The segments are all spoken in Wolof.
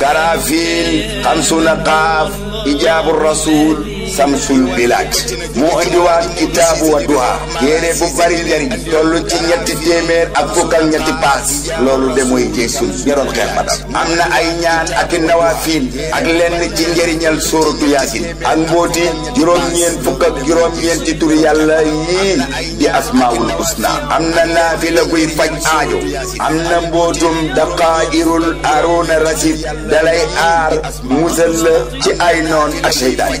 karaafil xamsuna qaaf ijaabu rasuul samsul bilaat moo indiwaat kitaabu wa duha téere bu bari njariñ toll ci ñetti téeméer ak fukk ak ñetti paas loolu de mooy jeesul ñoroon xeex ba am na ay ñaan ak nawafiil ak lenn ci njariñal sóoratu yaasin ak mbóoti juróom-ñeen fukk ak juróom-ñeen ci turi yàlla yii di asmaawul husna am na naafila kuy faj aajo am na mbóotum daqaa'irul aruuna rasid dalay aar musal la ci ay noon ak seytaane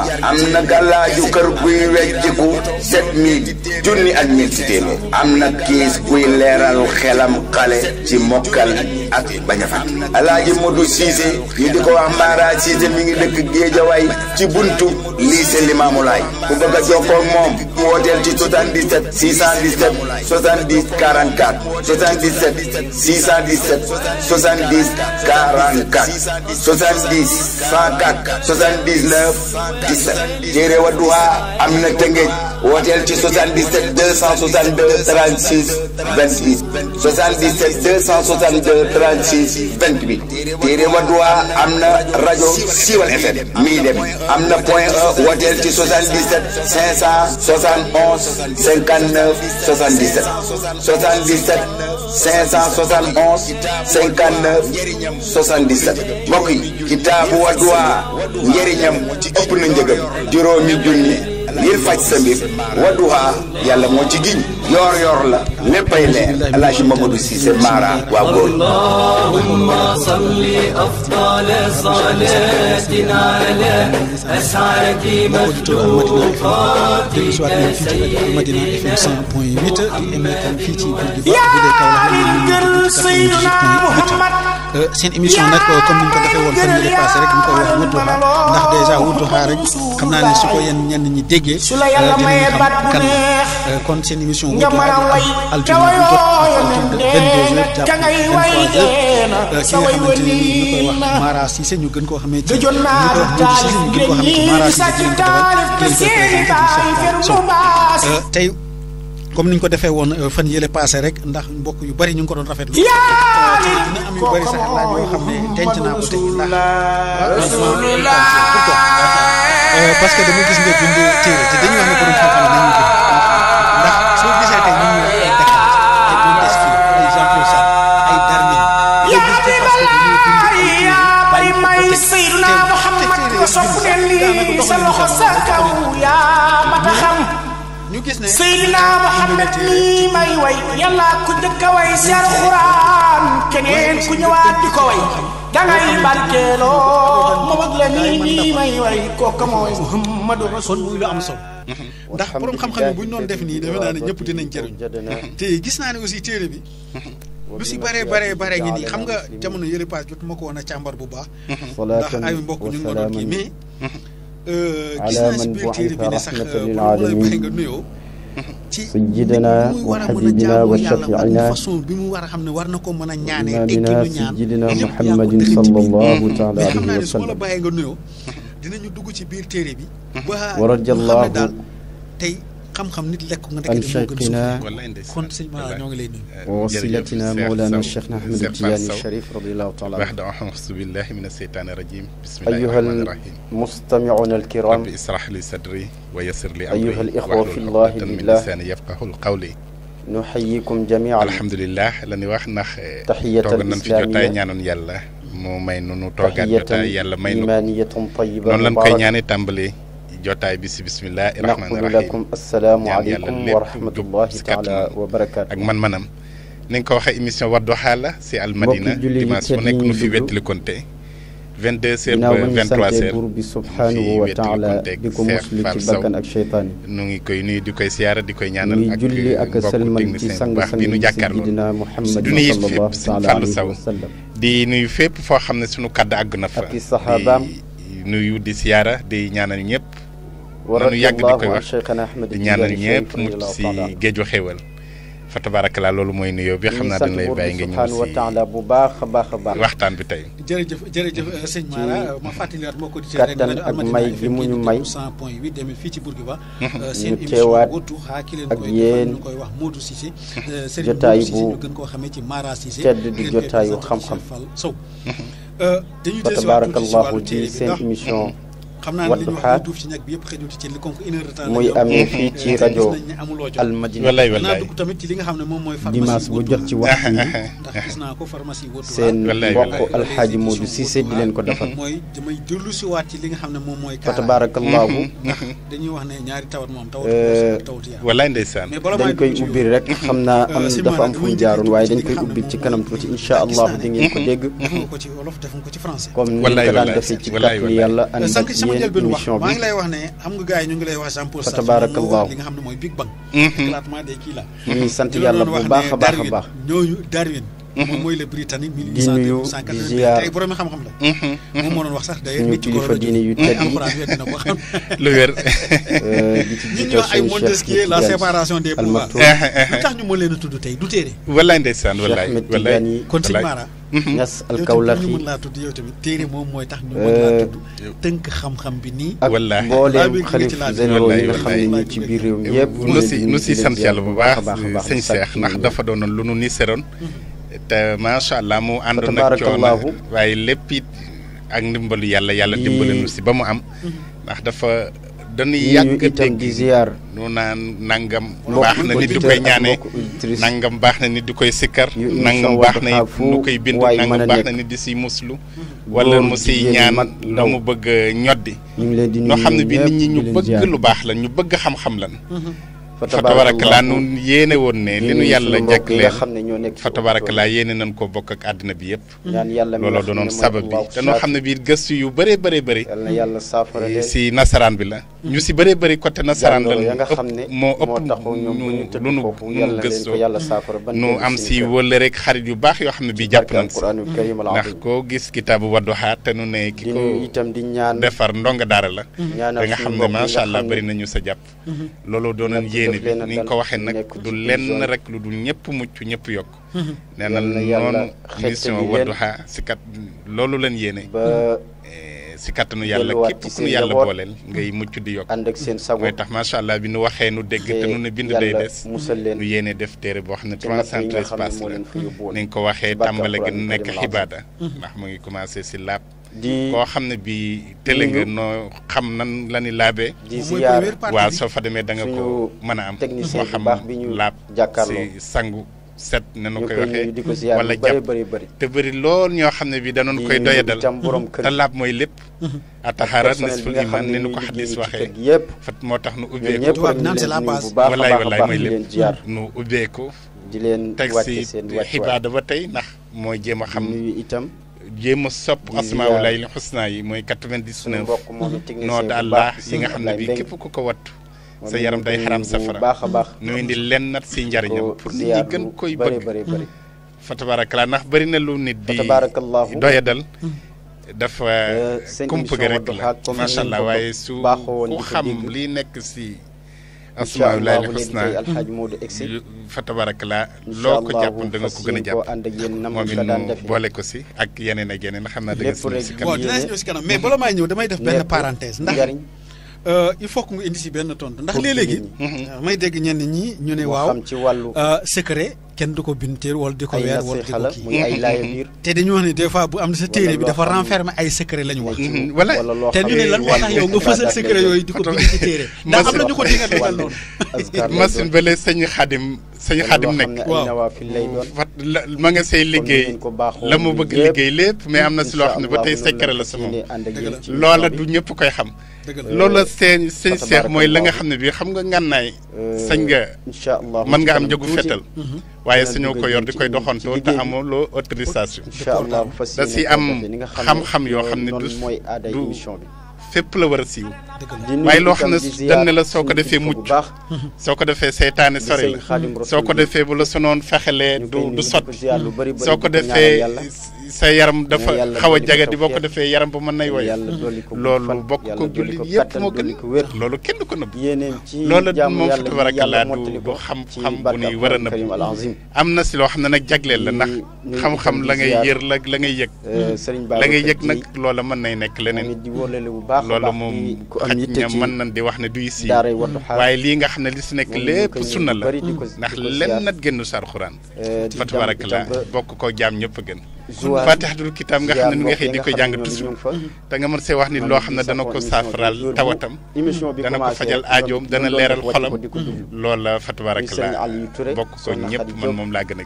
am na yu kër guy wejjiku sept mille junni ak ñeent téeméer am na kiis kuy leeral xelam xale ci mokkal ak bañ a fàtt alaaji Modou Cissé ñu di ko wax Mara Cissé mi ngi dëkk Géejawaay ci buntu lycée Limaamulaay ku bëgg a jokkoo moom mu wooteel ci 77 617 70 44 77 617 70 44 70 104 79 77 téere Wadduha am na Tëngéej wooteel ci 77 262 36 28 77 262 36 28 téere Wadduha am na rajo Siwal FM mi dem am na point 1 e, wooteel ci 77 571 59 77 77 571 59 77 mbokk yi kitaabu Wadduha njëriñam ëpp na njëgam juróomi junni ngir faj sa mbir Wadduha yàlla moo ci giñ yoor yoor la léppay leer El Hadj Mamadou Cissé Mara waa góor allahumma salli afdal salatin ala as'adi maktubati Madina FM 100.8 di émettre fii ci seen émission nag comme ni ñu ko defee woon fan yii passé rek ñu koy wax Wadduha ndax dèjà Wadduha rek xam naa ne su ko yenn ñenn ñi dégg déggee. su la yàlla euh, mayee baat bu neex euh, kon seen émission nga mën a way ca wayoo yeneen de ca ngay euh, way na sa way wëli na Mara Cissé ñu gën koo xamee ci gëjoon naa taalif léegi sa ci taalif te seeni taalif mu baas tey comme niñ ko defee woon fan yële passé rek ndax mbokk yu bari ñu ngi ko doon rafetlu. yaa ngi yu bari sax laaj yoo xam ne denc naa ko tey ndax. Euh, parce que dama gis nga bind téere te dañu wax ne borom xam-xam nañu bind ndax soo gisee tey ñu ngi wax ay Dakar ay Montesquieu ay Jean Paul Sartre ay Darwin yow gis nga parce que dañuy bind ay téere bàyyi ko ko teg te te téere yi bind sax daanaka doxalin ñu gis ne Seydina Muhammad mi may way yàllaa ku njëkk a way si keneen ku ñëwaat di ko way dangay barkeeloo ma bëgg la nii may way kooka mooy Muhammadu Rasul muy lu am solo ndax borom xam-xam yi bu ñu doon def nii defe naa ne ñëpp dinañ jëriñ te gis naa ne aussi téere bi lu si bare bare bare ngi nii xam nga jamono yële paas jot ma ko woon a càmbar bu baax ndax ay mbokk ñu ngi kii mais آه، على من بعث رحمة للعالمين سيدنا وحبيبنا وشفيعنا إمامنا سيدنا محمد صلى الله تعالى عليه وسلم ورجى الله xam-xam nit nga nekk kon sëñ ma ñoo ngi lay nuyu مولانا شيخنا أحمد التجاني الشريف رضي الله تعالى عنه بعد أعوذ بالله من الشيطان الرجيم بسم الله الرحمن الرحيم مستمعون الكرام رب اشرح لي صدري ويسر لي أمري أيها الإخوة في الله لله لساني يفقه القول نحييكم جميعا الحمد لله لاني wax نخ تحية الإسلامية تحية إيمانية طيبة مباركة jotaay bi si bisimilah. rahmaani rahiim lakum asalaamu aleykum wa rahmatullahi taala wa barakaatu. ak man-manam ni nga ko waxee émission Wadduha la si Almadina dimanche bu nekk nu fi wettali konte 22h ba 23h bi subhanahu wa taala di ko musli ci bakkan ak seytaane nu ngi koy nuyu di koy siyaara di koy ñaanal ak julli ak selman ci sang sang bi nu jàkkaarloo dina Muhammad sallallahu taala alayhi wa sallam di nuyu fépp foo xam ne sunu kàddu àgg na fa ak saxaabaam nuyu di siyaara di ñaanal ñëpp lanu yàgg di koy wax di ñaanal ñëpp mu si géeju xéewal fa tabaarakala loolu mooy nuyoo bi xam naa dañ lay bàyyi nga ñëw si bu baax a baax a baax waxtaan bi tey jërëjëf jërëjëf sëñ Mara ma fàttaliwaat moo ko di kattan ak may gi mu ñu may fii ci Bourguiba seen teewaat ak yéen koy wax Modou Cissé jotaay bu gën koo xamee ci Mara Cissé tedd di jotaayu xam-xam fa tabaarakallaahu ci seen émission muy amee fii ci rajo ci di leen ko defal sen tabaarakallaahu wallaay ndeysaan dañ koy ubbil rek xam naa am euh, dafa am fu ñu jaaroon waaye dañ koy ubbil ci kanam allah di ngeen ko dégg comme ni nga daan defee sama njëlbeen maa ngi lay wax ne xam nga gars yi ñu ngi lay wax cent pour cent tabarakallah li nga mooy big bang mhm. la mhm. ñu ngi sant yàlla bu baax a baax a baax ñooñu Darwin mhm. moom mooy le britannique mille huit cent tey borom xam-xam la moom moo doon wax sax d'ailleurs nit ci kilifa diine yu tedd alxuraan wér euh, dina xam la séparation des pouvoirs lu tax ñu mën leen tudd tey du téere wallaay ndeysaan wallaay wallaay kon sëñ Mara ñas alkawlaxi yow tamit ñu mën laa tudd yow tamit téere moom mooy tax ñu mën laa tudd tënk xam-xam bi nii. wallaahi ak mbooleem xalif généraux yi nga xam ne ñu ci biir réew mi yëpp. nu si nu si sant yàlla bu baax sëñ Cheikh ndax dafa doonoon lu nu ni seroon te macha allah mu àndoon ak coono waaye lépp it ak ndimbalu yàlla yàlla dimbalu nu si ba mu am ndax dafa. dañuy yàgg itam di ziar nu naan nangam baax na nit di koy ñaane nangam baax na nit di koy sikkar nangam baax na nu koy bind nangam baax na nit di si muslu wala mu siy ñaan damu bëgg ñoddi noo xam ne bi nit ñi ñu bëgg lu baax la ñu bëgg xam-xam lan mm-hmm. fa tabarakalaa nun yéene woon ne li nu yàlla jagleel fa tabarakalaa yéene nañ ko bokk ak àddina bi yëpp looloo doonoon sabab bi te noo xam ne bii gëstu yu bëree bëree bëri si nasaraan bi la ñu si bëree bëri côté nasaraan la moo ëpp lu nu nu nu gëstoo nu am si wëlle rek xarit yu baax yoo xam ne bii jàpp nañ si ndax koo gis kitaabu Wadduha te nu ne ki ko defar ndonga daara la da nga xam ne macha allah bëri nañu sa jàpp mhm. looloo doonoon yéene yéene bi ni nga ko waxee nag du lenn rek lu dul ñëpp mucc ñëpp yokk. Mhm. nee na noonu mission Wadduha si kat loolu leen yéene. Eh, si kattanu yàlla képp ku nu yàlla booleel ngay mucc di yokk ànd ak seen sago mooy tax macha allah bi nu waxee nu dégg te nu ne bind day des nu yéene def téere boo xam ne trois cent treize pages la ni nga ko waxee tàmbale gi nekk xibaada ndax mu ngi commencé si laab di koo xam ne bii télé nga noo xam nan la ni laabee. di ziar waaw soo fa demee danga nga ko mën a am. technicien bu baax bi ñu si sangu. set ne nu koy waxee di ko ziar wala jàpp te bëri lool ñoo xam ne bii danoon koy doyadal. te laab mooy lépp. Mhm. ataxaara nisful iman ne nu ko xadis waxee. fat moo tax nu ubbeeku ko walaay walaay mooy lépp nu ubbeeku. di leen wàcce seen wàccuwaay teg si xibaada ba tey ndax mooy jéem a xam. itam. jéem a sopp asmaawu lay li xusnaa yi mooy quatre-vingt-dix-neuf noo daal laax yi nga xam ne bii képp ku ko wattu sa yaram day xaram safara baax a baax nu indi len nat si njariñam pour nit ñi gën koy bëgg fa tabaarakallaa ndax bëri na lu nit di doyadal dafa kumpa rek la macha allah waaye su ku xam lii nekk si asmaa wulaayil xusna fa tabarakalaa loo ko jàppoon da ko gën a jàpp moom it mu boole ko si ak yeneen ak yeneen xam naa da nga si kanam. bon dinaa ñëw si kanam mais bala maay ñëw damay def benn parenthèse ndax euh, il faut nga indi si benn tontu ndax léeg-léegi. Mm-hmm. may dégg ñenn ñi ñu ne waaw euh, secret. kenn du ko bind téere wala di ko weer wala di ko kii te dañu wax ne des fois dafa renfermer ay secret la ñu wax mhm. wala te ñu ne lan moo tax yow nga fësal secret yooyu di ko bind ci téere na ñu la sëñ xadim sëñ xadim nekk waaw fat la mu bëgg liggéey lépp mais am na si loo xam ne ba tey secret la sa moom loola du ñëpp koy xam loola seen sëñ seex mooy la nga xam ne bii xam nga ngànnaay euh, sañ nga man nga am njëgu fetal mhm. waaye suñu ko yor di koy doxantoo te amuloo autorisation. incha si am xam-xam yoo xam ne du fépp la war a siiw. waaye loo xam ne dañ ne la soo ko defee mucc soo ko defee seytaane sori la soo ko defee bu la sunoon fexelee du du sotti soo ko defee. sa yaram dafa xaw a jagadi boo ko defee yaram ba mën nay woy loolu bokk ko jullit yëpp moo gën loolu kenn ko nëbb loolu moom fa tabarakallah du du xam-xam bu nuy war a nëbb am na si loo xam ne nag jagleel la ndax xam-xam la ngay yër la la ngay yëg euh, la ngay yëg nag loola mën nay nekk leneen loola moom xaj ña mën nañ di wax ne duy si waaye lii nga xam ne li si nekk lépp sunna la ndax lenn nag génn sa alxuraan euh, fa tabarakallah bokk ko jaam ñëpp gën faatixatul kitaab nga xam ne nu nga xëy di ko jàng toujours te nga mën wax nit loo xam ne dana ko saafaraal tawatam dana ko fajal aajoom dana leeral xolam loola fatabarak la bokk ko ñëpp man moom laa gën a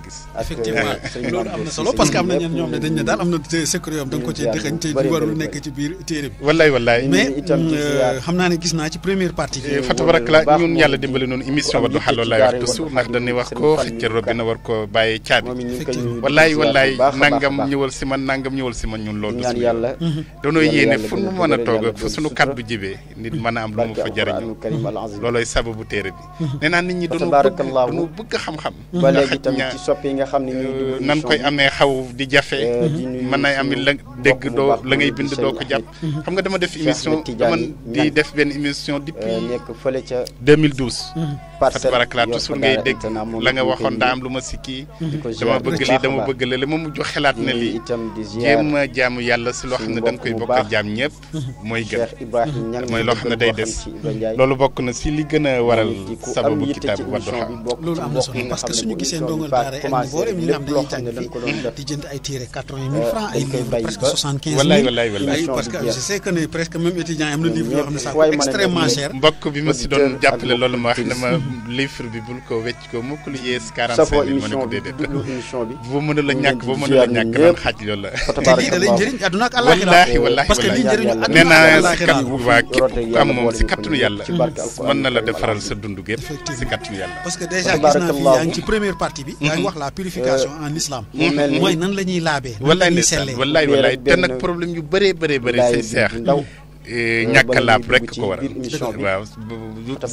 gis naa ci première partie euh, fatabarak la ñun yàlla dimbali noonu émission Wadduha loolu laay wax toujours ndax dañuy wax ko xëcc robbi na war ko bàyyi caabi wallaay wallaay nangam ñëwal si man nangam ñëwal si man ñun loolu ñaan yàlla danoo yéene fu nu mën a toog ak fu suñu kàddu jibee nit mën a am lu mu fa jëriñu looloy sababu téere bi nee naa nit ñi danoo bëgg danoo bëgg xam-xam ba léegi tamit ci soppi yi nga xam ne euh, nan koy amee xaw di jafe euh, mën nay am la dégg doo la ngay bind doo ko jàpp xam nga dama def émission dama di def benn émission euh, depuis nekk fële ca 2012 fatabarakalaa toujours ngay dégg la nga waxoon daa am lu ma si kii dama bëgg lii dama bëgg lële moom mu jox xelaat na lii jéem a jaamu yàlla si loo xam ne da koy bokk ak jaam ñëpp mooy gën mooy loo xam ne day des loolu bokk na si li gën a waral sababu kitaabu Wadduha loolu am na solo parce que suñu gisee ndongal daara ak mboolem ñi nga xam ne am na livre bi bul ko wecc ko mukk lu yees quarante-cinq mille ne ko déedéet bu mënul a ñàkk bu mënul a ñàkk ñëpp xaj loolu la te lii da lay njëriñ àdduna ak àllaaxira wallaahi wallaahi parce que lii si kat waa yàlla mën na la defaral sa dund gépp si kattanu yàlla parce que déjà gis naa fi yaa ci première partie bi mm-hmm. mm-hmm. mooy nan la laabee wallaahi ñuy te nag problème yu bëree bëree bëri say seex eh, ñàkk laab rek ko waral waaw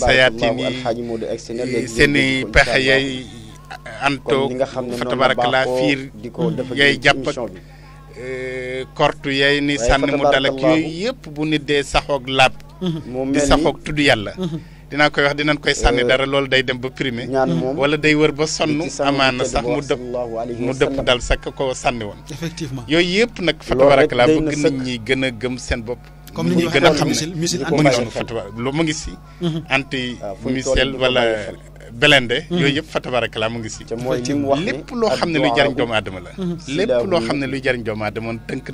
sayaatin yi eh, seen i pexe yay anto fa tabarakalaa fiir yay jàpp ak euh, kortu yay ni sànni mu dal ak yooyu yëpp bu nit dee saxoog laab di saxoog tudd yàlla dinaa koy wax dinañ koy sànni euh, dara loolu day dem ba primé wala day wër ba sonn amaana sax mu dëpp mu dëpp dal sax ko sànni woon effectivement yooyu yëpp nag fa tabarakalaa bëgg nit ñi gën a gëm seen bopp comme ni ñuy gën a xam ne mu ngi noonu fa tabarak lu mu ngi si anti ah, missile wala belende yooyu yëpp fatabarakala mu ngi si lépp loo xam ne luy jariñ doomu aadama la lépp loo xam ne luy jariñ doomu aadama tënk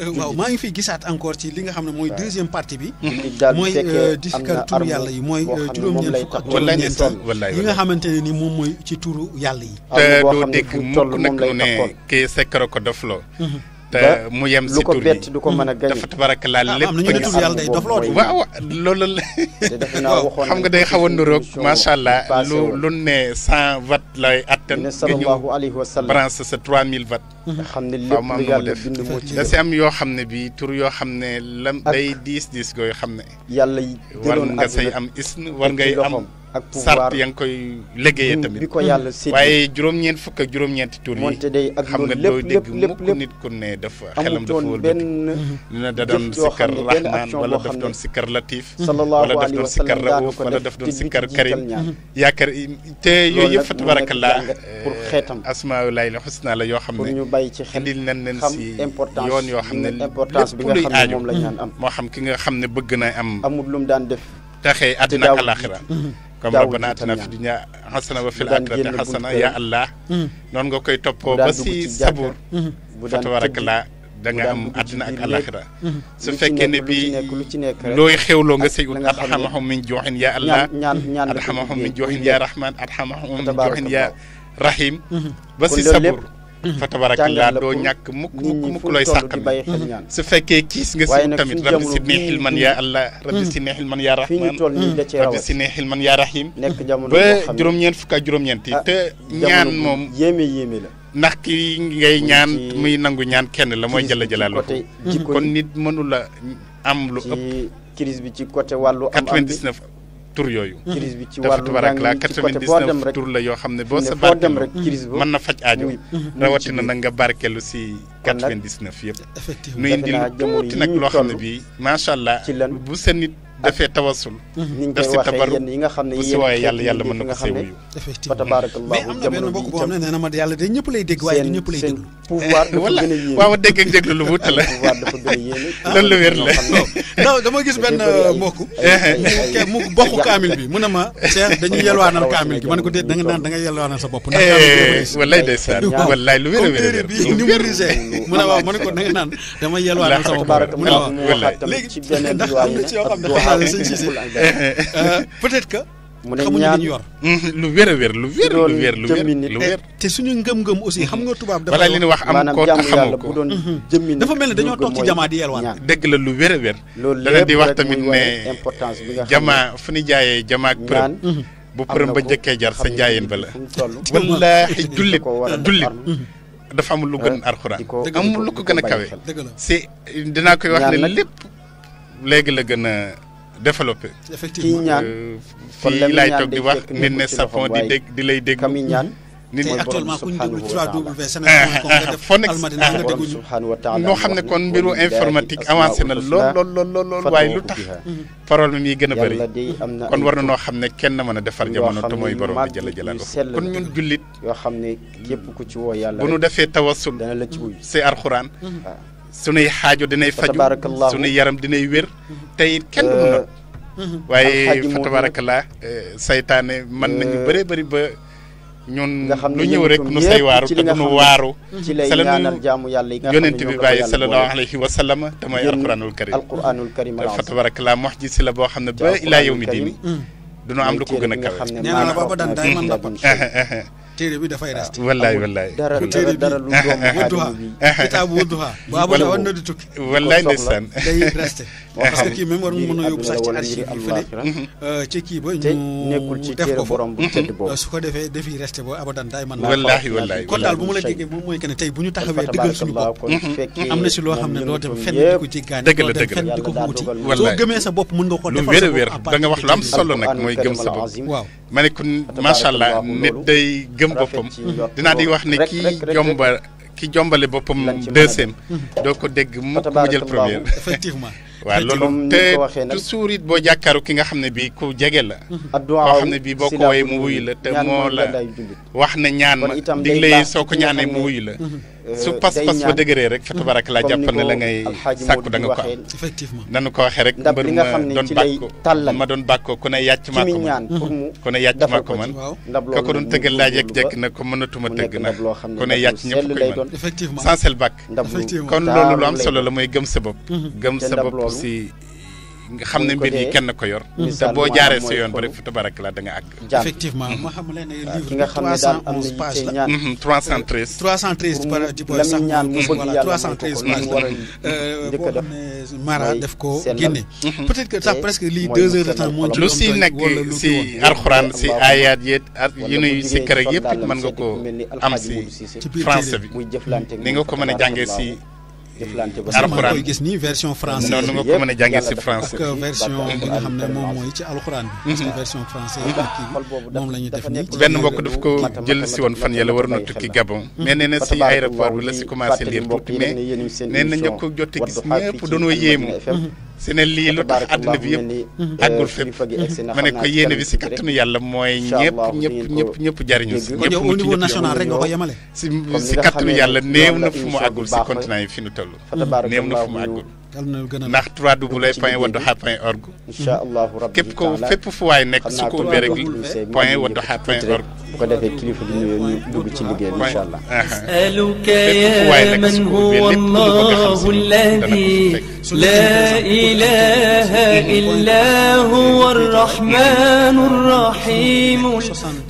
euh, waaw maa ngi fi gisaat encore ci li nga xam ne mooy deuxième partie bi mooy euh, di fikar turu yàlla yi mooy euh, juróom-ñeent fukk ak juróom-ñeent yi nga xamante ne ni moom mooy ci turu yàlla yi te doo dégg mukk nag lu ne kii sekkaro ko def loo mhm. te mu yem si tur bi lu ko mën a hmm. gañe dafa tabarakalaa ah, lépp ñu tudd yàlla day dof loolu waaw loolu xam nga day xaw a nuroog macha allah lu lu ne cent watt la atten nga ñëw sa trois mille watt mhm. xam ne lépp lu yàlla bind moo yoo xam ne bi tur yoo xam ne lam day diis diis gooy xam ne yàlla war nga say am isn war ngay am ak pouvoir sart ya nga koy liggéeyee tamit. bi ko yàlla hmm. séddee waaye juróom-ñeent fukk juróom-ñeenti tur yi. monte day ak loolu lépp lépp lépp xam nga doo dégg mukk nit ku ne dafa. xelam dafa wóor benn dina da doon sikkar rahman wala daf doon sikkar latif. wala daf doon sikkar raouf wala daf doon sikkar karim. te yooyu yëpp fa tabarakallah pour eh, xeetam asmaulaay la xusna la yoo xam ne. pour ñu bàyyi ci xel indil nañ leen si yoon yoo xam ne. importance bi nga xam moom la ñu am moo xam ki nga xam ne bëgg na am. amul mu daan def texe àddina ak alaxira comme rabbana atina fi dunya hasana wa fil akhirati hasana ya allah noonu nga koy toppoo ba si sabur fa tabarakallah da nga am àddina ak alaxira su fekkee ne bi looy xewloo nga sëy ut arhamahum min joxin ya allah arhamahum min joxin ya rahman arhamahum min joxin ya rahim ba si sabur Mm-hmm. fa tabarakallah doo ñàkk mukk mukk mukk looy sàqan su fekkee kiis nga si tamit rabbi si neexil man yaa allah rabbi si neexil man yaa rahman rabbi si neexil man yaa rahim ba juróom-ñeent fukk ak juróom-ñeent yi ah, te ñaan moom yéeme yéeme la ndax ki ngay ñaan muy nangu ñaan kenn la mooy jëla jëlaalu kon nit mënula am lu ëpp crise bi ci côté wàllu am am bi tur yooyu. Mmh. crise bi ci wàllu njàng ci côté boo dem rek tur la yoo xam ne boo sa barkeelu mën na faj aajo. Mmh. Mmh. rawatina nag nga barkeelu si yëpp. effectivement nuy indil nag loo xam ne bii macha allah bu seen nit. dafee tawasul. Mhm. daf si tabaru ni nga xam ne yéen xeet yàlla yàlla mën na ko see wuyu. effectivement fa tabarakallahu mais am na benn mbokk boo xam ne nee na ma yàlla day ñëpp lay dégg waaye du lay déglu. pouvoir dafa gën a waaw dégg ak déglu lu wut la. pouvoir dafa gën a yéeme. Ah, la wér la. non dama gis benn mbokk. mu bokku kaamil bi mu ma. Cheikh dañuy yelwaanal kaamil gi ma ne ko déet da nga naan da nga yelwaanal sa bopp. Eh, ndax wallaay ndeysaan wallaay lu wér a wér bi numérisé mu ne waaw ma ne ko da nga naan dama yelwaanal sa bopp mu ne ci yoo xam ne xaalis sëñ Cissé peut que. mu ne ñaan xamuñu yor. lu wér a wér lu wér lu wér lu wér lu wér eh, te suñu ngëm-ngëm aussi xam nga tubaab dafa. wala li ñu wax am ko te xamoo ko dafa mel ne dañoo toog ci jamaa di yelwaan. dëgg la lu wér a wér. loolu lépp di wax tamit ne jamaa fu ñu jaayee jamaa ak përëm. bu përëm ba njëkkee jar sa njaayeen ba la. wallaahi jullit jullit. dafa amul lu gën eh, alxuraan. amul lu ko gën a kawe. dëgg la c'est dinaa koy wax ne lépp léegi la gën a. développé. effectivement kii ñaan kon lem laay toog di wax nit ne Sapon di dégg di lay dégg. kami ñaan nit ñi actuellement ku ñu déglu 3W Sénégal nga def almadina noo xam ne kon mbiru informatique avancé na lool lool lool lool waaye lu tax problème yi gën a bëri kon war na noo xam ne kenn mën a defar jamono te mooy borom bi jëla jëla kon ñun jullit yoo xam ne képp ko ci woo yàlla bu nu defee tawassul c'est alxuraan sunuy xaajo dinay faju sunuy yaram dinay wér tey it kenn du mu not waaye fa tabarakallah saytaane mën nañu bëree bëri ba ñun lu ñëw rek nu say waaru te du nu waaru ci lay ñaanal jaamu yàlla yi nga xam ne yonent bi bàyyi sallallahu alayhi wa sallam te mooy alquranul karim alquranul karim fa tabarakallah mox ji si la boo xam ne ba ilaa yow mi diini du nu am lu ko gën a kawe nee na la booba daan daay man la téere bi dafay reste ah, wallaay wallaay téere bi Wadduha kitaabu Wadduha bu abota war day reste parce que kii même war mu mën a yóbbu sax ci archive yi fële euh, ci kii ba ñu def ko fa euh, su ko defee defi reste ba abadan daay mën wallaay wallaay kon daal bu mu la jégee moom mooy que tey bu ñu taxawee dëggal suñu bopp am na si loo xam ne doo dem fenn di ko jéggaani dëgg la dëgg la fenn ko wuti soo gëmee sa bopp mën nga ko defal sa bopp da nga wax lu am solo nag ma ne kon macha allah nit day gëm boppam dinaa di wax ne kii jomba ki jombale boppam deuxième doo ko dégg mukk mu jël première effectivement waaw loolu te toujours it boo jàkkaaru ki nga xam ne bii ku jege la koo xam ne bii boo ko woyee mu wuyu la te moo la wax na ñaan ma dig lay soo ko ñaanee mu wuyu la Euh, su pas-pas ba dëgëree rek fa tabarakallah jàpp na la ngay sàkku da ko am nanu ko waxee rek mbër ma doon bàkkoo ku ne yàcc maa man ku yàcc maa man ka yàcc ñëpp koy man effectivement bàkk kon loolu lu am solo la mooy gëm sa mhm. gëm sa si nga xam ne mbir yi kenn ko yor. te boo jaaree si yoon ba rek fi tabaraka la da nga àgg. effectivement ma xam leen ne livre bi mm-hmm, par di par sax voilà 313 page la euh, boo xam ne Mara def ko génne. Mm-hmm. peut-être que sax presque lii deux lu si nekk si alxuraan si ayaat yeeg nuy si kër yëpp mën nga ko am si français bi ni nga ko mën a jàngee si. jëflante noonu nga ko mën a jàngee si français mhm. benn mbokk daf ko jël si woon fan yàlla war tukki Gabon mhm. mais nee si aéroport bi la si commencé lire tuuti mais nee na ko jotte gis ñëpp doonoo yéemu si ne lii lu tax àddina bi yëpp àggul fépp ma ne ko yéene bi si kattanu yàlla mooy ñëpp ñëpp ñëpp ñëpp jariñu si ñëpp au niveau national rek nga ko yemale si si kattanu yàlla néew na fu mu àggul si continent yi fi nu a néew na fu mu àggul ndax www.wadduha.org inchaallahu rabbi képp ko fépp fu waay nekk su ko ubbee rek point wadduha.org bu ko defee kilifa bi nuyoo ñu dugg ci liggéey bi incha allah as'aluka ya man huwa allahu alladi la ilaha illa huwa arrahmanu arrahim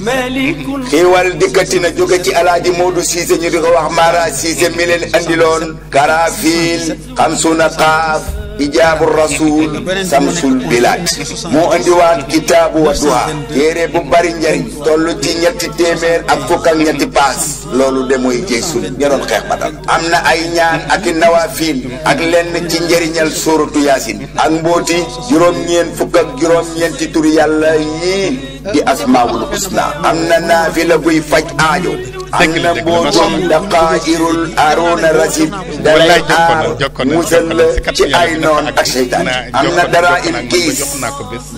malikul xiiwal dikkati na jóge ci alaaji Modou Cissé ñu di ko wax Mara Cissé mi leen andiloon karafiil xamsuna Kaaf Ijaabu Rasul Samsul Bilaat moo indiwaat kitaabu Wadduha téere bu bari njariñ toll ci ñetti téeméer ak fukk ak ñetti paas loolu de mooy jëy sun ña doon xeex badal am na ay ñaan ak i nawafiil ak lenn ci njariñal sóoratu yaasin ak mbóoti juróom-ñeen fukk ak juróom-ñeenti turi yàlla yii di asmaawul husna am na naafila buy faj aajo allah moƴon daqairul aruna rasid dalay ar musalla ci ay noon ak seytaan am na dara il kiis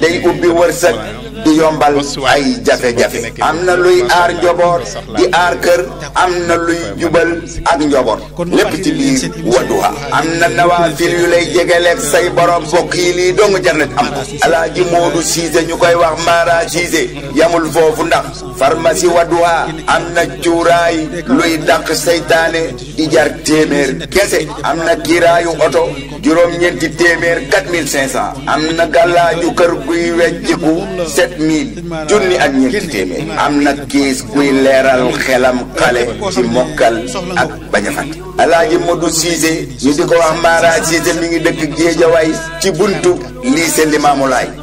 day ubbi wërsëg di yombal ay jafe-jafe am na luy aar njaboot di aar kër am na luy jubal ak njaboot lépp ci biir Wadduha am na nawaafil yu lay jegeleeg say borom bokk yi lii dong jarnet am ko alaaji Moodu Siise ñu koy wax Mara Siise yamul foofu ndax pharmacie Wadduha am na cuur cuuraay luy dàq seytaane di jar téeméer kese am na kiiraayu oto juróom-ñeenti téeméer 4500 am na gàllaaju kër guy wejjiku junni ak ñeenti téeméer am na kiis guy leeral xelam xale ci mokkal ak bañ a fàtte alaaji Modou Cissé ñu di ko wax Mara mi ngi dëkk Géejawaay ci buntu lycée Limamoulaye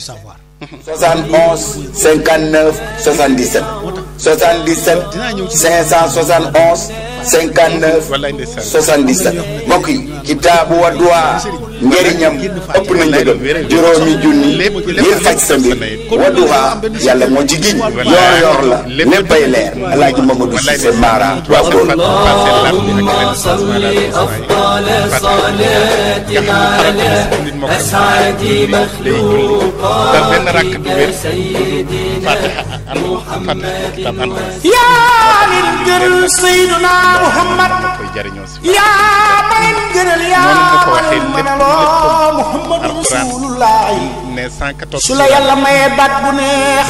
savoir. 71 59 77. 77 571 59 77 mbokk dua kitaabu Wadduha njëriñam ëpp na njëgam junni ngir faj sa mbir ya yàlla Ya ci giñ yoor yoor la léppay leer alaaji Mamadou Mara Ya Muhammad yaa ma leen gënal yaa ma leen mënaloo Muhammadu Rasulullah su la yàlla mayee baat bu neex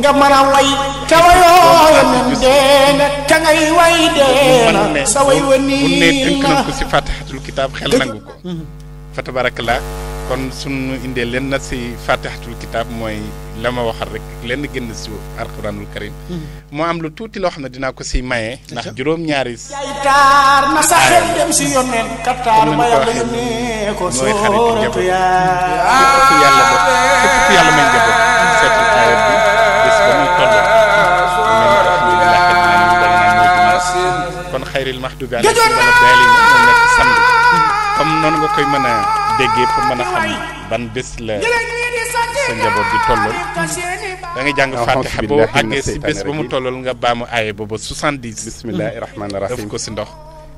nga mën way te wayoo yeneen dee na ka way dee na sa way wa nii na ko si Fatihatul Kitaab xel nangu ko mhm. fa tabarakallah kon sunu indee na si Fatihatul Kitaab mooy la ma waxal rek lenn génn si alquranul karim hmm. moo am lu tuuti loo xam ne dinaa ko si maye. ndax juróom-ñaari. yaaytaar na sa xel dem si yónneen. kattaar ba yàlla yónnee ko soo rëbb yaa képp ku yàlla ba képp ku yàlla may njaboot seetal taayat bi bés ba muy tolloo. kon xayril mahdubi alayhi wala daali mu nekk samedi comme noonu nga koy mën a déggee pour mën a xam ban bés la. sa njaboot di tollal da ngay jàng fatiha boo àggee si bés ba mu tollal nga baamu aaye ba ba 70. bismillahi rahmaani rahim def ko si ndox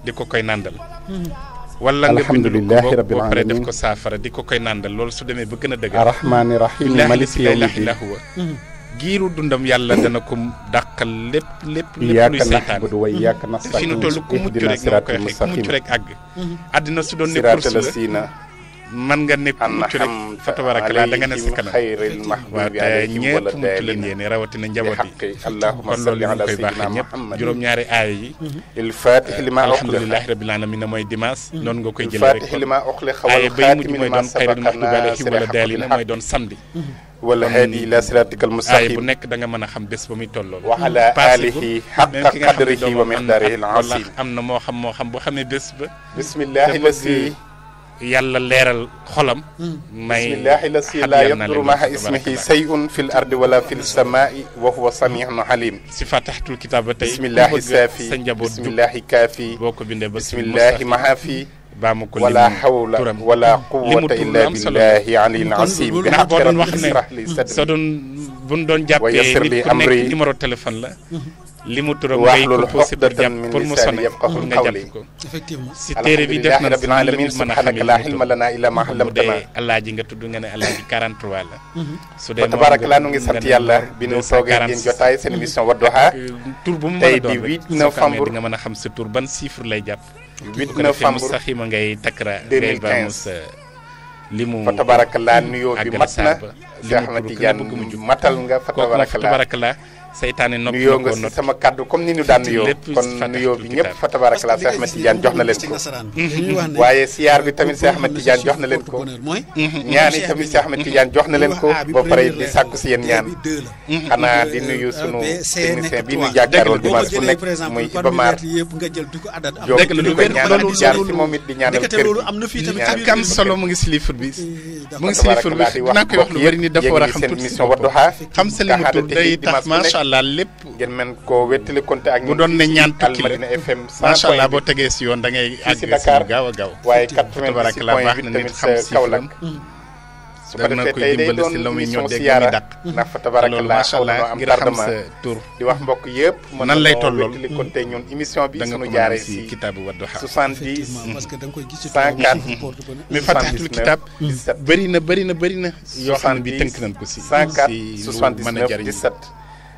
di ko koy nàndal. wala nga bindu ko ba pare def ko saafara di ko koy nàndal loolu su demee ba gën a dëgg. arrahmaani rahim maliki yawmiddin giiru dundam yàlla dana ko dàqal lépp lépp lépp luy seytaan te fi nu toll ku mucc rek nga koy xëy ku mucc rek àgg. àddina su doon ne course la man nga ne mucc rek fa tabarakallah da nga ne si kanam waaw te ñëpp mucc leen yéene rawatina njaboot yi kon loolu ñu ngi koy baaxee ñëpp juróom-ñaari aaya yi alhamdulilahi rabbil alamin mooy dimanche mm-hmm. noonu nga koy jëlee rek mm-hmm. a am na moo xam moo xam boo xam ne bés ba bismillahi lasi يلا ليرال خلم بسم الله الذي لا يضر مع اسمه شيء في الارض ولا في السماء وهو سميع عليم فتحت الكتاب بسم الله السافي بسم الله كافي بسم الله محافي ولا حول ولا قوة إلا بالله علي العظيم بحق رب لي صدري ويسر لي أمري limu turam ngay ko pour jam pour mu sonal pour nga ko effectivement téré bi def na rabbil alamin subhanaka la ilma lana illa ma 'allamtana allah ji nga tuddu nga ne allah ji 43 la su dé tabarakallah nu ngi sant yalla bi nu soge ngeen jotay sen émission mhm. wadduha tour bu mu mëna doon tay di 8 novembre nga mëna xam sa tour ban chiffre lay japp 8 novembre ngay takra limu fa nuyo bi matna cheikh matal nga fa seytaane nopp nuyoo nga si sama kaddu comme ni ñu daan nuyoo kon nuyoo bi ñëpp fa tabaarakala Cheikh Ahmed Tidiane jox na jox na leen ko ñaan mm-hmm. tamit Cheikh Ahmed Tidiane jox na leen ko mm-hmm. mm-hmm. boo paree di sàkku si yéen ñaan xanaa di nuyu euh, sunu technicien bi ñu jàkkaarloo dimanche bu nekk muy Iba Mar Diop di ko ñaanal di si moom it di ñaanal kër gi kam solo mu ngi si liifur bi eh, mu ngi si liifur bi dinaa koy wax lu bari ni dafa war a xam tuuti xam sa limu tur day tax macha allah lépp. ngeen doon ne ñaan tukki la macha allah boo tegee si yoon da ngay. si gaaw a gaaw. waaye 90 point 8 tamit mm. na am tardement mm. si kitaabu Wadduha soixante da nga koy gis ci cent quatre mm-hmm. mais fatahatul kitaab bëri na bëri na bëri na yoo bi tënk nañ ko si cent quatre soixante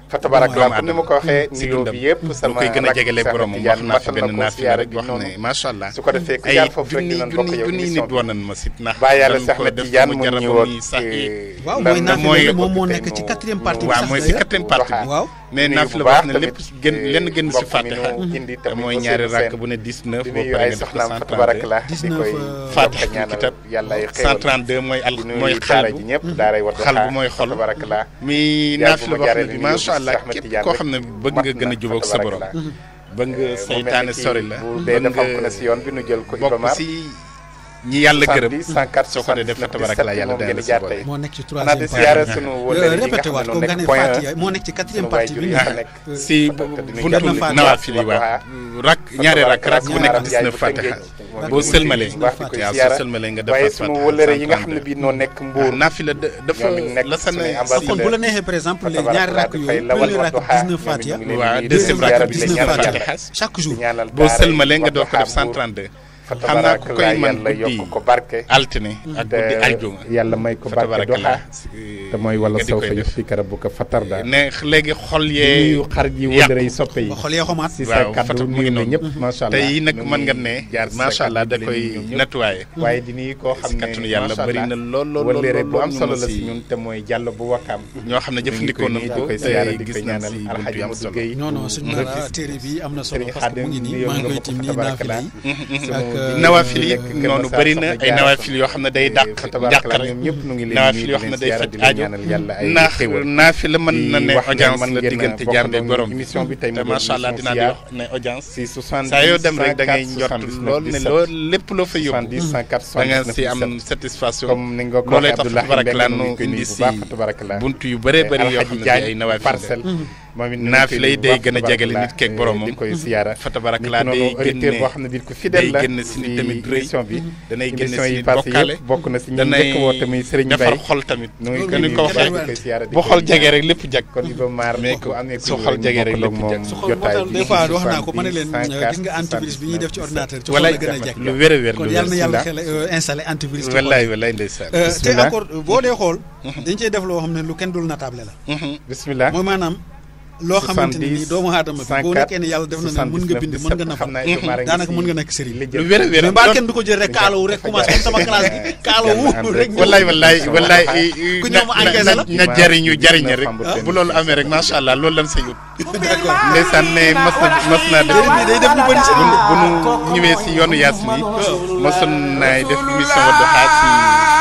fa tabarakallah comme ni ma ko waxee nuyoo bi yëpp sama koy gën a jegele boromam wax naa fi ne macha allah su ko defee ku jaar foofu rek dinañ bokk yow sax na waaw mooy naafila moom moo nekk ci waaw mooy si quatrième partie waaw mais naaf la wax na lépp gën eh, lenn gën si fatiha mooy ñaari rakk bu ne 19 boo paree nga def ko 132 euh, fatiha kitab 132 mooy al mooy mm-hmm. xal bu xal bu mooy xol mi naaf la wax na bi macha allah képp koo xam ne bëgg nga gën a jubóog sa borom. bëgg nga eh, saytaane sori la bëgg nga bokk si ñi yàlla gërëm 104 soo ko dee def tabarakalla yàlla day la jaar tey moo nekk ci troisième partie sunu nga xam ne nekk point moo nekk ci si bu nekk 19 boo sëlmalee nga defar sunu wëlëre yi nga xam ne bii nekk la sa bu la neexee par exemple léegi ñaari rak yooyu premier rak 19 fatiha fatiha boo sëlmalee nga door ko def 132 xam naa ku koy man guddi altine ak guddi aljuma yàlla may ko barke doxaa eh, te mooy wala saw fa yëf bu ko fatar daal ne léegi xol yee yu xar ji yi soppe yi xol yee xomaat si sa kàddu mu ngi noonu ñëpp macha allah ne macha allah da koy nettoyé waaye di nuyu koo xam ne kattanu yàlla bëri na lool lool lool bu am solo la si ñun te mooy jàll bu wakkaam ñoo xam ne jëfandikoo nañ ko koy siyaara di na solo parce nawafil yi noonu bëri na ay nawafil yoo xam ne day dàq njàqar nawafil yoo xam ne day faj aajo naax naafi la mën na ne audience la bi borom te macha allah dinaa di wax ne audience saa yoo dem rek da ngay lool ne lool lépp loo fa yóbbu da nga si am satisfaction loolay tax tabarakalaa nu indi si buntu yu bëree bëri yoo xam ne ay nawafil naaf lay day gën a jegale nit keeg boromam di koy siyaara fatabarakala day génne boo xam ne di ko fidèle la génn bi danay génn si nit bokkaale bokk na si ñu njëkk ne leen euh, gis nga antivirus la a xool dañ cey def loo xam ne lu kenn dul natable la bismillah loo xamante ne nii doomu aadama bi boo nekkee ne yàlla def na ne mën nga bind mën nga nafa daanaka mën nga nekk sëriñ lu wér wér mbaa kenn du ko jël rek kaalawu rek commencé comme sama classe gi kaalawu rek wallaay wallaay ah. ku ñëw ma engagé la na jariñu jariñ rek bu sa yóbbu d'accord na mas naa de day def lu bëri si bu nu ñëwee si yoonu yaasin yi masoon naay def émission Wadduha si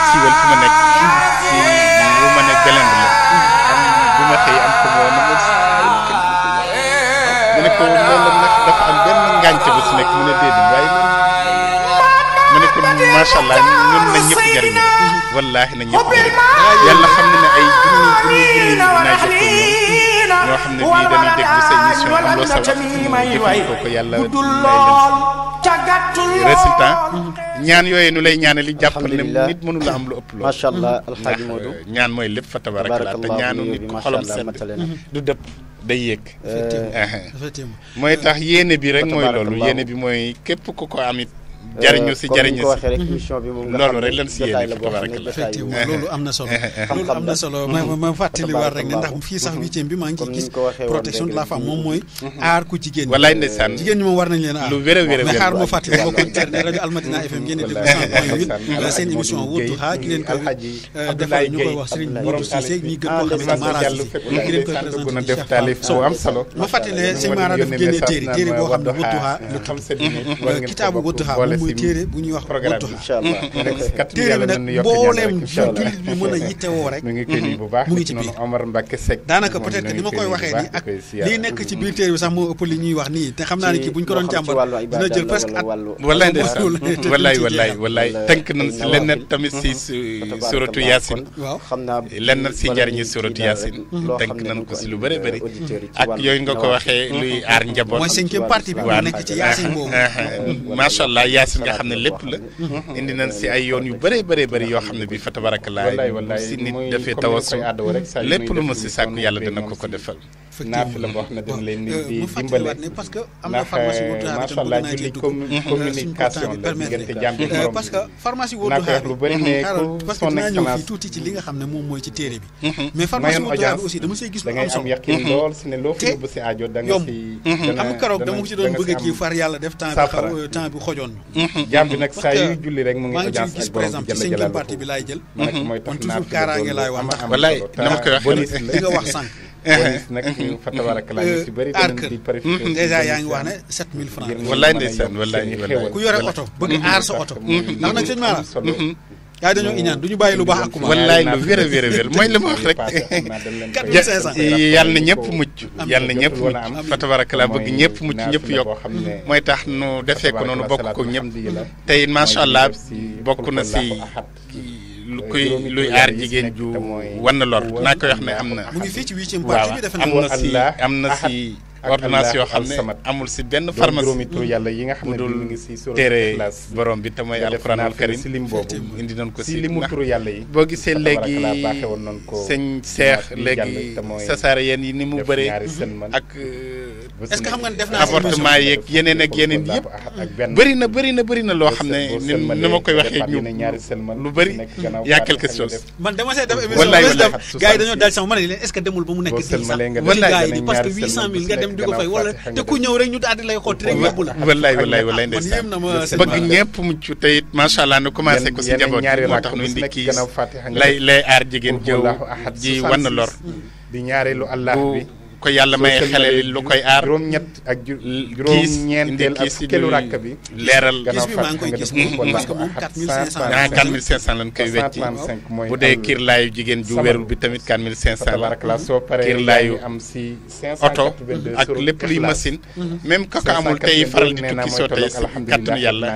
siiwal fi ma nekk si lu ma nekk nekk mu ne déedéet waaye mu ne kon macha allah ñun nañ ñëpp jariñ wallaahi nañ ñëpp jariñ yàlla xam ne ne ay junni junni junni naa jot ko ñoo xam ne bii dañuy déglu sa émission am loo sa wax ñu jëfandikoo ko yàlla may leen résultat ñaan yooyu nu lay ñaane li jàppal ne nit mënu la am lu ëpp loolu macha allah alxaaji euh, ñaan mooy lépp fa tabarakallaa te ñaanu nit ko xolam sedd du dëpp day yéeg mooy tax yéene bi rek mooy loolu yéene bi mooy képp ku ko amit jariñu si euh, jariñu si waxee rek mhm. émission bi moom loolu rek lan si yéene fi tabarakalla effectivement loolu am na solo loolu am na solo ma ma fàttaliwaat rek ne ndax fii sax huitième bi maa ngi ciy gis protection de la femme moom mooy mhm. Mhm. aar ku jigéen ñi wallaay ndeysaan jigéen ñi moom war nañ leen aar lu wér a wér a mais xaar ma fàttali mbokk internet rajo Almadina FM ngeen di déglu cent point huit euh, seen émission Wadduha ki leen ko euh, defal ñu koy wax Serigne Modou Cissé ñuy gën ah, koo xam ne Mara Cissé ki leen koy présenté Cheikh Fall am solo ma fàttali ne Serigne Mara daf génnee téere téere boo xam ne Wadduha la tudd kitaabu Wadduha muy téere bu ñuy wax Wadduha téere bi nag mbooleem jullit bi mën a yittewoo rek mu ngi ci biir daanaka peut être que ni ma koy waxee nii ak lii nekk ci biir téere bi sax moo ëpp li ñuy wax nii te xam naa ne kii ko doon jàmbar dina jël presque at wallaay ndeysaan wallaay wallaay wallaay si lenn tamit si suratu Yaasin waaw lenn mhm. ko si lu bëri bëri ak yooyu nga ko waxee luy aar njaboot mooy cinquième partie bi nekk ci Yaasin boobu gis nga xam ne lépp la indi ne ko ko euh, parce que am na pharmacie lu euh, bëri ne parce que dinaa ñëw fii tuuti ci li nga xam ne moom mooy ci téere bi mm-hmm. mais pharmacie wóor bi aussi dama ko ci doon bëgg a kii far yàlla def temps bi xaw temps bi xojoon jaam mhm. bi nag saa yuy julli rek mu ngi audience ak borom bi jël parti bi laay jël man toujours kaaraange laay wax ndax wallaay dama koy wax bonis li wax sànq bonis nag fa tabaraka laa ñu si bëri euh, dañ di mhm. yaa ngi wax ne 7000 francs wallaay ndeysaan wallaay wallaay ku yore oto bëgg mhm. aar sa oto ndax nag sëñ Mara yaa ngi dañoo lu baax wallaay lu wér a wér a wér mooy li ma wax rek. yal na ñëpp mucc. yal na ñëpp mucc fa tabarakalaa bëgg ñëpp mucc ñëpp yokk mooy tax nu defee ko noonu bokk ko ñëpp tey macha allah bokk na si. lu koy luy aar jigéen ju wan na lor naa koy wax ne am na. mu ngi fii ci am na si am na si. ordonnance yoo xam ne amul si benn pharmacie yàlla yi nga xam ne dul ngi si téere borom bi te mooy alxuraanul karim boobu indi nañ ko si limu turu yàlla yi boo gisee léegi sëñ seex léegi sasaare yeen yi ni mu bëree ak euh, est-ce que xam nga def naa apportement yeeg yeneen ak yeneen yëpp bëri na bëri na bëri na loo xam ne ni ni ma koy waxee ñu lu bëri yaa quelque chose man dama see yi dañoo daal sama man leen est-ce que demul ba mu nekk dem di ko fay wala te ku ñëw rek ñu daal di lay xotti rek yóbbu la wallaay wallaay wallaay ndeysaan bëgg ñëpp mucc te it macha allah nu commencé ko si njaboot moo tax nu indi lay lay aar jigéen jëw ji wan lor di ñaareelu allah bi ko yàlla may xelal lu koy aar juróom-ñett ak juróom bi leeral gannaaw fàtt nga def ko parce que moom 4500 ah 4500 lan koy wecci bu dee kiirlaayu jigéen ju wérul bi tamit 4500 la am si oto ak lépp luy machine mm-hmm. même kooku amul tey faral di tukki soo tey si kattanu yàlla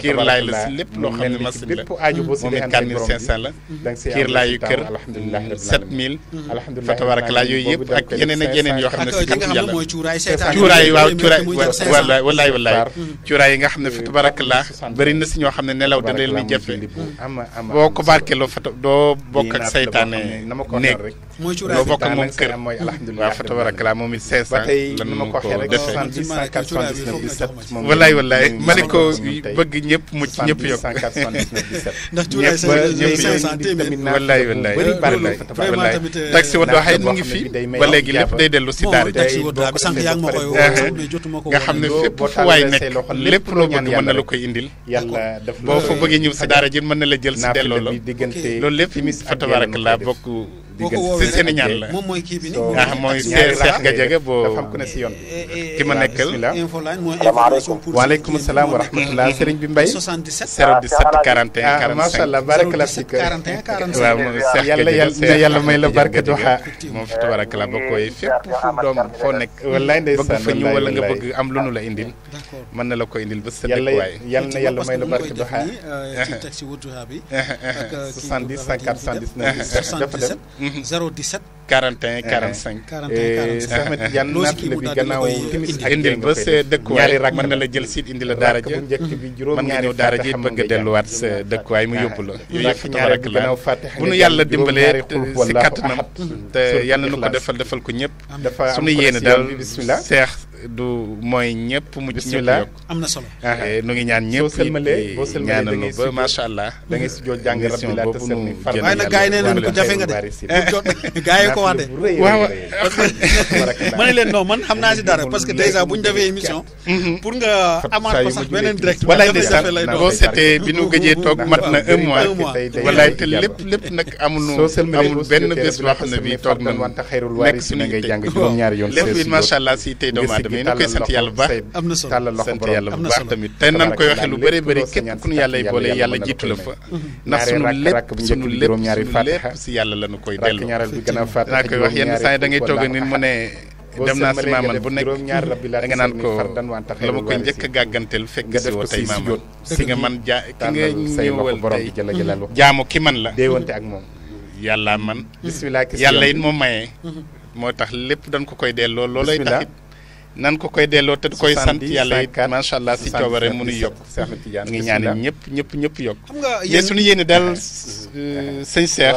kiir laay la si lépp loo xam ne machine la moom it 4500 la kiir laayu kër 7000 fa tabarakallah yooyu yëpp ak yeneen ak yeneen yoo xam ne si kàttu yàlla cuuraay waaw cuuraay wallaay wallaay wallaay cuuraay yi nga xam ne fa tabarakallah bëri na si ñoo xam ne nelaw da leen di jafe boo ko barkeloo fa doo bokk ak saytaane nekk mooy cuuraay bi bokk moom kër waaw fa tabarakallah moom it 500 lan ma ko waxee rek 78 wallaay wallaay ma ne ko bëgg ñëpp mucc ñëpp yokk ndax cuuraay sa ñëpp 500 téeméer wallaay wallaay wallaay taxi euh, Wadduha mu ngi fi ba léegi lépp day dellu si daara ji nga xam ne fépp fu waay nekk lépp loo bëgg mën na la koy indil boo fa bëggee ñëw si daara ji mën na la jël si delloo la loolu lépp fa tabarakallah bokk boo ko woowee seen i ñaan la mooy kii bi nga jege boo dafa ku ne si yoon eh, eh, ki ma nekkal infoline mooy information pour waaleykum salaam wa sëriñ bi mbay 77 017 41 45 macha allah barakala si waaw yàlla yàlla yàlla may la barke doxa moom fi ba koy eh, fépp fu doom foo nekk wallaay ndeysaan bëgg ñu wala nga bëgg am lu nu la indil ah, mën na la ko indil ba sa dëkkuwaay yàlla na yàlla may la barke doxa euh, ci taxi Wadduha bi ak 70 54 79 017. 41 45 41 45 Ahmed Tidiane naat la bi gannaaw timis indil ba sa dëkkuwaay mën na la jël siit indi la daara ja mhm. mën nga ñëw daara ji bëgg a delluwaat sa dëkkuwaay mu ah. yóbbu la yooyu yëpp tabarak la bu nu yàlla dimbalee si kattanam te yàlla nu ko defal defal ko ñëpp suñu yéene daal seex du mooy ñëpp mu ci bismillah am na solo ah, eh, nu ngi ñaan ñëpp soo sëlmalee boo sëlmalee da ngay ba masha allah da ngay sujjoot jàng rabbi laa tasal ni far waaye nag gars yi nee nañu ko jafe nga de gars yi ko wax de waaw ma a leen non man xam naa si dara parce que déjà bu ñu defee émission mm-hmm. pour nga amaat ko sax beneen direct boo seetee bi nu gëjee toog mat na un mois walaay te lépp lépp nag amul benn bés boo xam ne bii toog nañu nekk suñu yitte waaw lépp it masha allah si tey doomu mais ñu koy sant yàlla bu baax solo tàllal loxo borom yàlla bu tamit te nan koy waxe lu bëri ku ñu la fa sunu sunu la nu koy dellu naa koy wax yenn saa da ngay toog nit mu ne dem naa si maamal bu nekk da nga naan ko la ma koy njëkk a gàgganteel fekk si woo tey maamal nga man jaa ki nga ñëwal jaamu ki man la ak ya, man bismillah maye dañ ko koy taxit nan ko koy delloo te koy sant yàlla it macha allah si coobare mu nuy yokk ngi ñaan ñëpp ñëpp ñëpp yokk. xam nga yéen suñu yéene sëñ Cheikh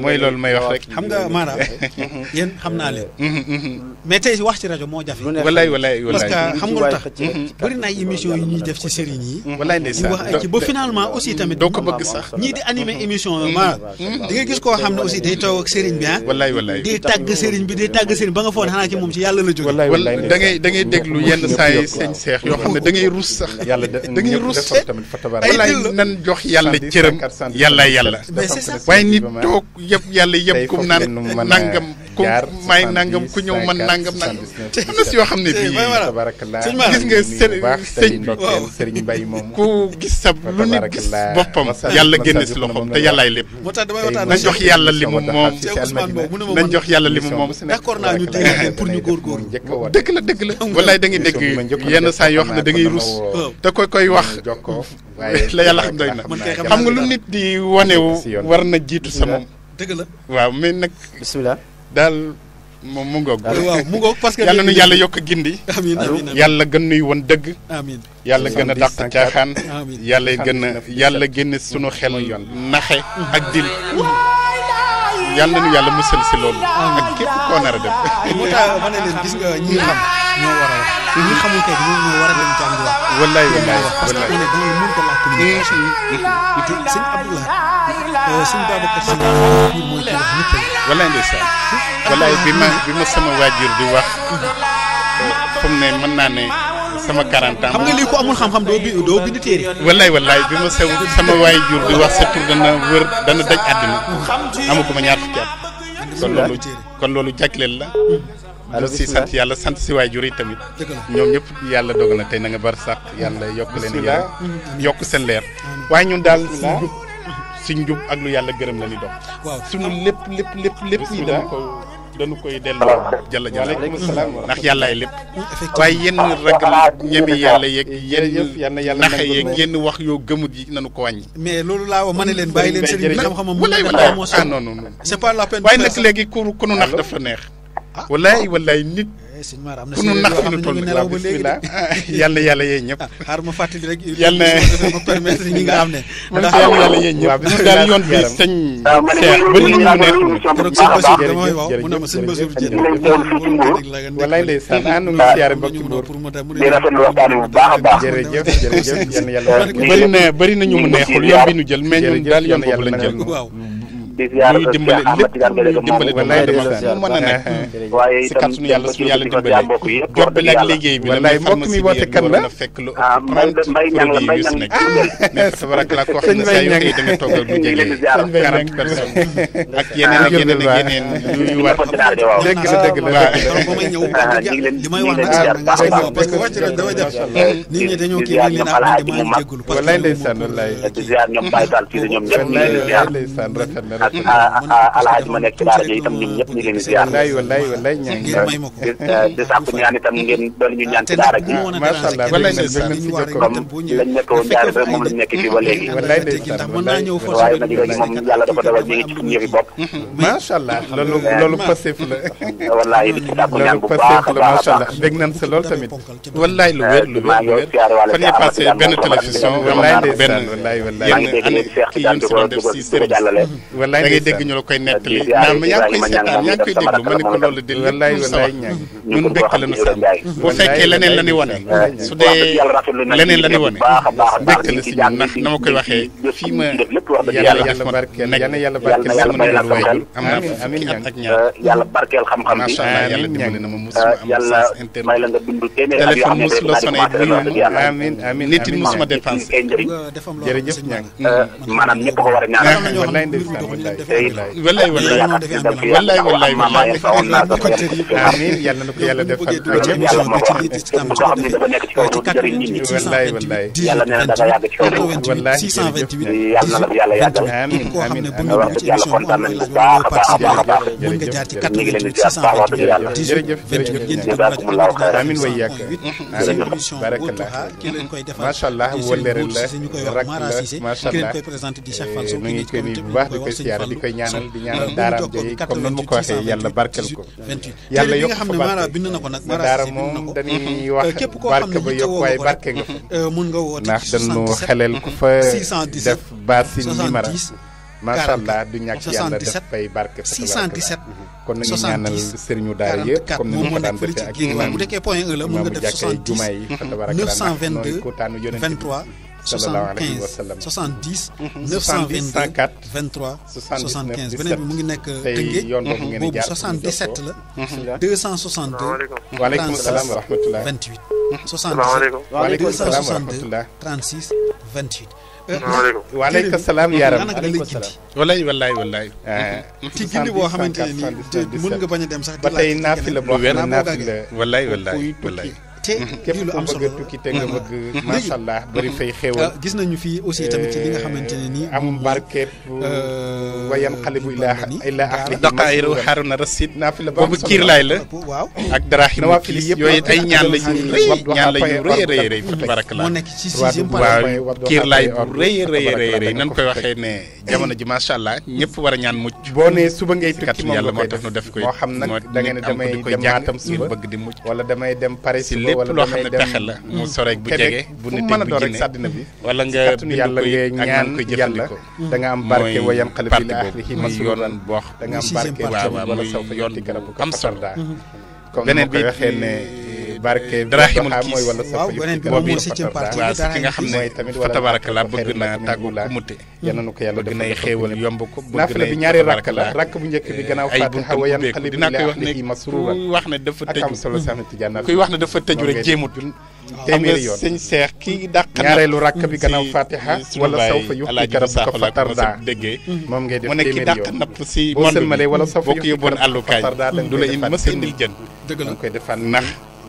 mooy loolu may wax rek xam nga maanaam yéen xam naa leen mais tey wax ci rajo moo jafe walaay walaay walaay parce que xam nga lu tax bëri na ay émission yu ñuy def ci sëriñ yi walaay ndeysaan wax ay ci ba finalement aussi tamit doo ko bëgg sax ñii di animé émission ma di nga gis koo xam ne aussi day toog ak sëriñ bi ah walaay walaay day tàgg sëriñ bi day tàgg sëriñ ba nga foog ne xanaa ci moom ci yàlla la jóge walaay da ngay da ngay déglu yenn saa yi sëñ Cheikh yoo xam ne da ngay rus sax da ngay rus ay nan jox yàlla cëram yàlla yàlla waaye nit toog yëpp yàlla yëpp kum naan nangam jaar may nangam ku ñëw man nangam nangam am na si yoo xam ne bii gis nga sëñ bi waaw ku gis sa lu nit gis boppam yàlla génne si loxoom te yàllaay lépp na jox yàlla li mu moom na jox yàlla li mu moom d'accord naa ñu dégg pour ñu góorgóorlu dëgg la dëgg la wallaay da ngay dégg yenn saa yoo xam ne da ngay rus te koy koy wax la yàlla xam doy na xam nga lu nit di wanewu war na jiitu sa moom dëgg la waaw mais nag bismillah daal moom mu ngoog. parce que. yàlla nu yàlla yokk gindi. amiin yàlla gën nuy woon dëgg. yàlla gën a dàq caaxaan. amiin yàlla gën a yàlla génne sunu xel yoon. naxe ak dil. yàlla na ñu yàlla musal si loolu. ak képp koo gis nga ñi xam ñoo war a wax. ñi xamul a dem jàng wax. wallaay wallaay bi. Eh, te sëñ Abdoulaye euh, bi sama waajur di wax. comme ne mën naa ne. sama 40 ans. xam nga lii ko amul xam-xam doo bi doo wallaay wallaay bi ma sew sama waay jur di wax sa tur dana wër dana daj àddina. amu ko ma ñaar fukki at. kon loolu kon leen jagleel la. allo si sant yàlla sant si waay jur yi tamit. ñoom ñëpp yàlla dogal na tey na nga bar sax yàlla yokk leen. yàlla yokk seen leer. waaye ñun daal si njub ak lu yàlla gërëm la ñuy dox. waaw sunu lépp lépp lépp lépp. daal dañu koy delloo jàlla jàlla ndax yàllaay lépp waaye yenn ragal ñemi yàlla yeeg yenn naxe yeeg yenn wax yoo gëmut yi nanu ko wàññi mais loolu laa wax ma ne leen bàyyi leen sëriñ bi xam-xamam walaay walaay ah non non non c'est pas la peine waaye nag léegi ku ku nu nax dafa neex ah. walaay walaay nit sëñ Mara am na si yoo xam ne ba léegi de yàlla yàlla yéen ñëpp xaar ma fàttali rek yàlla ma permettre ñi nga xam ne yàlla yàlla yéen ñëpp bis daal yoon bi sëñ Cheikh bëri na mu neex keroog sëñ Basiir damay waaw mu ne ma sëñ Basiir jël walaay ndeysaan ànd nga na bëri na ñu mu neexul yoon bi ñu jël mais daal yoon boobu lañ jël di ziar waaye itam suñu yàlla suñu yàlla dimbale mbokk yi yëpp jot bi nag liggéey bi wallaay mbokk mi woote kan la fekk lu ah, mbay ñang la mbay ñang nekk sama rak la ko xam ne saa yu xëy da nga toggal bu jege quarante personnes ak yeneen ak yeneen ak yeneen ñuy war dëgg la dëgg la ba may ñëw li may wax nag parce que wàcc na dama jàpp nit ñi dañoo kii leen a dama jégalu wallaay ndeysaan wallaay di ziar ñoom alxaaji ma nekk ci daara ji itam ñun ñëpp ñu leen di ziar wallaay wallaay wallaay ñaan eh, di sàkku ñaan itam ngeen doon ñu ñaan ci daara ji ah, masha Allah wallaay comme lañ nekk woon jaari ba moom lañ nekk fii ba léegi wallaay waaye nag léegi moom yàlla dafa dawal ñu ngi ci suñu yëfi bopp masha Allah loolu loolu passif la wallaay di ci sàkku ñaan bu baax a baax a baax dégg nañ sa lool tamit wallaay lu wér lu wér fan yi passé benn télévision wallaay ndeysaan wallaay wallaay yéen ak kii yi ñu si doon def si sëriñ wallaay da ngay dégg ñu la koy nettali naan ma yaa ngi koy seetaan yaa koy déglu ma ne ko loolu de lépp sawar ñun mbégte la ñu sàmm bu fekkee leneen la ñu wane su dee leneen la ñu wane mbégte la si ñun ndax na ma koy waxee fii ma yàlla yàlla barkeel yàlla yàlla barkeel sama ndigal waajur am naa fa fukki at ak ñaar euh, yàlla barkeel xam-xam bi macha allah yàlla dimbali na ma musuma euh, am sans internet téléphone musula sonné it musuma dépensé jërëjëf ñaar maanaam ñëpp a wallaay wallaay wallaay wallaay amiin yàlla na ko yàlla def ak bëccëg wallaay wallaay yàlla nee na da nga yàgg ci kaw wallaay 628 yàlla na yàlla yàggal amiin amiin yàlla kontaan nañ bu baax a baax a baax a baax mën nga jaar ci 88 628 jërëjëf jërëjëf jazakumullahu xayran amiin way yàgg amiin barakallah macha allah wóllare la rak la macha allah ñu ngi koy bu baax di koy ziyaara di koy ñaanal di ñaanal daaraam ji comme noonu mu ko waxee yàlla barkal ko yàlla yokk fa barke daara moom dañuy eh, ba yokk waaye barke nga fa eh, ndax dañu xelel ku fa def baasi numéro macha allah du ñàkk yàlla def fay barke mhm. nañu ñaanal sëriñu daara yëpp comme ni ñu ko daan defee ak imaam yi e imaamu jàkka yi jumaa yi fa tabarak 922 sallallahu alayhi wa sallam 75 70. 922 23 75 beneen bi mu ngi nekk Tëngéej. boobu 77 la. 262. waaleykum salaam wa rahmatulah 28. 77 262 36 28. waaleykum salaam yaaram euh, waaleykum salaam. walaay walaay walaay. ci gindi boo xamante ne nii mën nga bañ a dem sax. di laaj ba tey naafi la boo xam ne naafi la. walaay walaay walaay. te mm-hmm. lii lu am solo képp ku bëgg te nga bëgg mm-hmm. macha allah bëri mm-hmm. fay xéewal ah, gis nañu fii aussi tamit ci li eh, xamante ne nii am barkeeb euh, wayan xalibu bu ilaa afrique daqaayiru xaruna rasid naa fi la boobu kiir laay la waaw ak ñaan la yu nekk ci sixième waaw kiir laay bu rëy rëy rëy rëy nan koy waxee ne jamono ji macha allah ñëpp war a ñaan mucc boo ne suba ngay tukki moom yàlla moo tax nu def koy moo xam nag da ngeen damay dem Matam bëgg di mucc wala damay dem Paris lépp loo xam ne pexe la mm. mu soreeg bu jege bu nit a doon rek sàddina bi wala nga yàlla nga ñaan koy jëfandikoo da nga am barke wa yam xale bi la axlihi masuran boo da nga am barke waaw waaw muy yoon bu am solo mm-hmm. comme beneen bi waxee ne barke daraaximul eh, kiis waaw beneen bi moom bi ñaari rakk la rakk bu njëkk bi gannaaw eh, fatiha wa yan xalib dinaa koy wax ne kuy wax ne dafa tëju kuy wax ne dafa moom ngay def téeméeri yoon mu napp si monde boo ko yóbboon àllukaay du la indi ma jën dëgg koy defaan nax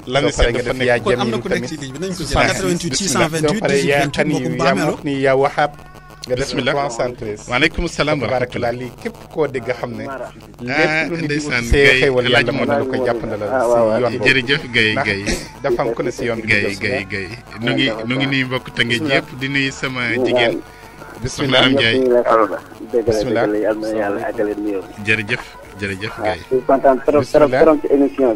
lan dafa nekk kon na ku nekk ci ligne bi nañ ko jël 88 628 18 28 yaa mot ni yaa waxaab nga def le plan centré waaleykum salaam wa lii képp koo dégg nga xam ne lépp lu ndeysaan gay xéewal yàlla mën na la koy jàppandalal si ah, yoon si yoon gay gay gay nu ngi nu ngi di nuy sama jigéen bismillah am jaay bismillah jërëjëf jërëjëf gay kontaan ah, trop trop trop ci émission ah.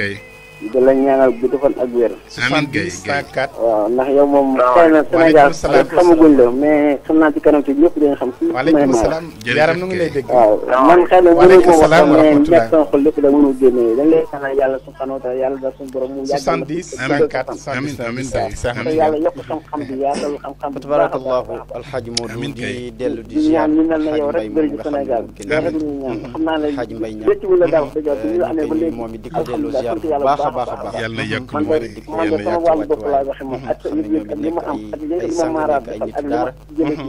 gay di la ñaanal bu defal ak wér. amiin Guèye Guèye waaw ndax yow moom. waaw waaleykum salaam xamaguñ la mais xam naa ci kanam ci ñëpp dañu xam. waaleykum salaam yaram nu ngi lay dégg. waaw man xëy na mënu ko wax mais nekk sama xol lépp da mënu génne dañ lay ñaanal yàlla subhanahu wa taala yàlla da suñu borom mu yàgg. 70 54 amiin amiin Guèye yàlla yokk xam-xam bi yaatal xam-xam bi. tabarakallahu alxaaji Modou di dellu di ñaan ñu mel na yow rek bëri ci Sénégal rek ñu ñaan xam naa ne rëcc wu la daal dëgg ñu amee ba léegi moom it di ko dellu ziar bu baax baax a baax yàlla na yàq lu bari yàlla na yàq wàcc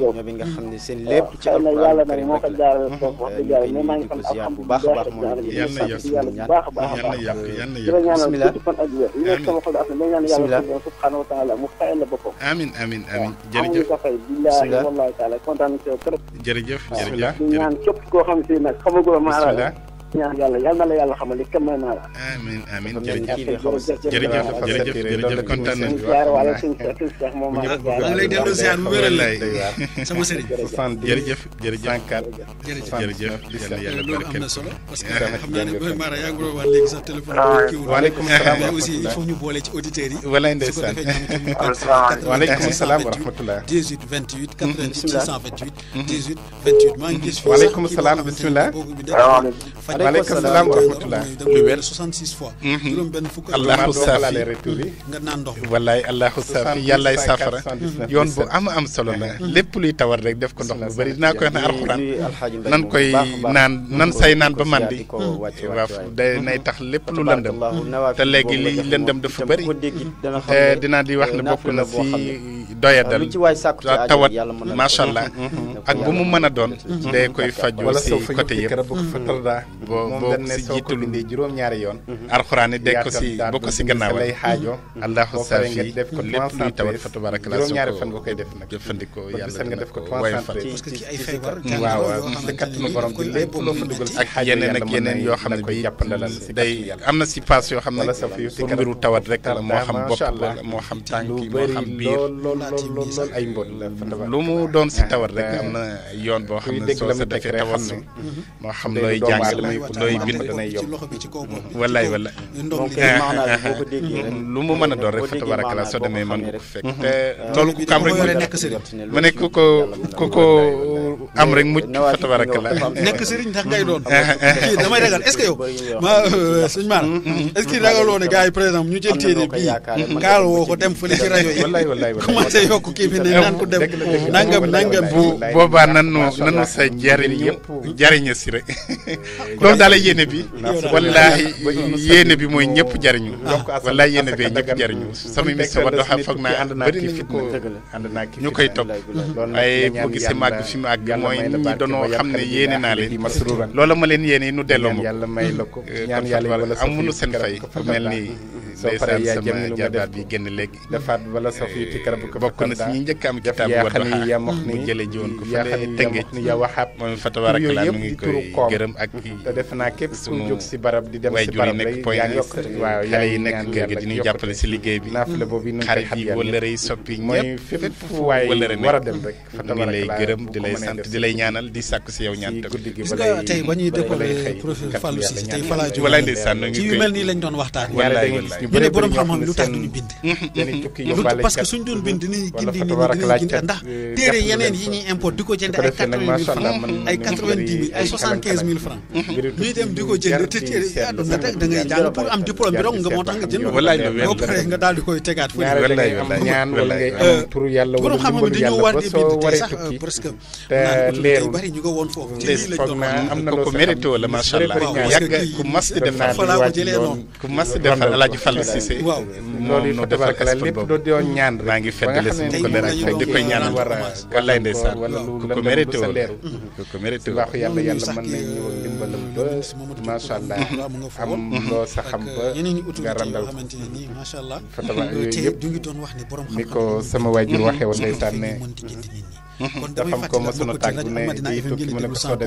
waay bi nga xam ne seen lépp ci alquran karim rek la ñu ngi leen di ziar bu baax a baax moom yàlla na yàq yàlla na yàq yàlla na yàq bismillah bismillah amin amin amin jërëjëf bismillah jërëjëf jërëjëf ñaan yàlla yal na la yàlla xamal li kenn mën naa la. amiin amiin jërëjëf jërëjëf jërëjëf jërëjëf kontaan nañu. moom lay dellu ziar bu wéral la sama sëriñ. jërëjëf jërëjëf 104. jërëjëf jërëjëf jërëjëf loolu am na solo parce que xam naa ne Boy Mara yaa ngi wax léegi sax téléphone. Ah, waaleykum salaam mais aussi il faut ñu boole ci auditeurs yi. walaay ndeysaan waaleykum salaam wa rahmatulah. 18 28 98 628. 18 28 maa ngi gis. waaleykum salaam bisimilah. waaleykum salaam wa rahmatulah muy weer 66 fois. juróom benn fukk ak allahu saafi nga naan ndox wallaay allahu saafi yàllaay saafara yoon bu am am solo la lépp luy tawar rek def ko ndox bu bëri dinaa koy wax ne alxuraan nan koy naan nan say naan ba màndi waaw day nay tax lépp lu lëndëm te léegi li lëndëm dafa bëri te dinaa di wax ne bokk na si doyadal tawat macha allah ak bu mu mën a doon day koy faju si côté yëpp moom dañ ne soo ko bindee juróom-ñaari yoon mm-hmm. alxuraan deg ko si bokk si gannaaw lay xaajoo mm-hmm. allahu safi nga def ko lépp luy tawat fa tabarakala juróom-ñaari fan nga koy def nag jëfandikoo yàlla nga def ko concentré parce que ci ay feebar waaw waaw si kattanu borom bi lépp loo fa dugal ak yeneen ak yeneen yoo xam ne bi day am na si pass yoo xam ne si mbiru tawat rek la moo xam bopp moo xam tànk yi moo xam biir ay mbot lu mu doon si tawat rek am na yoon boo xam ne soo sa defee tawat moo xam looy jàng la looy bind danay yomb wallaay wallaay lu mu mën a doon rek fa tabarakallah soo demee mën nga ku ko am rek mu nekk ku ko ku ko am rek mucc fa tabarakallah nekk sëriñ ndax ngay doon kii damay ragal est ma sëñ ragaloo ne gars yi par exemple ñu jël téere bii kaal woo ko dem fële ci rajo yi commencé yokk kii fi ne naan ko dem nangam nangam bu boobaa nanu nanu sa jariñu jariñu si rek loolu daal la yéene bi wallaahi yéene bi mooy ñëpp jariñu wallaahi yéene bee ñëpp jariñu sama émission Wadduha foog naa bëri na fi ko ñu koy topp waaye boo gisee màgg fi mu àgg mooy ñi doonoo xam ne yéene naa leen loola ma leen yéene nu delloo ma ko amunu seen fay ku mel nii ndeysaan sama jabaat bi génn léegi eh, bokk na si ñi njëkk am kitaab Wadduha mu jële ji ko fa tëngeej moom mu ngi koy gërëm ak defe naa képp ku jóg si barab di dem si barab di ñu jàppale si liggéey bi naafale xarit yi wëllëre yi soppi mooy fépp fu waay war a dem rek lay gërëm di lay sant di lay ñaanal di sàkk si yow ñaan tamit gis nga parce que suñ doon bind dinañu gindi nit ñi dinañu gindi ndax euh, téere yeneen yi ñuy import di ko jënd ay quatre-vingt mille francs ay quatre-vingt-dix mille francs ñuy dem di ko jënd te àdduna rek da ngay jàng pour am diplôme bi dong nga moo tax nga jënd boo paree nga daal na ko mérité wala macha allah yàgg ku mas di defal falaa ko jëlee noonu ku mas di defal alaaji Fall Cissé waaw loolu moo defar kaspar boobu ñaan maa ngi feddale suñu ko leer ak di koy ñaanal wallaay ndeysaan ku ko mérité wala ku ko mérité wala yàlla yàlla mën nañu ba macha allah am loo sa xam euh, ba nga randal fa tabax yooyu yëpp ni ko sama waajur waxee woon ndeysaan ne Mhm. kon damay fàttali nag Madina FM ngeen di ko xam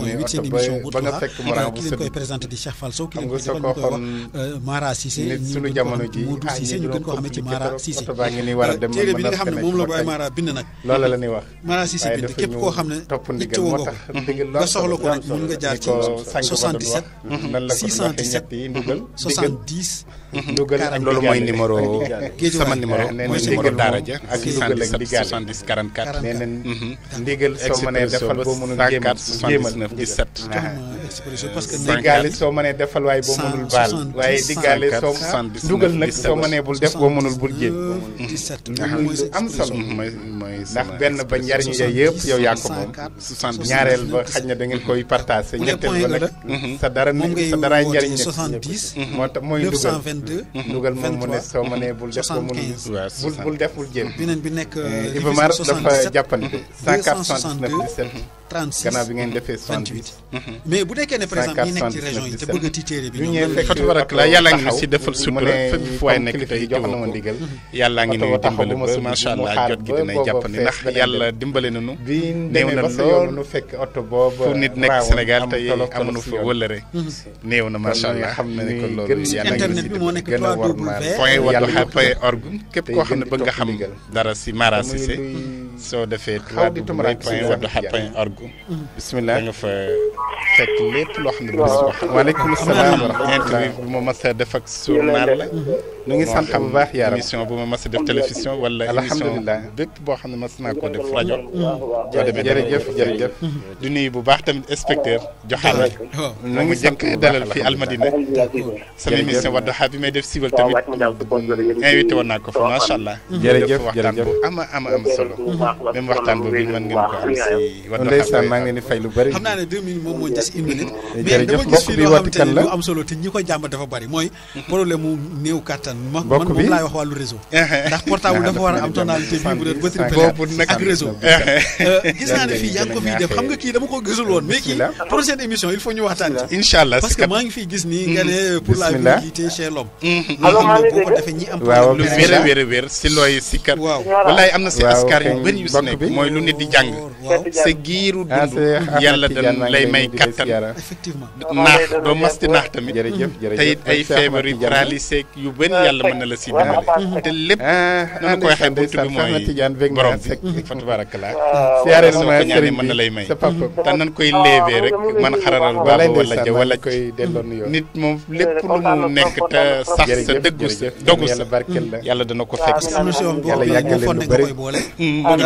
euh, Modou Cissé ñu gën ko xamee ci Mara Cissé téere bi nga xam ne la Baye Mara bind nag loolu ne ittewoo nga ko mhm. nga soxla ko nag mun nga jaar ci 77 617 70 dugal ak loolu mooy numéro sama numéro mooy numéro daara ja ak 70 44 nee na ndigal so mënee defal boo mënul jéemal 79 17 parce que ndigaale soo mënee defal waaye boo mënul baal waaye ndigaale soo ndugal nag soo mënee bul def boo mënul bul jéem mm-hmm. am solo mm-hmm. ndax benn ba njariñu ya yëpp yow yaa ko moom ñaareel ba xaj na da ngeen koy partage ñetteel ba nag sa dara sa dara njariñ nekk moo tax mooy dugal 22. Mhm. dugal moom mu ne soo mënee bul def ko mu bul bul def bul jéem. beneen bi nekk eh, euh, Ibamar dafa jàppandi. 36 gannaaw bi ngeen defee 78 mm-hmm. mais bu nekkee ne par exemple ñi a ti téere yàlla ngi si defal sutura fépp ma ndigal yàllaa ngi nuy dimbale ba macha allah jot gi dinay jàppandi ndax yàlla dimbale nañu néew na lool fekk oto boobu fu nit nekk Sénégal tey amuñu fa wëlëre mm-hmm. néew na macha allah xam ne ko loolu internet bi moo nekk point wadduha point org képp koo xam ne bëgg nga xam dara si Mara Cissé soo defee www.wadduha.org bisimilah da nga fa fekk lépp loo xam ne bis wax waaleykum salaam wa rahmatulah interview bu ma mas a def ak journal la ñu ngi sant bu baax yaram émission bu ma mas a def télévision wala émission bépp boo xam ne mas naa ko def rajo soo demee jërëjëf jërëjëf du nuyu bu baax tamit inspecteur joxaane mu ngi jëkk dalal fi almadina sama émission Wadduha bi may def siiwal tamit invité woon naa ko fa macha allah jërëjëf waxtaan bu ama ama am solo même waxtaan boobu mën ngeen ko am si Wadduha ndeysaan eh, mhm. wax eh, eh. a euh, maa ngi fiy gis nii mm. nga ne pour la visibilité mm. wér a wér a si looy si waaw wallaay am na si askar yu bëri njëriñ yu si nekk mooy lu nit di jàng sa giiru ah, dund yàlla dañ lay may kattan naax doo masti naax tamit te it ay feebar yu paralysé yu bëri yàlla mën na la si dimbale te lépp ah, na ko waxee buntu bi mooy borom bi fa tabarakallah soo ko ñaanee mën na lay may te nan koy léebee rek ah, man xararal baax wala ja wala nit moom lépp lu mu nekk te sax sa dëggu sa dogu sa yàlla dana ko fekk yàlla yàggale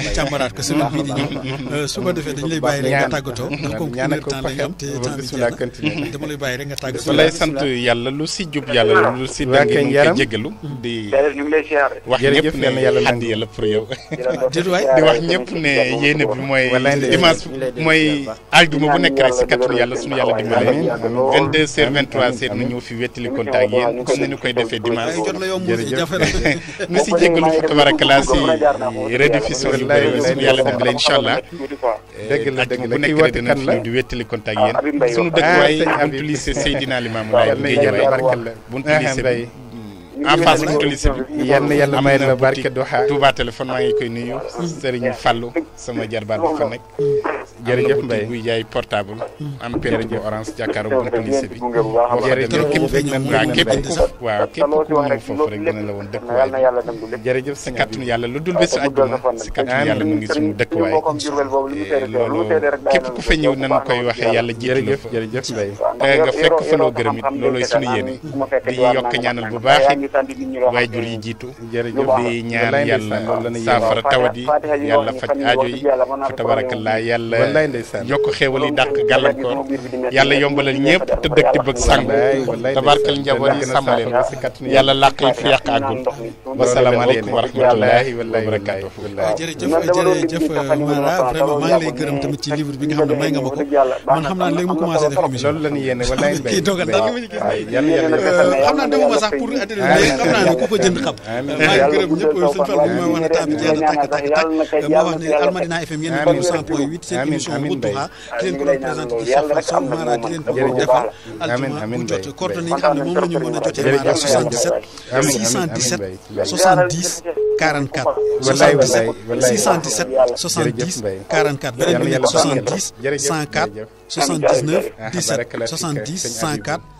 càmbaraat ko semaine bii di ñëw euh, su ko defee dañu lay bàyyi rek nga tàggatoo ndax comme une heure temps lañ am te temps bi jeex dama lay bàyyi sant yàlla lu si jub yàlla lu si dëng ñu di wax ñëpp ne xadd bi mooy dimanche mooy aljuma bu nekk rek si kattan yàlla suñu yàlla dimbalee 22 ñëw fi wettali contact yéen nu si jégalu fa tabarakalaa si rediffusion suñu yàlla def la incha allah dëgg la dëgg la kii woote kan la di wettali contact yéen suñu dëkk waaye buntu lycée Seydina ah, Limamou Laye bu Géejawaay buntu lycée en face autolycée bi yenn yàlla may la barke Duha Touba téléphone maa ngi koy nuyu Serigne Fallou sama jarbaat bi fa nekk jërëjëf Mbaye buy képp ku waaw képp la woon dëkkuwaay bi jërëjëf si kàttanu yàlla lu dul bésu àjjuma si kàttanu yàlla mu ngi eh, koy waxee yàlla jiitu la fa jërëjëf Mbaye eh, nga fekk fa loo gërëm it loolooy suñu yéene di yokk ñaanal bu baax tan di ñu wax way jur yi jitu di ñaan yalla safara tawadi yalla faj aajo yi tabarakallah yalla yok xewal yi dak galam ko yalla yombalal ñepp te dekk ti bëgg sang tabarakal njabot yi samale yalla laq yi fi yaq agul wassalamu alaykum wa rahmatullahi wa barakatuh jërëjëf jërëjëf mara vraiment ma ngi lay gërëm tamit ci livre bi nga xam ne may nga ma man xam naa léegi mu commencé def émission loolu la ñu yéene wallaay mbay kii dogal xam naa demuma sax pour atelier xam naa ne ku ko jënd xam maa ngi gërëm ñëpp suñ fal bu ma wan a taabi ci yàlla tàkk tàkk tàkk ma wax ne Almadina FM yéen bokk 100 point 8 seen leen ko doon présenté ci Cheikh Fall Sow Mara leen ko defal altuma bu jot coordonnées yi nga xam ne moom la mën a jotee Mara 77 617 70 44 77 617 70 44 beneen bi nekk 70 104 79 17 70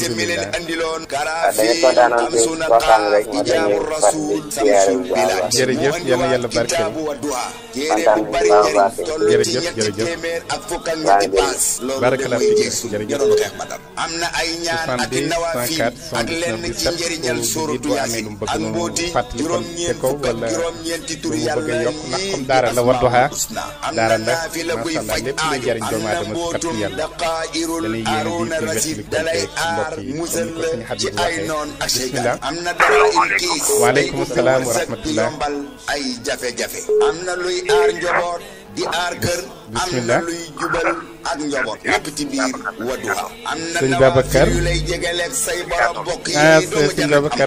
xasee mi leen andiloon. Ah, dañuy kontaanoon si waxtaan rek moo tax ñu fàttali ziare bu baax a baax. jërëjëf yal na yàlla barkeel. kontaan nañu baax a baax. jërëjëf jërëjëf. barak laa fi jërëjëf. 70 104 77 pour nit ñi amee lu mu bëgg noonu fàttali kon te ko wala lu mu bëgg a yokk ndax comme daara la Wadduha daara la macha allah lépp luy jariñ doomu aadama si kàttu yàlla dañuy yéene di fi mbokk yi ni ko suñu xarit waxee bisimilah waaleykum salaam wa rahmatullah ay jafe-jafe am na luy aar njaboot di aar kër bismillah am na luy jubal ak njaboot lépp ci biir Wadduha. am na sëñ Babacar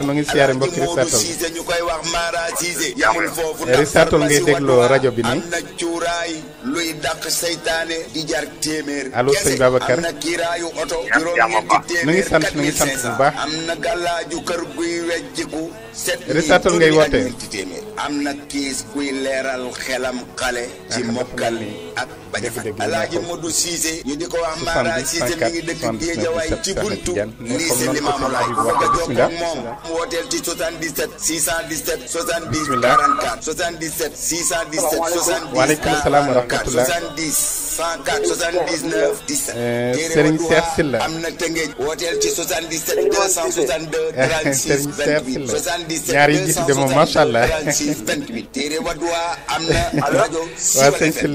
ah, mu ngi siyaare mbokk Risaatal. ñu koy wax Mara Cissé yamul foofu Risaatal ngay dégloo rajo bi nii. am na cuuraay luy dàq seytaane di jar téeméer. allo sëñ Babacar. am na kiiraayu oto juróom-ñetti téeméer. nu ngi sant nu ngi sant bu baax. am na gàllaaju kër guy wejjiku. Risaatal ngay am na kiis kuy leeral xelam xale. ci ah, mokkal ak. bañ a fàtte alaaji Modou Cissé ñu di ko wax Mara Cissé mi ngi dëkk Géejawaay ci buntu lycée Limamou Laye bu bëgg a jokkoo moom mu ci 77 617 70 44 77 am na tëngeej wooteel ci 77 262 36 28 77 ñaari de moom macha allah 36 am na rajo Sibal FM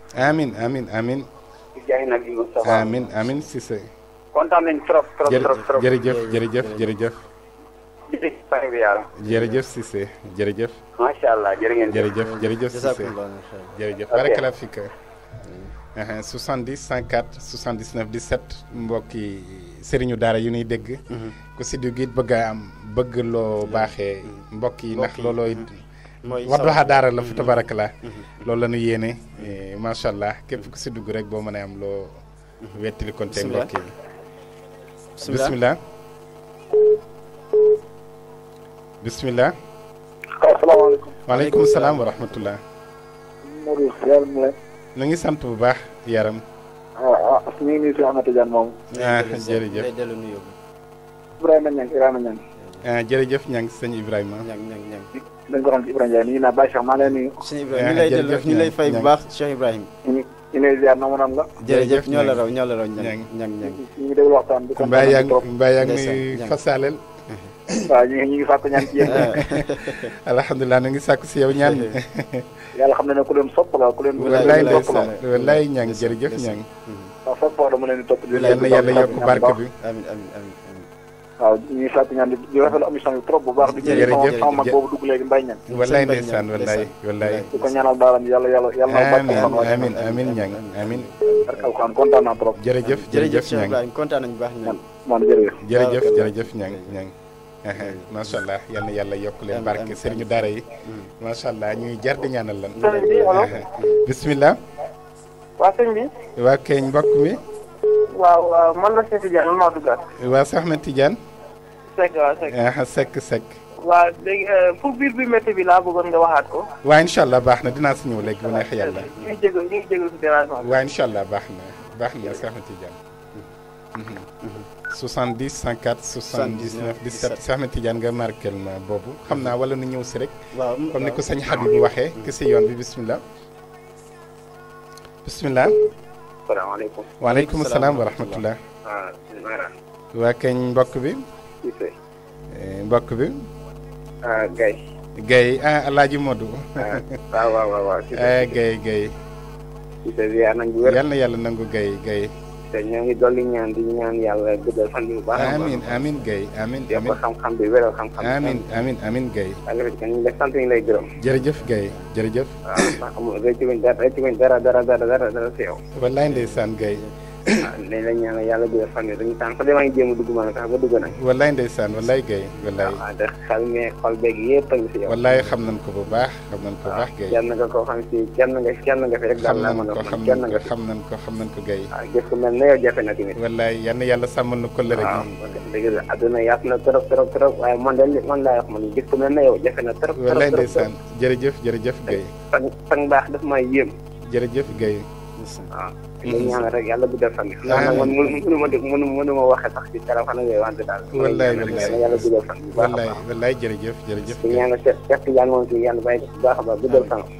amiin amiin amiin. di jaay nag di Moustapha amiin amiin Cissé. kontaan nañ trop trop trop trop. jërëjëf jërëjëf jërëjëf. jërëjëf Cissé jërëjëf. macha allah jërë ngeen jëf jërëjëf jërëjëf Cissé jërëjëf. mbokki sëriñu daara yu ñuy dégg. Mhm. ku si dugg it am bëgg loo baaxee. Mhm. mbokk yi ndax looloo wadduha daara la fa tabarakallah mhm. loolu la ñu yéene eh, macha allah képp ku si dugg rek boo mën a am loo mhm. wettali konte mbokk yi bismillah bismillah asalaamaaleykum waaleykum salaam wa rahmatullah Modou yaram la ñu ngi sant bu baax yaram ah, ah ñu ngi nuyu si Ahmed Tidiane moom ah jërëjëf day dellu nuyu Ibrahima Niang Ibrahima Niang ah jërëjëf Niang sëñ Ibrahima Niang Niang Niang dañ ko xam ci Ibrahima Ndiaye nii naa bàyyi Cheikh maa ngi lay nuyu. lay delloo ñu lay fay bu baax Cheikh la. jërëjëf ñoo ñoo la raw ñang ñang ñang ñu ngi déglu waxtaan bi. kontaan nañu trop Mbaye yaa ngi fasaaleel. waaw ñu ngi ñu ngi sàkku ñaan ci ngi sàkku si yow ñaan. yàlla xam na ne ku leen sopp la ku leen. walaay lay sa walaay ñang jërëjëf ñang. waaw chaque fois dama leen topp di leen yàlla yokk barke bi waaw ñuy fàttali ñaan di rafetlu émission bi sama iya, iya, mag iya. boobu dugg léegi mbay ñan ndeysaan ko ñaanal amin amin ñang amin trop ñang nañ baax ñang man ñang ñang masha allah leen barke yi masha allah ñuy jar di ñaanal lan bismillah bi keñ mbokk mi waaw man sekk waaw sekk. sekk sekk. waaw léegi pour biir bi métti bi laa bëggoon nga waxaat ko. waaw incha allah baax na dinaa si ñëw léegi bu neex yàlla. ñu ngi jégalu ñu ngi jégalu si dérangement bi. waaw incha allah baax na baax na Cheikh Ahmed Tidiane. 70 104 79 17 Cheikh Ahmed Tidiane nga marqué ma boobu xam naa wala nu ñëw si rek. waaw comme ni ko sëñ Habib waxee. ki si yoon bi bisimilah. bisimilah. salaamaaleykum. waaleykum salaam wa rahmatulah. waa kañ mbokk bi. Cissé eh, mbokk bi Gay. Ah, gay. ah Alaaji Modou ah, waaw waaw waaw Gaye gay Cissé bi yaa nangu wér yal na yàlla nangu Gaye Gaye te ñoo ngi dolli ñaan di ñaan yàlla guddal fan yu baax amin amin gay amin amin xam-xam bi wéral xam-xam amin amin amin gay. ñu lay sant ñu lay gërëm jërëjëf Gaye jërëjëf waaw ndax amul rëccu dara rëccu dara dara dara dara si yow wallaay ndeysaan Gaye waaw ah, nañ la ñaanal yàlla guddal fan yi dañu tànn sax damaa ngi jéem a dugg maanaam sax ba dugg nañ. wallaay ndeysaan wallaay Guèye. wallaay waaw ah, de xel mais xol beeg yëpp a ngi si yow. wallaay xam nañ ko bu baax xam nañ ko bu ah, baax Guèye. kenn nga ko xam si kenn nga kenn nga fi rek. daal laa mën a xam kenn nga fi xam nañ ko xam nañ ko Guèye. waaw gis ko mel ne yow jafe na tamit. wallaay yal na yàlla sàmmal na ko la rek. waaw dëgg la adduna yaatu na trop trop trop waaye man de man laa wax man gis ko mel ne yow jafe na trop. trop trop wallaay ndeysaan jërëjëf jërëjëf Guèye. sang sang baax daf may yéem. jërëjëf Guèye. waaw dañu ñaanal rek yàlla bu def fan. waaw man mënu ma def mënu mënu ma waxe sax ci kanam xanaa ngay wante daal. wallaay wallaay baax a baax bu def fan.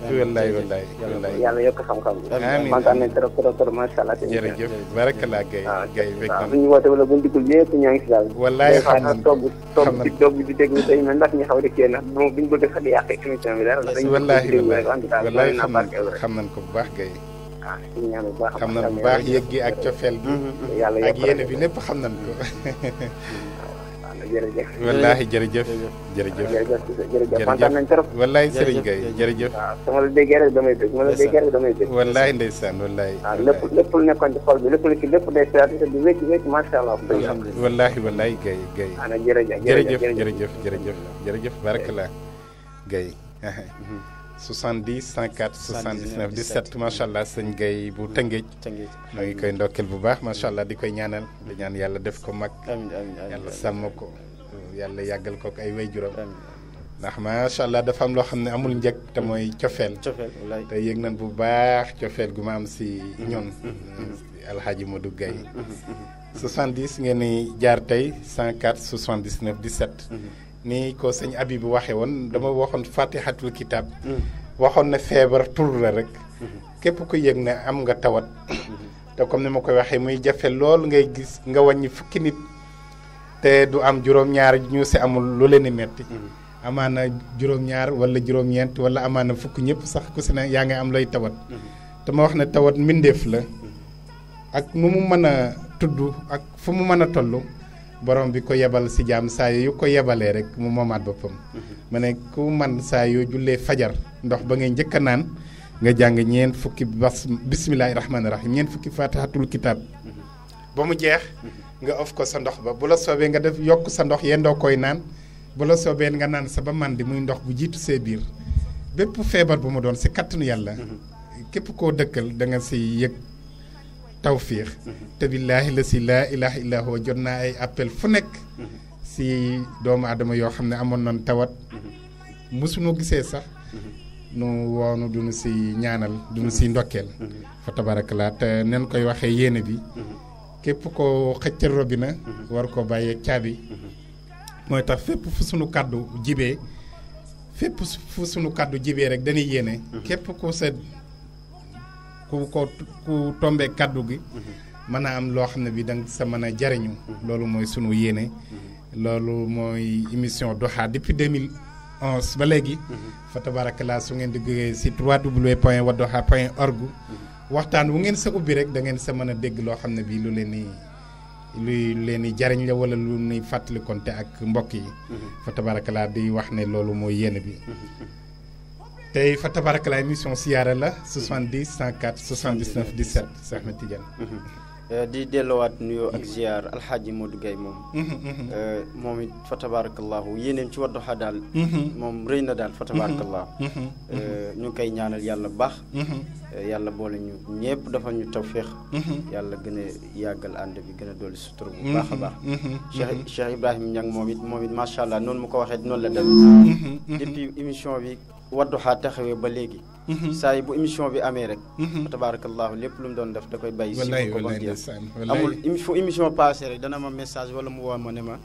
wallaay wallaay wallaay yàlla yokk xam-xam bi. amiin kontaan nañ Gaye Gaye fekk na. ñu woote wala bu ñu dikkul yëpp si daal. wallaay xam nañ togg togg ci togg di déglu tey man ndax ñu xaw a dikkee ndax bu ñu bëgg sax di yàq émission bi dara. wallaay wallaay xam nañ ko bu baax Gaye xam na bu baax yëg gi ak cofeel gi ak yéene bi lépp xam nañ ko jërëjëf wallaahi jërëjëf jërëjëf jërëjëf kontaan nañ trop wallaahi sëriñ Gaye jërëjëf waaw su ma la déggee rek damay dégg ma la déggee rek damay dégg wallaahi ndeysaan wallaahi waaw lépp lépp lu nekkoon ci xol bi lépp lu ci lépp day seet te du wécc wécc macha allah wallaahi wallaahi Gaye Gaye ana jërëjëf jërëjëf jërëjëf jërëjëf jërëjëf barakallah Gaye mhm. 70 104 79 17 macha allah sëñ Gueye bu Tëngéej. Tëngéej maa ngi koy ndokkeel bu baax macha allah di koy ñaanal. di ñaan yàlla def ko mag. amiin yàlla sàmm ko. yàlla yàggal ko ay wayjuram. ndax macha allah dafa am loo xam ne amul njëg te mm. mooy cofeel te yëg nañ bu baax cofeel gu ma am si mm-hmm. ñun mm-hmm. alxaaji Modou Gueye 70 mm-hmm. ngeen ni jaar tey 104 79 17 ni ko sëñ Habib waxee woon dama waxoon fatihatul kitab mm. waxoon na feebar tur rek mm-hmm. képp ku yëg ne am nga tawat te comme ni ma koy waxee muy jafe lool ngay gis nga wàññi fukki nit te du am juróom-ñaar ñu si amul lu leen di metti mm-hmm. amaana juróom-ñaar wala juróom-ñeent wala amaana fukk ñëpp sax ku si ne yaa ngi am lay tawat mm-hmm. te ma wax ne tawat mbindeef la ak nu mu mën a tudd ak fu mu mën a toll borom bi ko yebal si jam saa yu ko yebalee rek mu momat bopam mané mhm. ku man fajar ndox ba ngay jëk naan nga jang ñeen fukki bas bismillahi rahim fukki fatihatul kitab mhm. ba mu jeex mhm. nga of ko sa ndox ba bu la soobee nga def yok sa ndox yendo koy naan bu la soobee nga naan sa ba di muy ndox bu jitu see bir bépp febar bu mu doon ci katnu yalla kep ko dekkal da nga si yek tawfiix te billaahi la si laa ilaaha illaa huwa jot naa ay appel fu nekk si doomu aadama yoo xam ne amoon na tawat mosuñoo gisee sax nu woonu duñu si ñaanal duñu si ndokkeel fa tabarakalaa te nen koy waxee yéene bi képp ko xëccal robina war ko bàyyee caabi mooy tax fépp fu sunu kàddu jibee fépp fu sunu kàddu jibee rek dañuy yéene képp ko sa ku ko ku tombee kàddu gi mhm. mën a am loo xam ne bi danga sa mën a jariñu mhm. loolu mooy sunu yéene mhm. loolu mooy émission Duha depuis 2011 ba léegi fa tabarakalaa su ngeen di jógee si www point wadduha point org waxtaan wu ngeen sa ubbi rek da ngeen sa mën a dégg loo xam ne bi lu leen ni luy leen jariñ la wala lu nuy fàttalikonte ak mbokk yi fa tabarakalaa di wax ne loolu mooy yéene bi tey fa la émission siyaara la 70 104 79 17 Cheikh Ahmed Tidiane. Mhm. Euh, di delloowaat nuyo ak ziar alxaaji Modou gay mom mhm, mhm. euh, moom it fa tabarakallahu yéeneem ci Wadduha daal. moom rëy na daal fa tabarakallahu euh, ñu ngi koy ñaanal yàlla baax. yàlla boole ñu ñepp dafa ñu tawféex. yalla gën yagal yàggal ànd bi gën a sutur bu baax baax. Cheikh Cheikh Ibrahima Niang momit it moom it macha allah noonu mu ko waxee noonu la dal depuis émission bi Wadduha taxawee ba léegi. Mhm. saa yi bu émission bi amee rek. Mhm. tabaarakallaahu lépp lu doon def da koy bàyyi. si ko ba amul fu émission passé rek dana ma message wala mu woo ma ne ma.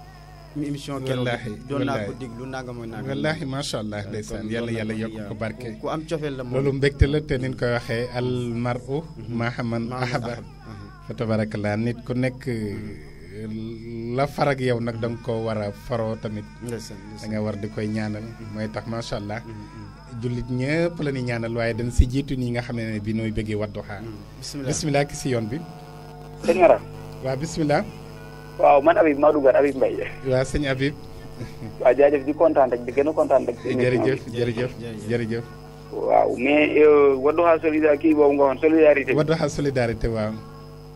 émission keroog doon naa ko déglu nanga mooy nanga wallaahi macha allah ndeysaan yàlla yàlla yokk ko barke ku am cofeel la moom loolu mbégte la te nin koy waxee almaru maahaman mhm. ahaba fa tabarakallah nit ku nekk la farag yow nag da ko war a faroo tamit da nga war di koy ñaanal mooy tax macha allah jullit ñëpp la ñuy ñaanal waaye dañ si jiitu ñi nga xam ne bi nooy bëggee Wadduha. Hmm, bisimilah bisimilah ki si yoon bi. sëñ Mara. waaw bisimilah. waaw man Habib ma duggaat Habib mbay waaw sëñ Habib. waaw jaajëf di kontaan rek di gën a kontaan rek. jërëjëf jërëjëf jërëjëf. waaw mais euh, Wadduha solidarité kii boobu nga waxoon solidarité. Wadduha solidarité waaw.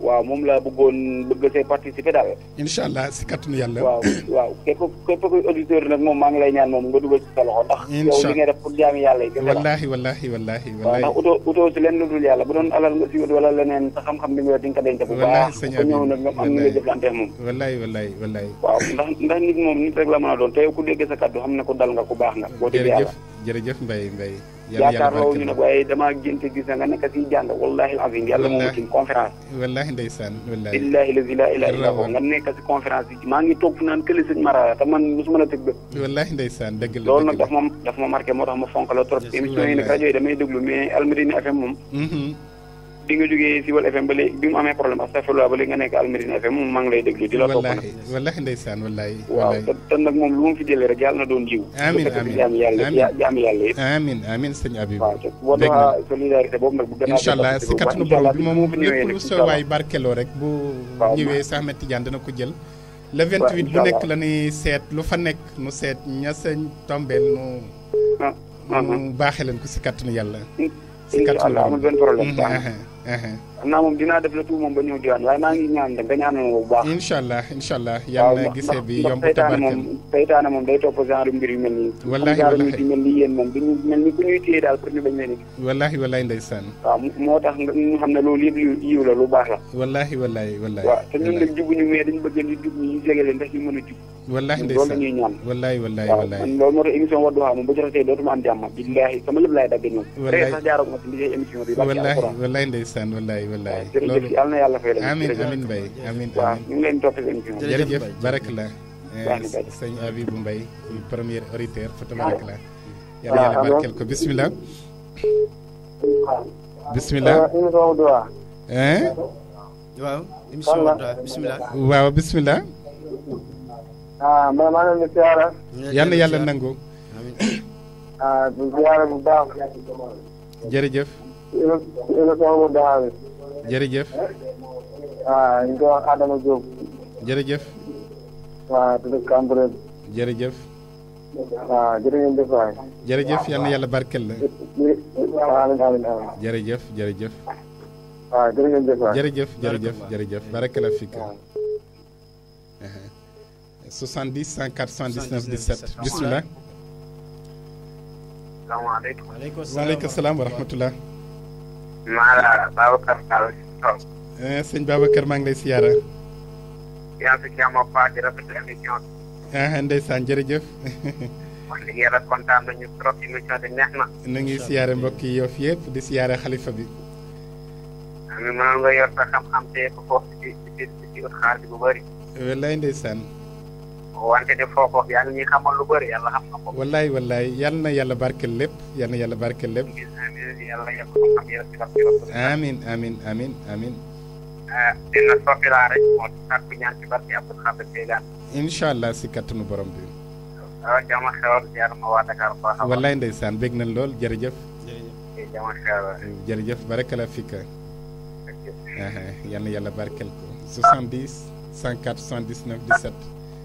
waaw moom laa bëggoon bëgg see participer daal. incha allah si kàttanu yàlla. waaw waaw képp képp kuy auditeur nag moom maa ngi lay ñaan moom nga dugal ci sa loxo ndax. yow li ngay def pour jaami yàlla yi. wallaahi wallaahi wallaahi. waaw ndax yàlla bu doon alal nga si wut wala leneen sa xam-xam bi nga yor di nga ko denc bu baax. wallaahi ko nga moom. wallaahi wallaahi wallaahi. waaw moom nit rek la a doon te yow ku déggee sa kàddu ko dal nga ku baax nga. boo déggee yàlla jërëjëf jërëjëf Mbaye Mbaye yaakaarloo ñu nag waaye damaa génte gis na nga nekk si jàng wallahi alazim yàlla moom ci conférence wallahi ndeysaan billahi lazi la ilaha illa huwa nga nekk si conférence bi maa ngi toog fu naan këli sëñ mara te man mosuma la tëg bët wallahi ndeysaan dëgg la loolu nag daf ma daf ma marqué moo tax ma fonk la trop émission yi nag rajo yi damay déglu mais Almadina FM moom mm-hmm. bi nga jógee si Wal FM ba léegi bi mu amee problème astafurlah ba léegi nga nekk Almadina FM moom maa ngi lay déglu di la topp nag wallaahi moom fi jëlee rek yàlla na doon jiw amiin amiin jaami yàlla jaami a incha allah si kattanu borom bi moom sa waay barkeloo rek bu ñëwee sa Ahmed Tidiane dana ko jël le 28 bu nekk la ñuy seet lu fa nekk nu seet ña sëñ tombeel nu mu ah, ah, ah. baaxee leen ko si kattanu yàlla si kattanu borom amul benn problème mm-hmm, uh-huh. xam naa moom dinaa def la tout moom ba ñëw diwaan waaye maa ngi ñaan de nga ñaanal ma bu baax. incha allah incha allah yàlla na gisee bi yomb tabarkeel moom saytaane moom day topp genre mbir yu mel nii. wallaahi wallaahi di mel ni yéen moom du ñu ni ku ñuy téye daal pour ñu bañ leen gis. wallaahi wallaahi ndeysaan. waaw moo tax nga ñu xam ne loolu yëpp yu yiw la lu baax la. wallaahi wallaahi wallaahi. waaw te ñun nag jubuñu mais dañu bëgg di jub ñu jege leen ndax ñu mën a jub wallaay ndeysaan loolu la ñuy ñaan wallaay wallaay wallaay man loolu moo tax émission Wadduha moom bu ci rafetee dootuma am jàmm billahi sama lépp laay dagg ñoom wallaay sax jaaroo ma ci liggéey émission bi wallaay wallaay ndeysaan wallaay wallaay jërëjëf si la amin amin bay amin waaw ñu ngi leen toppee émission jërëjëf barak la premier auditeur fa tabarak la yàlla yàlla barkeel ko bismillah bismillah bismillah waaw bismillah euh, ah man maa ngi yàlla ah, bu baax. jërëjëf. émission bu baax bi. jërëjëf. ah ñu koy wax Adama Diop. jërëjëf. waaw ah, di dëkk jërëjëf. waaw jërë ngeen yàlla barkel la. amiin ah, 70 179 17 bisimilah. salaamaaleykum. waaleykum salaam wa rahmatulah. Eh, maa ngi lay siyaara. yaa ngi fi jàmm ak paa di bi. Eh, siyaare xalifa bi. amiin nga yor sa xam-xam te foofu ci ci ci bu bëri. wallaay ndeysaan. wante de foo ko yaa ngi ñuy xamal lu bëri yàlla xam na ko. wallaay wallaay yal yàlla barkeel lépp yal yàlla barkeel lépp. amiin amiin amiin amiin. dina si kattanu borom bi. waaw jama xewal ndeysaan bég nañ lool jërëjëf. Eh, jërëjëf jama xewal. fika. Ah, ah, yal yàlla barkeel ko. 70 104 79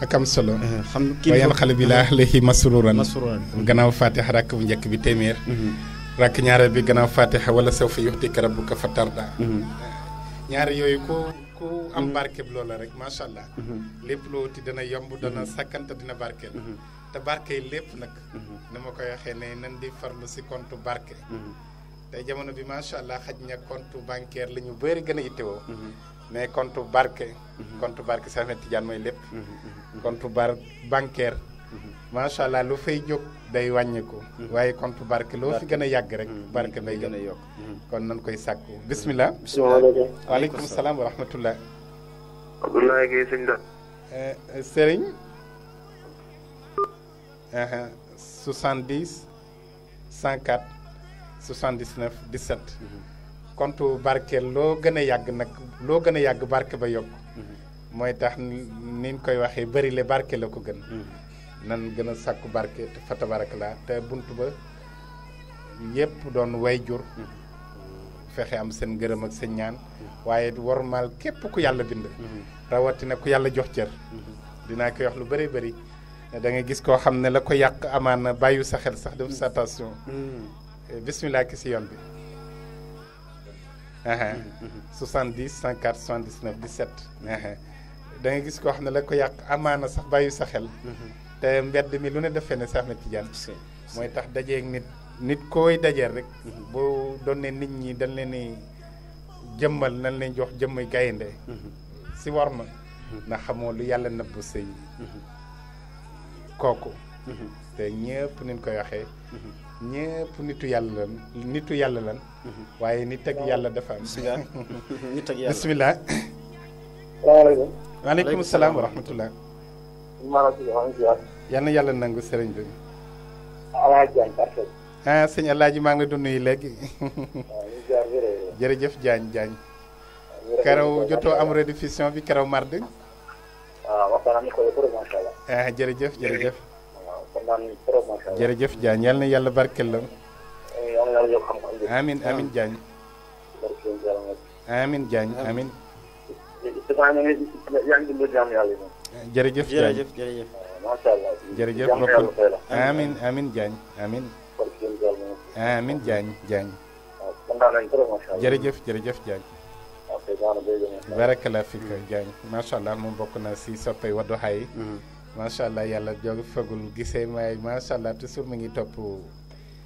ak am solo. Eh, xam kii waaye xale bi laa alayhi masruran masruran gannaaw fatiha rakk bu njëkk bi téeméer. Mhm. rakk ñaareel bi gannaaw fatiha wala sawfa yuxtika rabbuka fatarda. Mhm. ñaar yooyu ko ku am mhm. barkeb loola rek macha allah. lépp loo dana yomb dana sakkanta dina barkeel. te barke yi lépp nag. ni ma koy waxee ne nan di farlu si compte barke. te jamono bi macha allah xaj na compte bancaire la ñu bëri gën a yittewoo. mais compte barke. compte barke Cheikh Ahmed Tidiane mooy lépp. compte bar bancaire. Mhm. macha allah lu fay jóg day wàññiku mhm. waaye compte barke loo fi gën a yàgg rek. Mhm. barke day gën a yokk kon koy sàkku bismillah. bismillah salaam wa rahmatullah. Abdoulaye Guèye sëñ da. sëriñ. 70 104 79 17. compte barke loo gën a yàgg nag loo gën a yàgg barke ba yokk. moy tax niñ koy waxe bari le barke lako gën hmm. nan gëna a sàkku barke te fa tabarakalaa te bunt ba yépp doon way jur hmm. fexe am seen ngërëm ak seen ñaan hmm. waaye warmal képp ku yalla bind na ku yalla jox cër dina ko wax lu bari bari da nga gis ko xam la ko yak amana bayu sa xel sax def sa attention eh, bismillah ki si yoon bi 70 104 79 17 da nga gis ko xam ne la ko yàq amaana sax bàyyi sa xel. Mhm. te mbedd mi lu ne defee ne sax met Tidiane. mooy tax dajeeg nit nit koy dajeel rek. Mhm. bu doon ne nit ñi dañ leen ni jëmmal nañ leen jox jëmmay gaynde mhm. si war ma. ndax xamoo lu yàlla nëbb sëy kooku. te ñëpp niñ koy waxee. ñëpp nitu yàlla lan nitu yàlla lan. waaye nit ak yàlla dafa am. bisimilah waaleykum salaam wa rahmatullah. yal na yàlla nangu sëriñ bi. ah sëñ Alaaji maa ngi la doon nuyu léegi. jërëjëf Diagne Diagne. karaw jotoo am rediffusion bi karaw mardi. Ah, ah, jërëjëf jërëjëf. jërëjëf yal na yàlla barkeel la. amiin amiin Diagne. amiin Diagne jërëjëf jërëjëf jërëjëf. macha amin amin Diagne amin amin Diagne Diagne. jërëjëf jërëjëf Diagne. barakallah fik Diagne macha allah moom bokk na si soppay Wadduha yi. Mhm. macha allah yàlla jóg gisee may macha allah toujours mu ngi topp.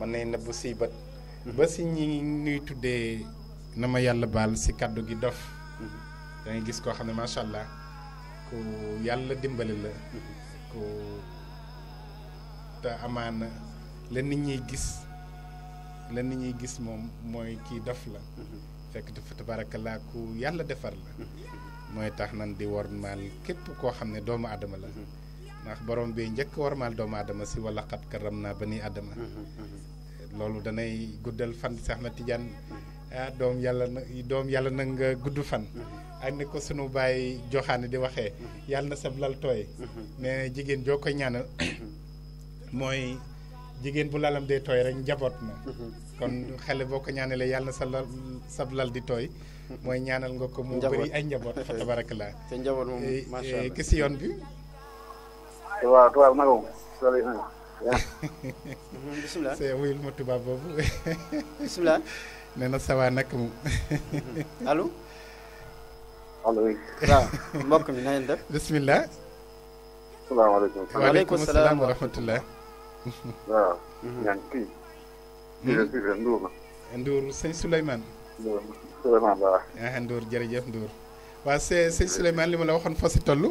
mën nay nëbb siy ba si ñi nuy tuddee na ma yàlla baal si kàddu gi dof mhm. da gis koo xam ne macha allah ku yàlla dimbali la mhm. ku te amaana la nit ñuy gis la nit ñuy gis moom mooy kii dof la mhm. fekk dafa tabarakalaa ku yàlla defar la mooy tax nan di wormaal képp koo xam ne doomu aadama la ndax borom bi njëkk war warmaal doomu aadama si wala xat karam naa ba ni aadama mm-hmm, mm-hmm. loolu danay guddal fan si Ahmed Tidiane ah doom yàlla na doom yàlla nag nga gudd fan mm-hmm. ak ni ko sunu bàyyi joxaane di waxee yàlla na sab lal tooy nee jigéen joo koy ñaanal mooy jigéen bu lalam dee tooy rek njaboot kon xale boo ko yàlla na di tooy mooy ñaanal nga ko mu bëri ay njaboot fa tabarak eh, eh, ki si yoon bi waaw tubaab naka moom loolu yi bisimilah wuyul ma tubaab boobu. bisimilah. nee sawa nag moom. allo. mbokk mi na ngeen def. bisimilah. wa rahmatulah. waaw. ñaan kii. kii la kii la Ndour la. Ndour sëñ Souleymane. Ndour Souleymane waaw. Ndour jërëjëf Ndour. waaw sëñ li ma la waxoon fa si toll.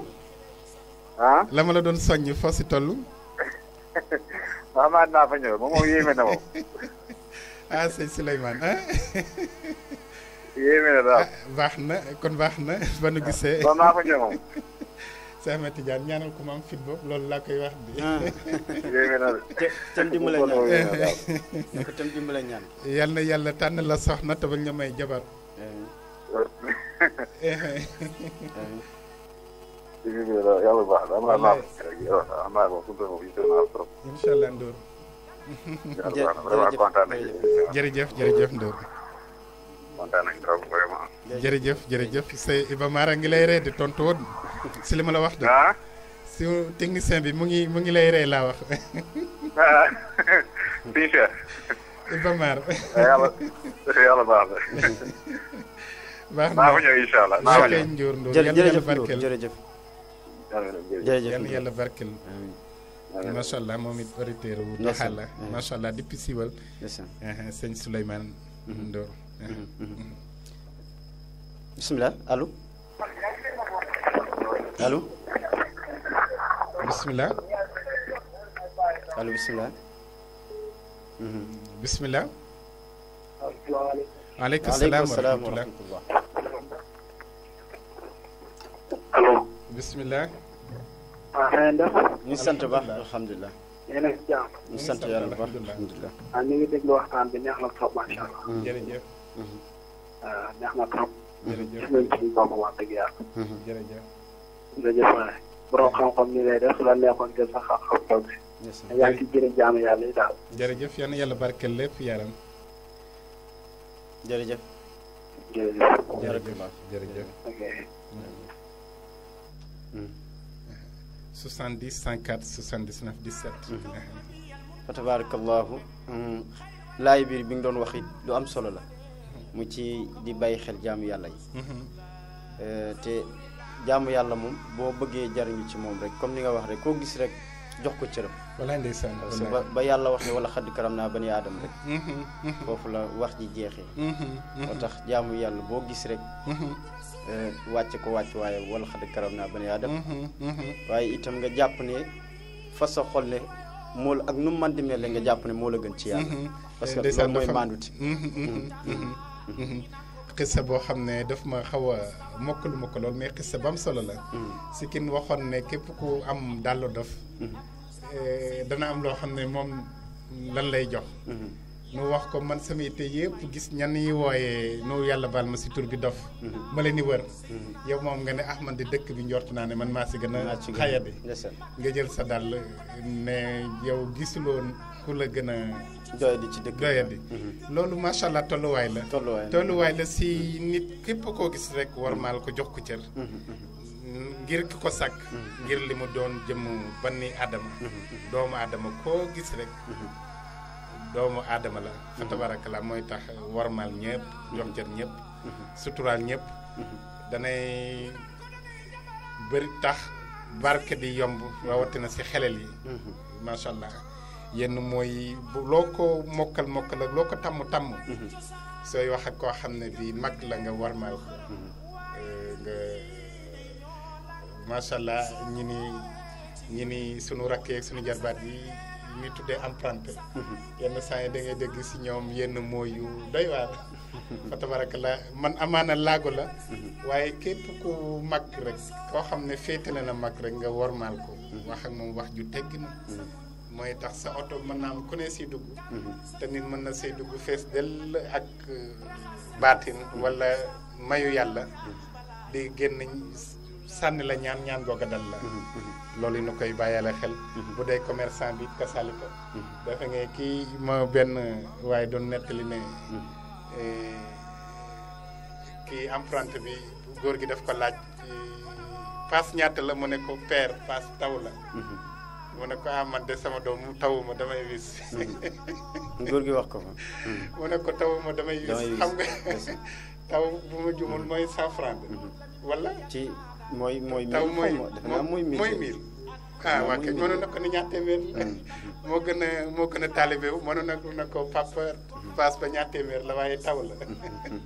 ah. la ma la doon soññ foo si toll. waaw maa naa fa ñëw moom moom yéeme na moom. ah sëñ Souleymane ah. baax na kon baax na ba nu gisee. waaw naa fa ñëw moom. Cheikh ñaanal ko ma am fit boobu loolu laa koy wax bi. Ah. yéeme na te yal na yàlla tànn la soxna te bañ may jabar. Eh. Eh, eh. waaw yàlla baax na am naa allah Ndor. jërëjëf jërëjëf Ndor. kontaan nañ trop vraiment. jërëjëf jërëjëf Sey Iba Mara ngi lay ree di tontu woon si li ma la wax de. si technicien bi mu ngi mu ngi lay ree laa wax. ah. Iba Mara. yàlla yàlla baax na. baax na naa fa ñëw incha allah naa fa ñëw jërëjëf jërëjëf yàlla yàlla barkeel. amiin macha allah moom it auditeur wu. macha allah macha allah depuis siiwal. sëñ Souleymane mhm. Ndour. Mhm, mhm. bisimilah allo. allo. bisimilah. allo salaam wa bisimilah. waaw ah, na sant baax alhamdulilah. yéen sant yàlla bu baax alhamdulilah. ah waxtaan bi neex na trop macha allah. Mm-hmm. jërëjëf. Ah, neex na trop. jërëjëf gis nañ suñu bopp mm-hmm. la neexoon jël sa daal. jërëjëf yal na yàlla barkeel lépp yaram. jërëjëf. jërëjëf 70 104 79 17. fa tabaarakallaahu laay biir bi nga doon wax it am solo la. mu ci di bàyyi xel jaamu yàlla yi. Mm-hmm. Euh, te jaamu yàlla moom boo bëggee jariñu ci moom rek comme ni nga wax rek koo gis rek jox ko cëram. walaay ndeysaan ba ba yàlla waxee wala xadd karam naa bani aadam rek. Mm-hmm. Mm-hmm. foofu la wax ji jeexee. moo tax jaamu yàlla boo gis rek. Eh, wàcce ko wàcc waaye wala xad karam naa ba yaa dem mhm, mhm. waaye itam nga jàpp ne fa sa xol ne mool ak nu mu mën di mel nga jàpp ne moo la gën ci yàlla mhm. parce que eh, loolu mooy maanduti xissa boo xam ne daf ma xaw a mokkalu ma ko lool mais xissa ba am solo la si kin waxoon ne képp ku am dàllu dof eh, dana am loo xam ne moom lan lay jox nu wax ko man samay te yëpp gis ñan yi wooyee nu yàlla baal ma si tur bi dof mhm. ma la ni wër mhm. yow moom nga ne ah man di dëkk bi njort naa ne man maa si gën a xaya bi nga jël sa dàll ne yow gisuloon ku la gën a doyadi ci dëkk doyadi mhm. loolu macha tolluwaay la tolluwaay la si nit képp koo gis rekk war maal ko jox ko cër ngir ki ko sàkk ngir li mu doon jëm banni aadama doomu aadama koo gis rek doomu aadama la fa la mooy tax warmal ñëpp jox jër ñëpp suturaal ñëpp danay bëri tax barke di yomb rawatina si xelel yi macha allah yenn mooy loo ko mokkal mokkal ak loo ko tàmm tàmm sooy wax ak koo xam ne bi mag la nga warmal ko nga macha allah ñi ni ñi ni sunu rakk ak sunu jarbaat yi ñuy tuddee emprunté yenn saa yi da dégg si ñoom yenn mooy yu doy waar fa tabaraka la man amaana laago la waaye képp ku mag rek foo xam ne féetale na mag rek nga wormaal ko wax ak moom wax ju tegg mooy tax sa oto mën naa am ku ne siy dugg te nit mën na say dugg fees dell ak baatin wala mayu yàlla di génn sànni la ñaan ñaan googa dal la loolu yi nu koy bàyyale xel mhm. bu dee commerçant bi kasaalika mhm. dafa nga kii ma benn waaye doon nettali ne mhm. eh, kii emprunté bi góor gi def ko laaj paas ñaata la mu ne ko père paas taw la mu ne ko ah man de sama doom mu tawuma damay wis góor gi wax ko fa ne ko tawuma damay wis taw bu ma jumul mooy cent franc wala ci mooy mooy taw mooy mooy ah waa kay mënoon na ko ni ñaar téeméer ah. moo gën a moo gën a taalibe wu mënoon na na ko papa paas ba ñaar téeméer la waaye taw la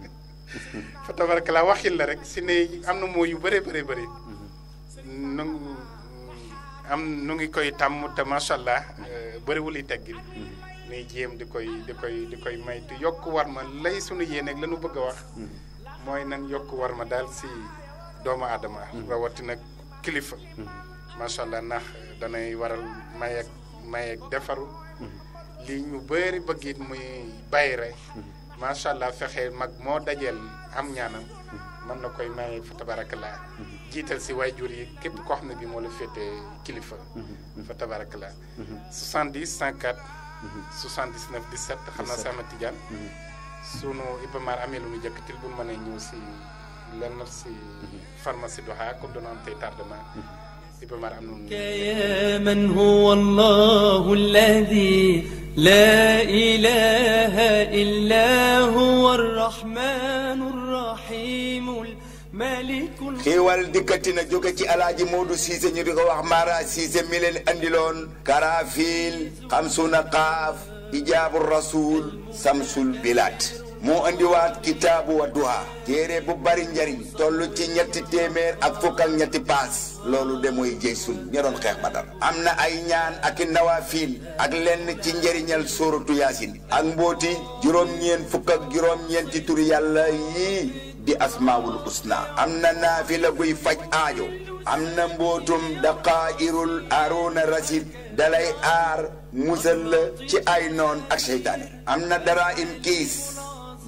fa tabaraka rek si ne am na moo yu bëree bëri bëri mm-hmm. nu nu ngi koy tàmm te macha allah euh, bëriwul yi teggin mm-hmm. nuy jéem di koy di koy di koy may di yokk war ma lay sunu yéene ak la nu bëgg a wax mm-hmm. mooy nan yokk war ma daal si doomu aadama rawatina kilifa macha allah ndax danay waral mayeeg mayeeg defaru mhm. lii ñu bëri bëgg it muy bàyyi rek mhm. macha allah fexe mag moo dajeel am ñaanam mhm. mën na koy mayeeg fa tabarakallah jiital si waajur yi képp koo xam ne bii moo la féetee kilifa fa tabarakallah 70 104 79 17 xam naa sama Tidiane sunu Ibamar amee lu ñu jëkkatil bu mën a ñëw si lenn si pharmacie Doha comme doon am tey tardement يا من هو الله الذي لا إله إلا هو الرحمن الرحيم الملك كي والدكتي نجوكي ألاج مودو سيزي نيريكو وحمارا سيزي ميلين أندلون كرافيل خمسون قاف إجاب الرسول سمسول بلاد moo indiwaat kitaabu Wadduha téere bu bari njariñ toll ci ñetti téeméer ak fukk ñetti paas loolu de mooy jëy sun ña xeex ba dara am na ay ñaan ak i nawafiil ak lenn ci njariñal sóoratu yaasin ak mbóoti juróom-ñeen fukk juróom-ñeenti turi yàlla yii di asmaawul usna am na naafila buy faj aajo am na mbootum daqaa'irul aaroona rasid dalay aar musal la ci ay noon ak seytaane am na dara im kiis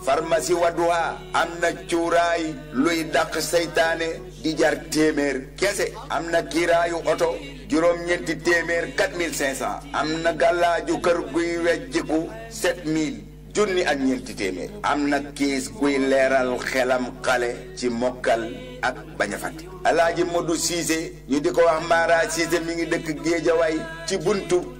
pharmacie Wadduha am na cuuraay luy dàq seytaane di jar téeméer kese am na kiiraayu oto juróom-ñetti téeméer 4500 am na gàllaaju kër guy wejjiku 7000 junni ak ñeenti téeméer am na kiis kuy leeral xelam xale ci mokkal ak bañ a fàtte alaaji Modou ñu di ko wax Mara Cissé mi ngi dëkk Géejawaay ci buntu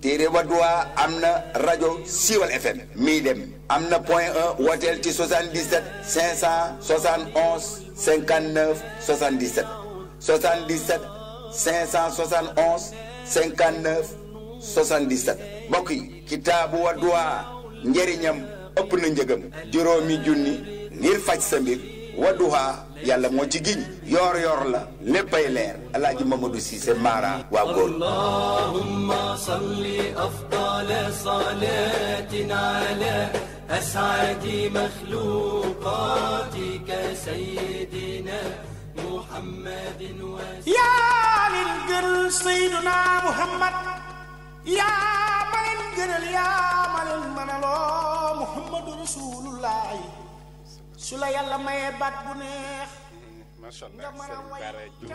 téere Wadduha am na rajo Siwal FM mii dem am na point 1 wooteel ci 77 571 59 77 77 571 59 77 mbokk yi kitaabu Wadduha njëriñam ëpp na njëgam juróomi junni ngir faj sa mbir Wadduha يلا مو يور يور لا ليباي لير الله محمد سيسي مارا وا اللهم صل افضل صلاه على اسعد مخلوقاتك سيدنا محمد يا للجر سيدنا محمد يا من الجر يا من منلو محمد رسول الله su la yàlla mayee baat bu neex. macha allah sëriñ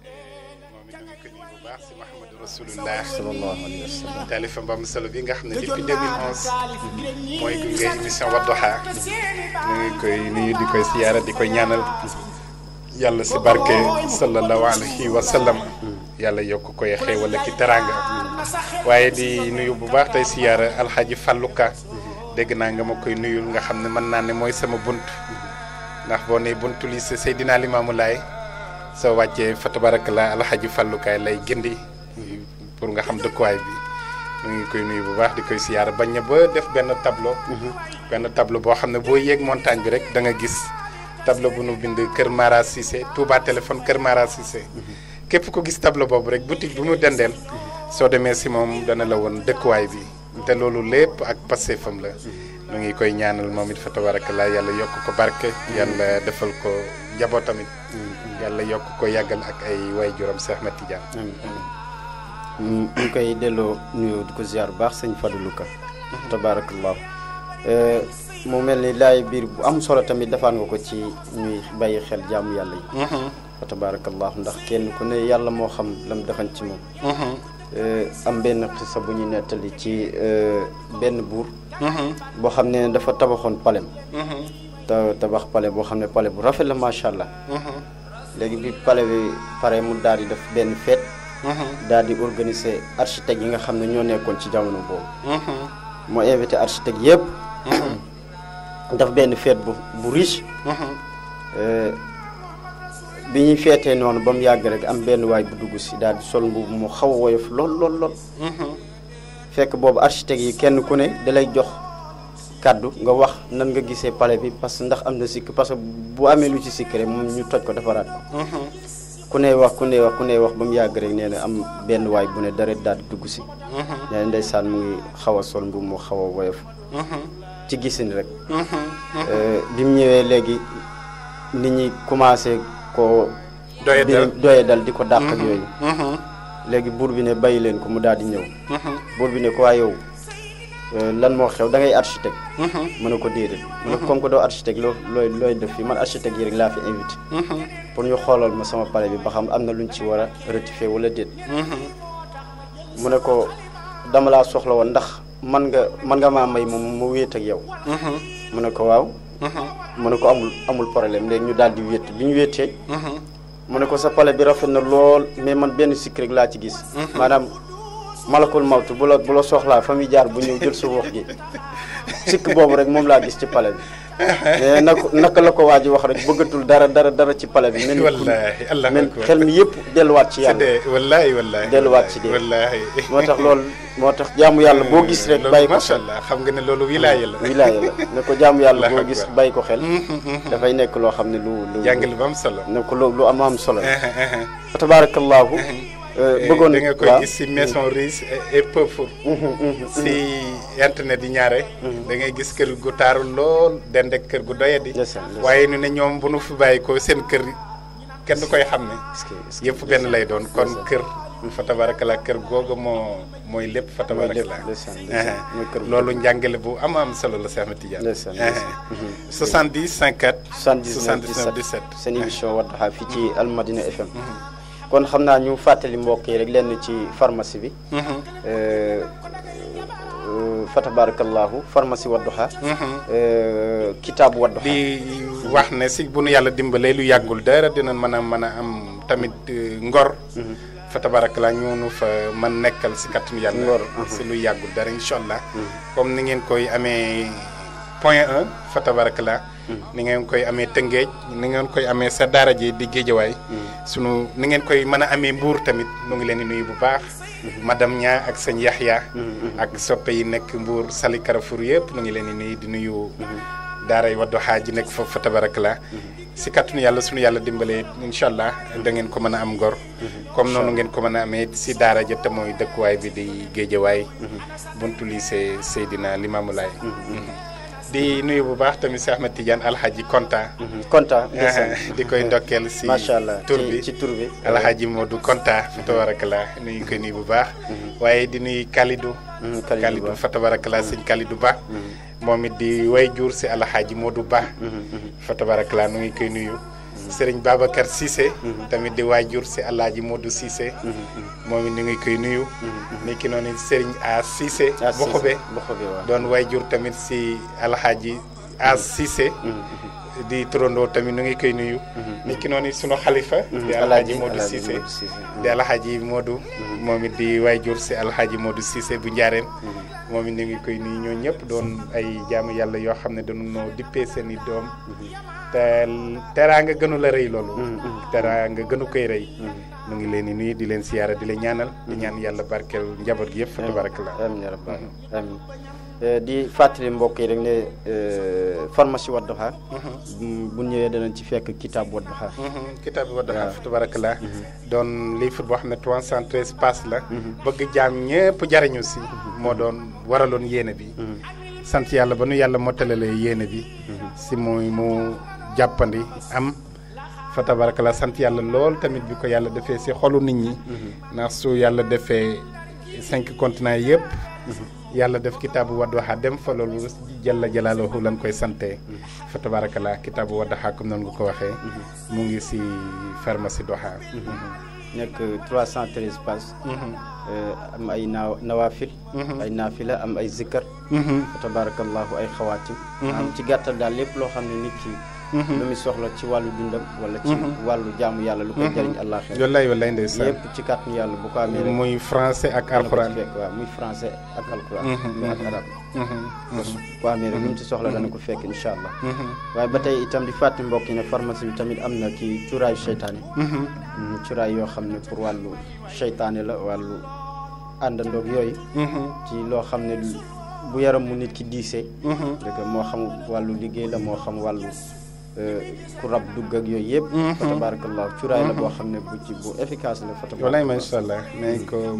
Bara Diouf eh, moom itam baax si Mouhamadou Rasulullah sallallahu alayhi wa solo bi nga xam ne depuis 2011. mooy gu ngay émission nuyu di koy siyaara di koy ñaanal. yàlla si barke sallallahu wa sallam. yàlla yokk koy xéewal ak i teraanga. waaye di nuyu bu baax tey siyaara Alxaaji Falluka. deg na nga ma koy nuyul nga xamne man na ne moy sama bunt ndax bo ne buntu li sa Seydina Limaamu lay so wacce fa tabarakallah fallu kay lay gindi pour nga xam quoi bi ngi koy nuyu bu baax di koy siyar bañ ba def ben tableau mhm. ben tableau bo xamne bo yegg montagne bi rek da nga gis tableau bu nu bind keur Mara Cissé Touba telephone keur Mara Cissé mhm. kep ko gis tableau bobu rek boutique bu mu dendel mhm. so demé ci mom dana la de quoi bi te loolu lépp ak passeefam la ñu ngi koy ñaanal moom it fa tabarakallah yàlla yokk ko barke yàlla defal ko tamit yàlla yokk ko yàggal ak ay waajuram Cheikh seex na ñu ngi koy delloo ko ziar bu baax sëñ Fadilou Ka euh, mel ni laay biir bu am solo tamit defaan nga ko ci ñuy bàyyi xel jaamu yàlla yi fa tabarakallah ndax kenn ku ne yàlla moo xam lam defan ci moom Eh, am benn xisa bu ñu nettali ci eh, benn buur. Mm-hmm. boo xam ne dafa tabaxoon palem. Mm-hmm. te tabax palais boo xam ne palais bu rafet la macha allah. Mm-hmm. léegi bi palais bi pare mu daal di def benn fête. daal di organiser architecte yi nga xam ne ñoo nekkoon ci jamono boobu. moo invité architecte yëpp. daf benn fête bu bu riche. Eh, bi ñuy feetee noonu ba mu yàgg rek am benn waay bu dugg si daal sol mbubb mu xaw woyof lool lool lool. Mhm. fekk boobu architecte yi kenn ku ne dalay jox kàddu nga wax nan nga gisee pale bi parce que ndax am na sikk parce que bu amee lu ci sikk rek moom ñu toj ko defaraat mhm. ku ne wax ku ne wax ku ne wax ba mu nee na am benn waay bu ne dara daal di dugg si. Mhm. nee na mu xaw a sol mu xaw a woyof. ci rek. Euh, bi ñëwee léegi nit ñi commencé. ko doyedal doyedal di ko dàq mm-hmm. yooyu mm-hmm. léegi buur bi ne bàyyi leen ko mu daal di ñëw mm-hmm. buur bi ne ko waa yow euh, lan moo xew da ngay architecte mën na ko déedéet mën na ko comme que doo architecte loo looy def fii man architecte yi rek laa fi invité pour ñu xoolal ma sama palais bi ba xam am na lu ñu ci war a rectifier wala déet mu ne ko dama laa soxla woon ndax man nga man nga maa may moom mu wéet yow mu ne ko waaw mu ne ko amul amul problème léegi ñu daal di wéet bi ñu wéetee. Mhm. mu ne ko sa palais bi rafet na lool mais man benn sikk rek laa ci gis. Mhm. maanaam malakul mawtu bu la bu la soxlaa fa muy jaar bu ñëw jël sa wax gi sikk boobu rek moom laa gis ci palais bi. naka la ko waa ji wax rek bëggatul dara dara dara ci pale bi. wallaahi allah men xel mi yëpp delluwaat ci yàlla. wallaahi wallaahi delluwaat ci dee. wallaahi moo tax loolu moo tax jaamu yàlla boo gis rek. bàyyi ko xel xam nga ne loolu wilaaya la. wilaaya la ne ko jaamu yàlla boo gis bàyyi ko xel. dafay nekk loo xam ne lu lu. jàngal ba am solo. ne ko lu am am solo. tabaarakallahu Eh, eh, bëggoon da nga koy gis si maison riche et pauvre si mm-hmm, mm-hmm, mm-hmm. internet yi ñaare da ngay gis kër gu taaru lool dend kër gu doyadi waaye nu ne ñoom bu nu fi bàyyi ko seen kër kenn du koy xam ne yëpp benn lay doon kon kër foto fa tabarakala kër googu moo mooy lépp fa tabarakala loolu njàngale bu am am solo la Cheikh Ahmed Tidiane 70 54 79 17 seen émission Wadduha fii ci Almadina FM kon xam naa ñu fàttali mbokk yi rek lenn ci pharmacie bi. Mhm. Euh, euh, fa tabarakallahu pharmacie Wadduha mhm. euh, kitaabu Wadduha di wax ne si bu nu yàlla dimbale lu yàggul dara dinañ mën a mën a am tamit ngor. Mhm. fa tabarakallah ñu nu fa mën nekkal si kàttanu yàlla. ngor si lu yàggul dara incha comme ni ngeen koy amee point 1 fa tabarakallah ni ngeen koy amé nengen ni ngeen koy amé sa dara ji di way mm. sunu ni ngeen koy mëna amé mbour tamit nu ngi leen di nuyu bu baax mm-hmm. madame nya ak sëñ yahya mm-hmm. ak soppé yi nek mbour sali carrefour yépp ngi leen di nuyu di nuyu mm-hmm. haji nek ji nekk fa tabarak la si katunu yalla sunu yalla dimbalé inshallah da ngeen ko mëna am ngor comme nonu ngeen ko mëna amé si daara ja moy dekk way bi di way buntu lycée sayidina di nuyu bu baax tamit si Ahmed Tidiane Alhaji Konta. Mhm, Konta di koy ndokkeel si. macha tur bi ci tur bi. Alhaji Modou Konta fa nuyu ko nii bu baax. Mhm. waaye di nuyu Kalidou. Mhm, Kalidou Ba fa tabarakallah sëñ Kalidou Ba. moom it di way jur si Alhaji Modou Ba. fa tabarakallah nu ngi koy nuyu. sëriñ Babacar Cissé. tamit di waajur si Alaaji Modou Cissé. Mm-hmm. moom it ñu ngi koy nuyu. Mm-hmm. ni ki noonu sëriñ A Cissé. A Cissé Boxobe doon tamit si Alaaji A Cissé. Mm-hmm. di turandoo tamit nu ngi koy nuyu. nit ki xalifa. di alhaji Modou Cissé di alhaji Modou. moom it di waajur si alhaji Modou Cissé bu njaareem. moom it ñu ngi koy nuyu ñoo ñëpp doon ay jaamu yàlla yoo xam ne dañu noo dippee seeni i doom. teraa nga gënu la rëy loolu. Mm, mm. nga gënu koy rëy. mu mm. ngi leen di nuyu di leen siyaara di leen ñaanal. di ñaan yàlla barkeel njaboot gi yëpp fa tabarakallah. amiin yaa eh, di fàttali mbokk yi rek ne formation eh, Wadduha. Mm-hmm. bu ñëwee danañ ci fekk kitab Wadduha. Mm-hmm. kitab Wadduha fa tabarakallah. Mm-hmm. doon livre boo xam ne pass la. bëgg jaam ñëpp jariñu si. moo doon waraloon yéene bi. sant yàlla ba nu yàlla mottalalee yéene bi. si muy mu. jàppandi am fa tabaraka la sant yàlla lool tamit bi ko yàlla defee si xolu nit ñi mm-hmm. ndax su yàlla defee cinq continents yëpp mm-hmm. yàlla def kitaabu wadduha dem fa loolu jalla jalaaluhu lañ koy sante mm-hmm. fa tabarakallah kitaabu wadduha comme noonu nga ko waxee mu ngi si pharmacie Duha nekk 313 pass euh, am ay na nawaafil ay naafila am ay zikkar fa tabarakallahu ay xawaatim ci gàttal daal lépp loo xam ne nit ki Mm-hmm. lu muy soxla ci wàllu dundam wala ci mm-hmm. wàllu jaamu yàlla lu koy mm-hmm. jëriñ àllaaxira wallaay wallaay ndeysaan yëpp ci kàttanu yàlla bu ko amee rek muy français ak alxuraan waaw muy français ak alxuraan amee mu soxla dana ko fekk incha allah waaye ba tey itam di fàtte mbokk yi ne pharmacie bi tamit am na ci curaayu seytaane curaay yoo xam ne pour wàllu seytaane la wàllu àndandoog yooyu ci loo xam ne bu yaram mu nit ki diisee rek moo xam wàllu liggéey la moo xam wàllu Euh, ku rab dugg ak yooyu yëpp. Mhm. fa tabarakallah cuuraay la mhm. boo xam ne bu ci bu efficace la fa tabarakallah. walaay macha allah ne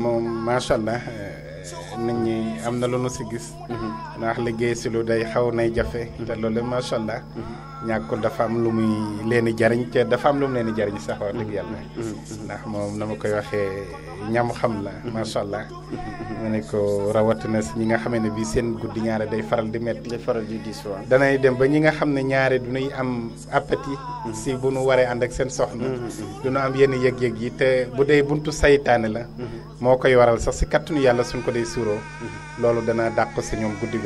moom macha allah euh, nit ñi am na lu nu si gis. Mhm. ndax liggéey si lu day xaw nay jafe. te loolu macha allah. ñàkkul dafa am lu muy leen jariñ te dafa am lu mu leen jariñ sax wax dëgg yàlla ndax moom na ma koy waxee ñam xam la macha allah mu ne ko rawatina si ñi nga xamee ne bii seen guddi ñaare day faral di metti day faral di diis waaw danay dem ba ñi nga xam ñaare du am appétit si bu nu waree ànd ak seen soxna mm-hmm. du nu am yenn yëg-yëg yi te bu dee buntu saytaane la mm-hmm. moo koy waral sax si kattanu yàlla suñ ko day suuroo mm-hmm. loolu dana dàq sa ñoom guddi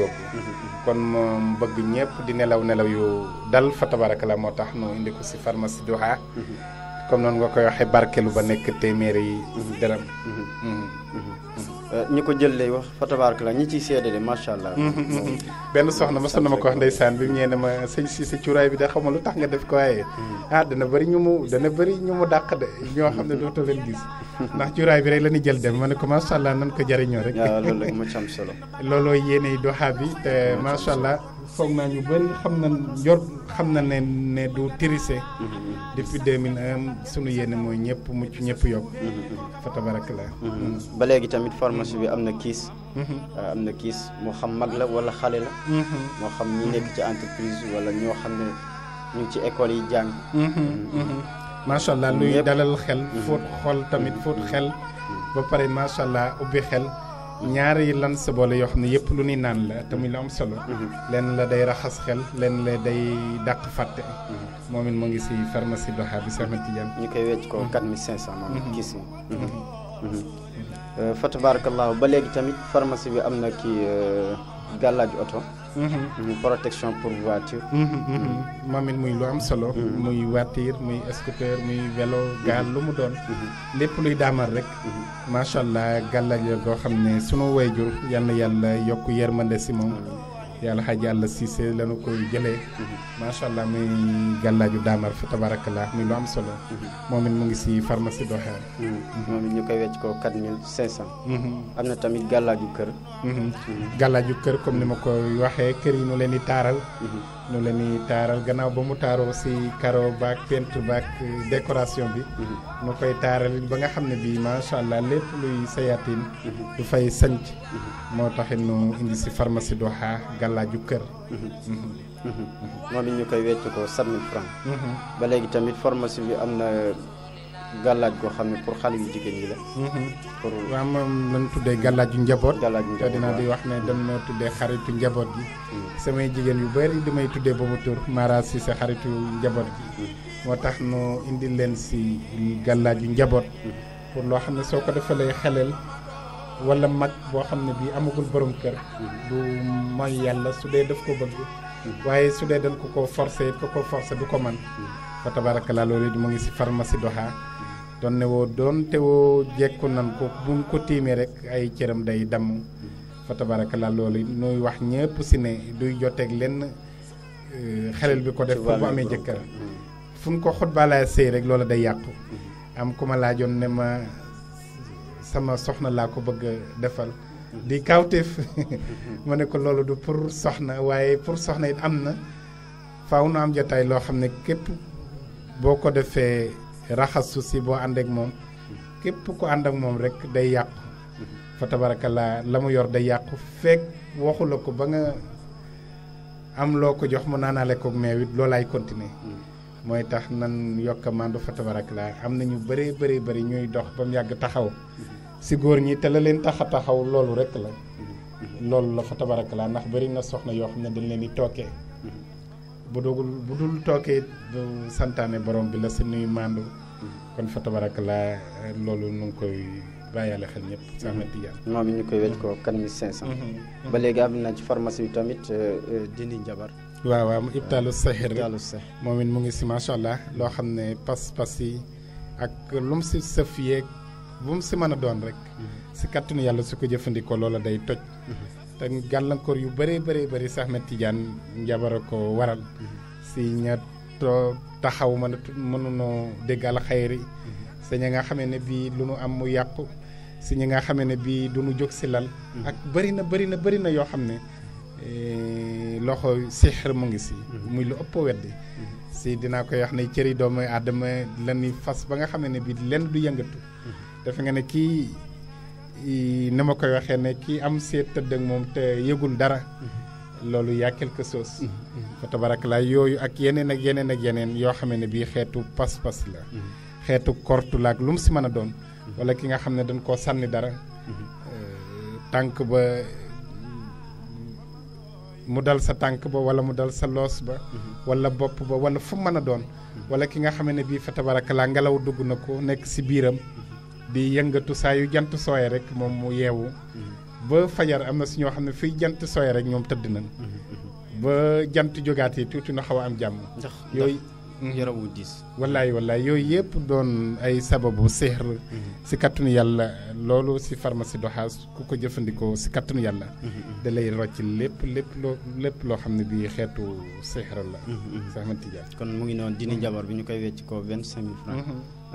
kon mu bëgg ñëpp di nelaw nelaw yu dal fa tabarakala moo tax nu indi ko si pharmacie Duha mhm. comme noonu nga koy waxee barkelu ba nekk téeméeri dërëm mhm. Mhm. Euh, ñi ko jël lay wax fa tabaaraka la ñi ciy seedale macha allah. Mm-hmm, mm-hmm, mm-hmm. benn soxna ma sonn ma ko wax ndeysaan bi mu ñëwee ne ma cuuraay bi da xamul lu tax nga def ko waaye. Mm. ah dana bëri ñu mu dana bëri ñu mu dàq de ñoo xam ne dootoo leen gis. ndax cuuraay bi rek la ñuy jël dem ma ne ko macha allah nan ko jariñoo rek. waaw loolu rek looloo yéeney bi te macha allah. foog naa ñu xam na njor xam na ne ne du tirise depuis 2001 sunu yéene mooy ñëpp mucc ñëpp yokk mm-hmm. fa tabarak la mm-hmm. mm-hmm. ba léegi tamit formation bi am na kiis euh, am na kiis moo xam mag la wala xale la moo xam ñi nekk ci entreprise wala ñoo xam ne ñu ci école yi jàng macha allah luy dalal xel fóot xol tamit fóot xel ba pare macha allah ubbi xel ñaari lan sa boole yoo xam ne yëpp lu ni naan la te muy la am solo. Mm-hmm. lenn la day raxas xel lenn la day dàq fàtte. Mm-hmm. moom it mu ngi si pharmacie Doha bi Cheikh Ahmed Tidiane. ñu koy wecc ko 4500 mm-hmm. moom gis si euh, fa tabarakallahu ba léegi tamit pharmacie bi am na kii euh, gàllaaju oto. muy protection pour voiture. Mmh, mmh, mmh. moom it muy lu am solo. muy voiture muy scooter muy vélo gaal lu mu doon. lépp luy daamal rek. macha allah goo xam ne sunu wayjur yal na yàlla yokk yërmande si moom. yàlla xaj yàlla Cissé lañu koy jëlee. Mm-hmm. macha allah muy gàllaaju daamar fa tabarakallah muy lu am solo. Mm-hmm. moom it mu ngi si pharmacie doxeer. Mm-hmm. moom it ñu koy wecc ko 4500. am na tamit gàllaaju kër. gàllaaju kër comme ni ma koy waxee kër yi ñu leen di taaral. ñu la taaral gannaaw ba mu taaroo si karo baak peinture baak décoration bi. Mm-hmm. ñu koy taaral ba nga xam ne bii macha allah lépp luy sayaatin mm-hmm. du fay sanc mm-hmm. moo taxit ñu indi si pharmacie Doha gàllaaju kër. moom it ñu koy wecc ko 7000 francs tamit pharmacie bi am na. galaj go xamni pour xale yu jigéen yi la. Mm-hmm. pour waaw moom lañ tuddee gàllaaju njaboot. gàllaaju njaboot dinaa di wax né dañ noo tuddee xaritu njabot gi. Mm-hmm. sama jigen yu bari li tuddé bobu tour Mara ci sa xaritu njabot gi. Mm-hmm. motax no indi len ci galaj gàllaaju njabot pour lo xam soko defalé ko xelel wala mag bo xam bi amagul borom kër. du may yalla su dé def ko bëgg. waye su dé dañ ko ko forcer ko ko forcer du ko man fa tabarakallah lolé it mu ngi ci pharmacie Doha. donne woo doon te woo jekku nan ko bu ko tiimee rek ay cëram day damm fa la loolu nuy wax ñëpp si ne duy joteeg lenn euh, xelel bi ko def bu amee jëkkër mm. fu ñu ko xutbaalaa sëy rek loola day yàqu mm. am ku ma laajoon ne ma sama soxna laa ko bëgg defal mm. di kawteef ma ne ko loolu du pour soxna waaye pour soxna it am na faw nu am jotaay loo xam ne képp boo ko defee raxasu si boo ànd ak moom képp ko ànd ak moom rek day yàqu fa tabarakallaa la mu yor day yàqu fekk waxu la ko ba nga am loo ko jox mu naanaale ko mais it loolaay continuer mooy tax nan yokk a màndu fa tabarakallaa am na ñu bëree bëri bëri ñuy dox ba mu yàgg taxaw si góor ñi te la leen tax a taxaw loolu rek la loolu la fa tabarakallaa ndax bari na soxna yoo xam ne dañ leen di tookee bu dogul bu dul tookee du santaane borom bi la suñuy màndu mm-hmm. kon fa tabarakalaa loolu nu ngi koy bàyyaale xel ñëpp sama tijaan moom it ñu koy wecc ko 4500 mm-hmm. mm-hmm. ba léegi am na ci pharmacie bi tamit euh, euh, dindi njabar waaw waaw ibtaalu sahir moom it mu ngi si macha allah loo xam ne pas-pas yi ak lu mu si sëf yeeg bu mu si mën a doon rek si kattanu yàlla su ko jëfandikoo loola day toj tan gàllankoor yu bëree bëri bëri sax Ahmed Tidiane njabaro waral si ña to taxaw mën mënunoo déggal xayri si ñi nga xamee ne bii lu nu am mu yàqu si ñi nga xamee ne bii du nu jóg si lal ak bëri na bëri na bëri na yoo xam ne eh, loxo sixir mu ngi si muy lu ëpp weddi si dinaa koy wax ne cëri doomu aadama la fas ba nga xamee ne bii lenn du yëngatu defe nga ne kii na ma koy waxee ne kii am seet tëdd ak moom te yëgul dara mm-hmm. loolu yaa quelque chose mm-hmm. fa tabarakalaa yooyu ak yeneen ak yeneen ak yeneen yoo xam ne bii xeetu pas-pas la mm-hmm. xeetu kortu laak lu mu si mën a doon wala ki nga xam ne dañ koo sànni dara euh, tànk ba mu dal sa tànk ba wala mu dal sa loos ba wala bopp ba wala fu mën a doon wala ki nga xam ne bii fa tabarakalaa ngelaw dugg na ko nekk si biiram di yëngatu saa yu jant sooye rek moom mu yeewu ba fajar am na si ñoo xam ne fii jant sooye rek ñoom tëdd nañ ba jant jógaat yi tuuti na xaw am jàmm ndax yooyu mm. yaramu diis wallaay wallaay yooyu yëpp doon ay sababu seer mm-hmm. si kattanu yàlla loolu si pharmacie doxaas ku ko jëfandikoo si kattanu yàlla mm-hmm. da lay rocc lépp lépp loo lépp loo xam ne bii xeetu seer la sax ma tijaan kon mu ngi noonu dina mm-hmm. jabar bi ñu koy wecc ko vingt cinq mille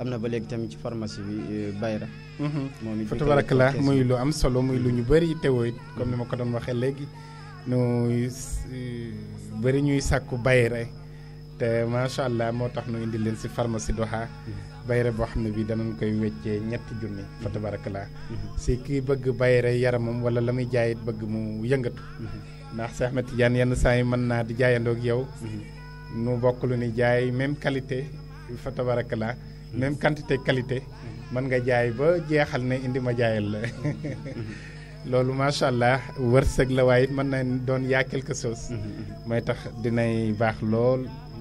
am na ba léegi tamit ci pharmacie bi euh, Bayra. Mhm. moom it fa tabarakallah muy lu am solo muy lu ñu bëri te it comme ni ma ko doon waxee léegi ñu euh, bëri ñuy sàkku Bayra te macha allah moo tax ñu indi leen si pharmacie Doha. Mhm. Bayra boo xam ne bii danañ koy weccee ñetti junni fa mhm. tabarakallah si kii bëgg Bayra yaramam wala la muy jaay bëgg mu yëngatu. ndax Cheikh Ahmed Tidiane yenn saa yi mën naa di jaayandoog yow. nu bokk lu ni jaay même qualité. fa tabarakalaa même quantité qualité man nga jaay ba jeexal ne indi ma jaayal la loolu macha allah wërsëg la waaye it mën na doon yaa quelque chose mooy tax dinay baax lool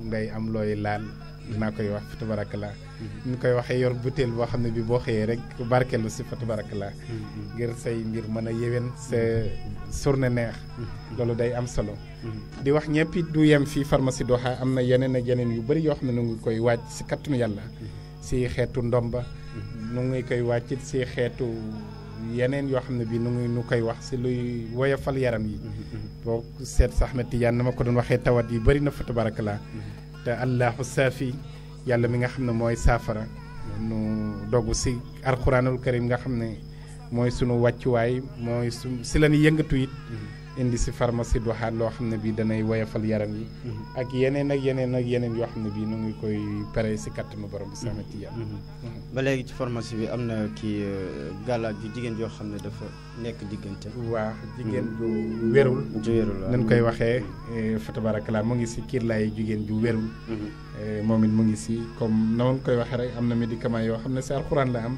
ngay am looy laal dinaa koy wax fa tabarakalaa ñu koy waxee yor butéel boo xam ne bi boo xëyee rek barkeelu si fa tabarakallah mm-hmm. Mm-hmm. ngir say ngir mën a yéwén sa surne neex mm-hmm. loolu day am solo di wax ñëpp it du yem fii pharmacie Doxa am na yeneen ak yeneen yu bari yoo xam ne nu ngi koy waaj si kattanu yàlla si xeetu ndomba nu ngi koy waaj si xeetu yeneen yoo xam ne bi nu nu koy wax si luy woyofal yaram yi boo seet sax Ahmed Tidiane na ma ko doon waxee tawat yi bari na fa tabarakallah te allahu saafi yàlla mi nga xam ne mooy saafara nu dogu si alxuraanul karim nga xam ne mooy sunu wàccuwaay mooy su si lañuy yëngatu it mm-hmm. indi si pharmacie Duha loo xam ne bii danay woyofal yaram yi. Mm-hmm. ak yeneen ak yeneen ak yeneen yoo xam ne bii nu ngi koy paree si kàttanu borom bi sama Tijaan. Mm-hmm. Mm-hmm. ba léegi ci pharmacie bi am na kii euh, gàllaaj ju jigéen joo xam ne dafa nekk diggante. waaw jigéen ju wérul. ju wérul waaw nañ koy waxee euh, fa tabarakalaa mu ngi si kiir laay jigéen ju wérul. Euh, moom it mu ngi si comme na ma koy waxee rek am na médicament yoo xam ne si alxuraan la am.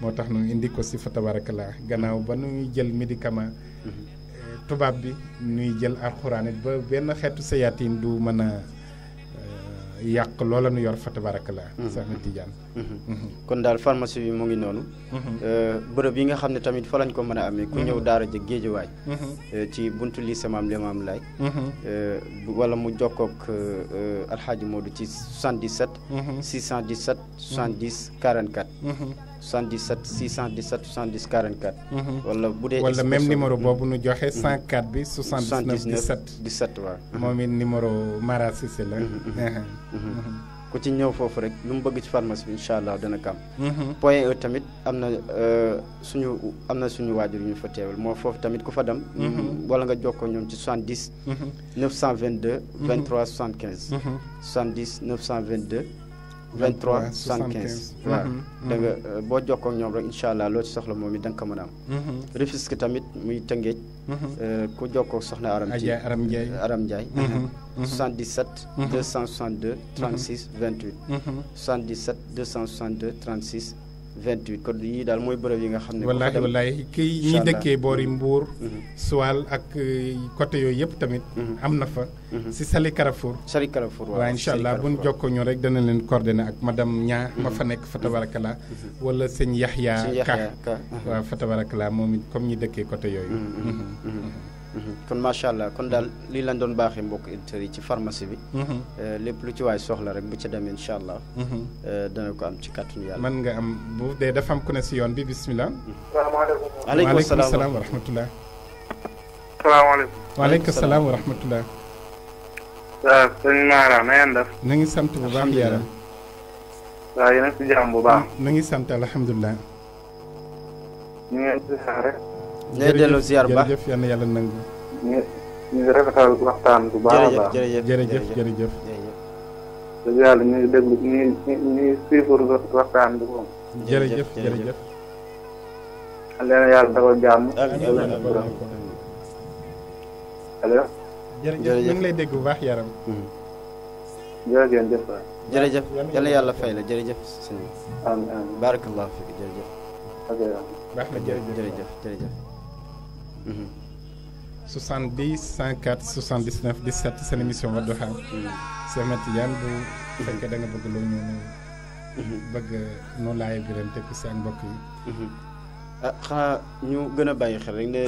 moo tax ñu indi ko si fa tabarakalaa gannaaw ba nu jël médicament. tubaab bi nuy jël alxuraan ba benn xeetu sayaatin du mën a euh, yàq loola nu yor fa tabaraka la Seexna mhm. Tijaan mhm. mhm. kon daal pharmacie bi mu ngi noonu euh, bërëb yi nga xam ne tamit fa lañ ko mën a amee ku ñëw daara ja géejuwaay euh, ci buntu lycée Maam Limaamu Laay wala mu jokkook alxaaji du ci 77 617 70 44 77 617 70 44. wala boudé wala même numéro bobu nous joxé 104 bi 79 17 17 wa momi numéro Mara Cissé la. Mhm, mhm, mhm. ku ci ñëw fofu rek lu mu bëgg ci pharmacie bi inshallah dana kam point E tamit amna euh, na suñu amna suñu waajur ñu fa teewal moo foofu tamit ku fa dam mm, wala nga jokkoo ñom ci 70. 922. 23 75. 70 922. 23 75 waaw da nga mhm. euh, boo jokkoo ak ñoom rek incha allah loo ci soxla moom it da nga ko mën a am. Mhm. Rufisque tamit muy Tëngéej. Mhm. Euh, ku jokkoo soxna Aram Ndiaye Aram Ndiaye euh, Aram Ndiaye. 77 262 36 28. 77 262 28 kon yii daal mooy bërëb yi nga xam ne. wallaahi wallaahi kii ñi dëkkee boori mm-hmm. Mbour. Mm-hmm. Suwal ak euh, côté yooyu yëpp tamit. Mm-hmm. am na fa. si Sali Carrefour. Sali Carrefour waaw incha allah bu ñu jokkoo ñu rek dana leen coordonné ak madame Ña. ma fa nekk fa tabarakalaa wala sëñ Yaxya Ka waaw fa moom it comme ñi dëkkee côté yooyu. kon macha allah kon daal lii lañ doon baaxee mbokk auditeurs yi ci pharmacie bi. Mhm. Euh, lépp lu ci waay soxla rek bu ci demee incha allah. Mhm. Euh, dana ko am ci kàttanu yàlla. mën nga am bu dee dafa ku ne si yoon bi bisimilah. salaamaaleykum waaleykum salaam wa rahmatulah. salaamaaleykum. waaleykum salaam wa waaw sëñ Mara na ngeen def. na ngi sant bu baax yaram. waaw yéen a ngi si jàmm bu baax. na ngi sant alhamdulilah. ñu ngi leen di rek. ngay delloo ziar bu baax jërëjëf yal na nangu. ñu ñu rafetal waxtaan bu baax a baax jërëjëf jërëjëf jërëjëf. dëgg yàlla ñu ngi déglu ñu waxtaan bi moom. jërëjëf jërëjëf. leen yàlla dafa jàmm. allo. jërëjëf ngi lay dégg baax yaram. Hmm. jërëjëf. jërëjëf yàlla fay la jërëjëf sëñ bi. barakallahu fiik jërëjëf. 70 104 79 17 seen émission Wadduha. bu fekkee da nga bëgg loo ñu bëgg noonu laay gërëm te si ak mbokk yi. ah xanaa ñu gën a bàyyi xel rek ne.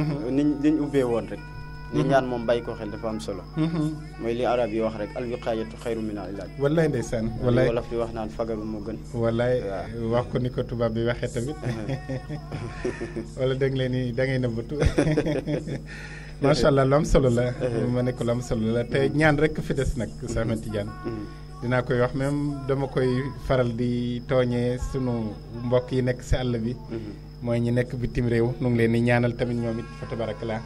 Mhm. niñ liñ ubbee woon rek. li mhm. ñaan moom bàyyi ko xel dafa am solo. Mhm. mooy li arab yi wax rek al wiqaayatu xayru naa al ilaaj. wallaay ndeysaan wallaay wolof di wax naan fagaru moo gën. wallaay wax ko ni ko tubaab bi waxee tamit wala da nga leen ni da ngay nëbbatu macha allah lu am solo la. ma nekk ko lu am solo la te mhm. ñaan rek fi des nag. Cheikh Ahmed Tidiane. dinaa koy wax même dama koy faral di tooñee sunu mbokk yi nekk si àll bi. mooy ñi nekk bitim réew nu ngi leen di ñaanal tamit ñoom it fa tabarakallaa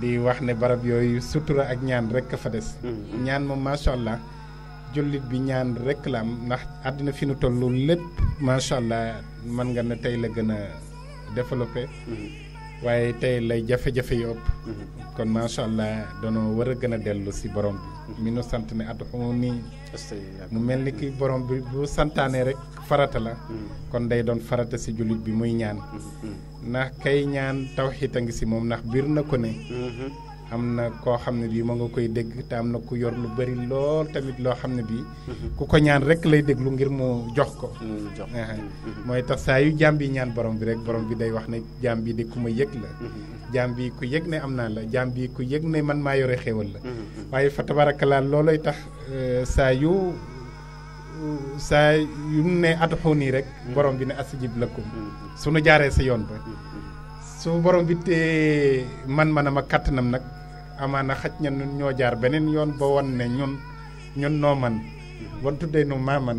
di wax ne barab yooyu sutura ak ñaan rekk fa des mm-hmm. ñaan moom macha allah jullit bi ñaan rek la am ndax àddina fi nu tollu lépp macha allah man nga ne tey la gën a développé mm-hmm. waaye tey lay jafe-jafe yu ëpp mm-hmm. kon macha allah danoo war a gën a dellu si borom bi mi nu sant ne adduxumu nii mu mel ni ki borom bi bu santaane rek farata la kon day doon farata si jullit bi muy ñaan ndax kay ñaan tawxiit a ngi si moom ndax biir na ko ne mhm. am na koo xam ne bii ma nga koy dégg te am na ku yor lu bari lool tamit loo xam ne bii. Mhm. ku ko ñaan rek lay déglu ngir mu jox ko. Mm, mm, mhm. mooy tax saa yu jaam bi ñaan borom bi rek borom bi day wax ne jaam bi de ku ma yég la. Mm-hmm. jaam bi ku yëg ne am naa la jaam bi ku yëg ne man maa yore xéewal la. Mm-hmm. waaye fa tabarakalaa loolay tax eh, saa yu. saa yu mu ne atxu nii rek mm. borom bi ne la ko mm. su nu jaaree sa yoon ba mm. su borom bi te man manam ak kàttanam nag amaana xaj na ñoo jaar beneen yoon ba won ne ñun ñun noo man wan tuddee nu maa man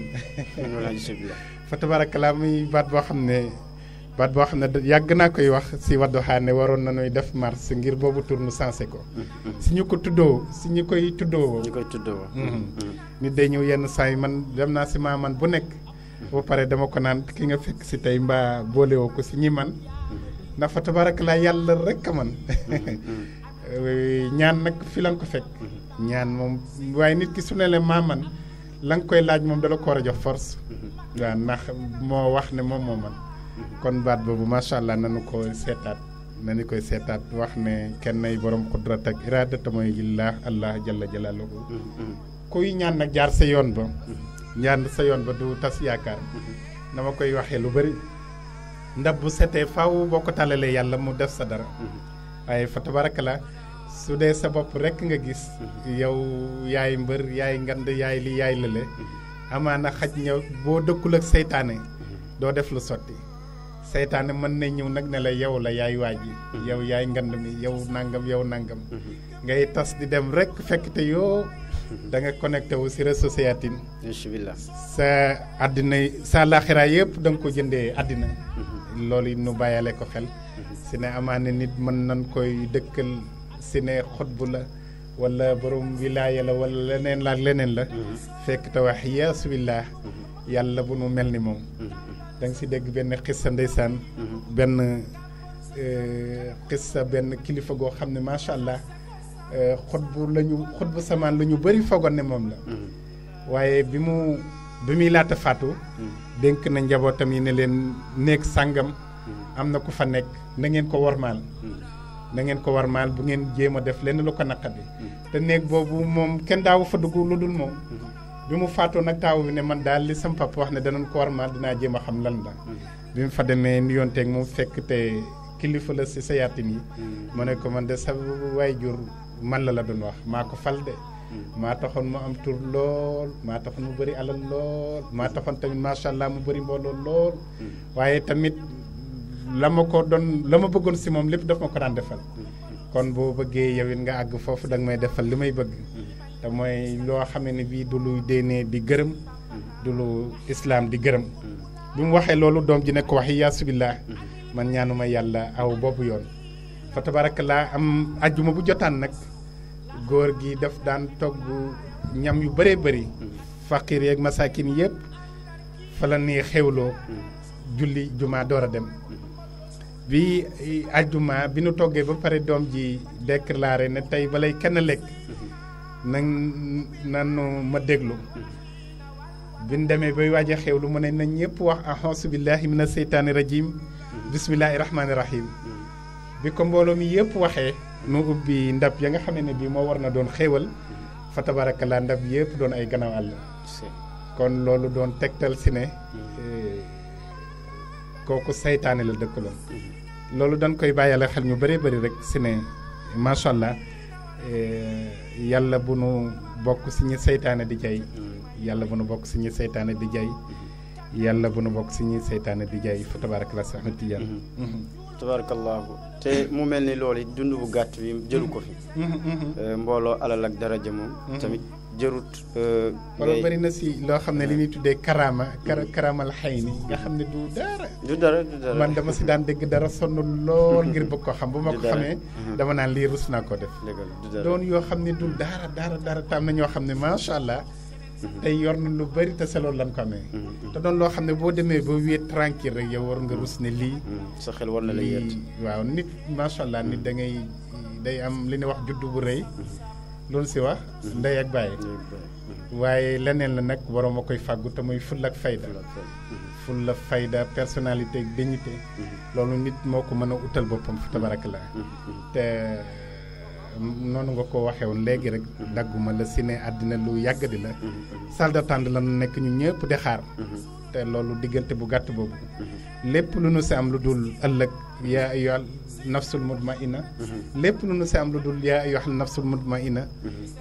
fa tabarakalaa muy baat boo xam ne baat boo xam ne da yàgg naa koy wax si Wadduha waroon na nuy def mars ngir boobu tur nu sensé ko si ñu ko tuddoo si ñu koy tuddoo ñu mm-hmm. ni day ñew yenn saa man dem naa si maman man bu nekk ba pare dama ko naan ki nga fekk si tey mbaa boolewoo ko si ñi man na fa tabarak laa yàlla rek man ñaan nag fi lan ko fekk ñaan moom waaye nit ki su le maa man la nga koy laaj moom la ko war jox force waaw ndax moo wax ne moom moo man kon baat boobu macha allah nanu ko seetaat nanu koy seetaat wax ne kenn nay borom xudrat ak iraadata mooy illah allah jalla jalaluhu kuy ñaan nag jaar sa yoon ba ñànd sa yoon ba du tas yaakaar dama mm-hmm. koy waxee lu bari ndax bu setee faw boo ko tàllalee yàlla mu def sa dara mm-hmm. waaye foto ba rakk la su dee sa bopp rekk nga gis mm-hmm. yow yaay mbër yaay ngand yaay li yaay lële amaana xaj ñëw boo dëkkul ak seytaane doo def lu sotti seytaane mën na ñëw nag ne la yow la yaay waaj yi yow yaay ngand mi yow nàngam yow nangam ngay tas di dem rekk fekk te yoo da nga connecté wu si réseau sa àddina sa laaxiraa yëpp da nga ko jënde àddina. loolu it nu bàyyale ko xel. si ne amaane nit mën nañ koy dëkkal si ne xutbu la wala borom wilaaya la wala leneen la leneen la. fekk te wax yaasu yàlla bu nu mel ni moom. da nga si dégg benn xissa ndeysaan. benn euh, xissa benn kilifa goo xam ne macha allah. Euh, xot bu lañu ñu xot bu samaan la ñu bëri fogoon ne moom la. Mm-hmm. waaye bi mu bi muy laata faatu. Mm-hmm. dénk na njabootam yi ne leen néeg sàngam. Mm-hmm. am na ku fa nekk na ngeen ko warmaal. na ngeen ko warmaal bu ngeen jéem a def lenn lu ko naqari. te néeg boobu moom kenn daawu fa dugg lu dul moom. bi mu faatoo nag taaw bi ne man daal li sama wax ne danañ ko warmaal dinaa jéem a xam lan la. bi mu fa demee nuyonteeg moom fekk te kilifa la si sa yaatin yi. mu ne ko man de sa waay jur man la la doon wax maa ko fal de maa taxoon mu am tur lool maa taxoon mu bëri alal lool maa taxoon tamit macha allah mu bari mbooloo lool waaye tamit la ma ko doon la ma bëggoon si moom lépp daf ma ko daan defal kon boo bëggee yow it nga àgg foofu da may defal li may bëgg te mooy loo xamee ne bii du lu déenee di gërëm du lu islaam di gërëm bi mu waxee loolu doom ji ne ko wax yi yaasubillah man ñaanuma yàlla aw boobu yoon fa tabaarakallaa am ajjuma bu jotaan nag góor gi daf daan togg ñam yu bëree bëri. faqiir yeeg masakin yëpp fa la nee xewloo. julli juma door a dem. bi ajjuma bi nu toggee ba pare doom ji déclaré ne tey balay kenn lekk. na nanu ma déglu. bi nu demee bay waaj xewlu mu ne na ñëpp wax ahosu billahi mina seytaani rajim. bismillahi rahmaani rahim. bi ko mbooloo mi yëpp waxee nu ubbi ndab ya nga xam ne bii moo war na doon xéewal fa tabarakalaa ndab yëpp doon ay gannaaw àll kon loolu doon tegtal si ne mm-hmm. eh, kooku seytaane la dëkkaloon mm-hmm. loolu dañ koy bàyyi la xel ñu bëree bëri rek si ne macha allah eh, yàlla bu nu bokk si ñu saytaane di jay mm-hmm. yàlla bu nu bokk si ñu saytaane di jay yàlla bu nu bokk si ñu saytaane di jay fa tabarakalaa si Ahmed tabarakallahu te mu mel ni lool it dund bu gàtt bi jëru ko fi. Euh, mbooloo alal ak daraja moom. tamit jërut. Euh, walla bari na si loo xam ne li ñuy tuddee karaama. kara mm. karaamal xay ni nga xam ne du dara. du dara du dara man dama si daan dégg dara sonn lool ngir bëgg ko xam. bu ma ko xamee mm-hmm. dama naan lii rus naa ko def. doon yoo xam ne du dara dara dara tam na ñoo xam ne macha allah. tey yor na lu bari te sa loolu lan ko amee. Mm-hmm. te doon loo xam ne boo demee ba wéet tranquille rek yow war nga rus ne lii. Mm-hmm. sa xel war na la yéet waaw nit macha allah nit da ngay day am li ñuy wax juddu bu rëy. Mm-hmm. si wax. ndey ak leneen la nag borom a koy fàggu te muy fulla ak fayda. fulla fayda personnalité ak dignité. loolu nit moo ko mën a utal boppam fu tabarak la noonu nga ko waxee woon léegi rek dagguma la si ne àddina lu yàgg di la salle d'attente la nekk ñu ñëpp di xaar te loolu diggante bu gàtt boobu lépp lu nu si am lu dul ëllëg yaa ayyuhal nafsul mutmainna lépp lu nu si am lu dul yaa ayyuhal nafsul mutmainna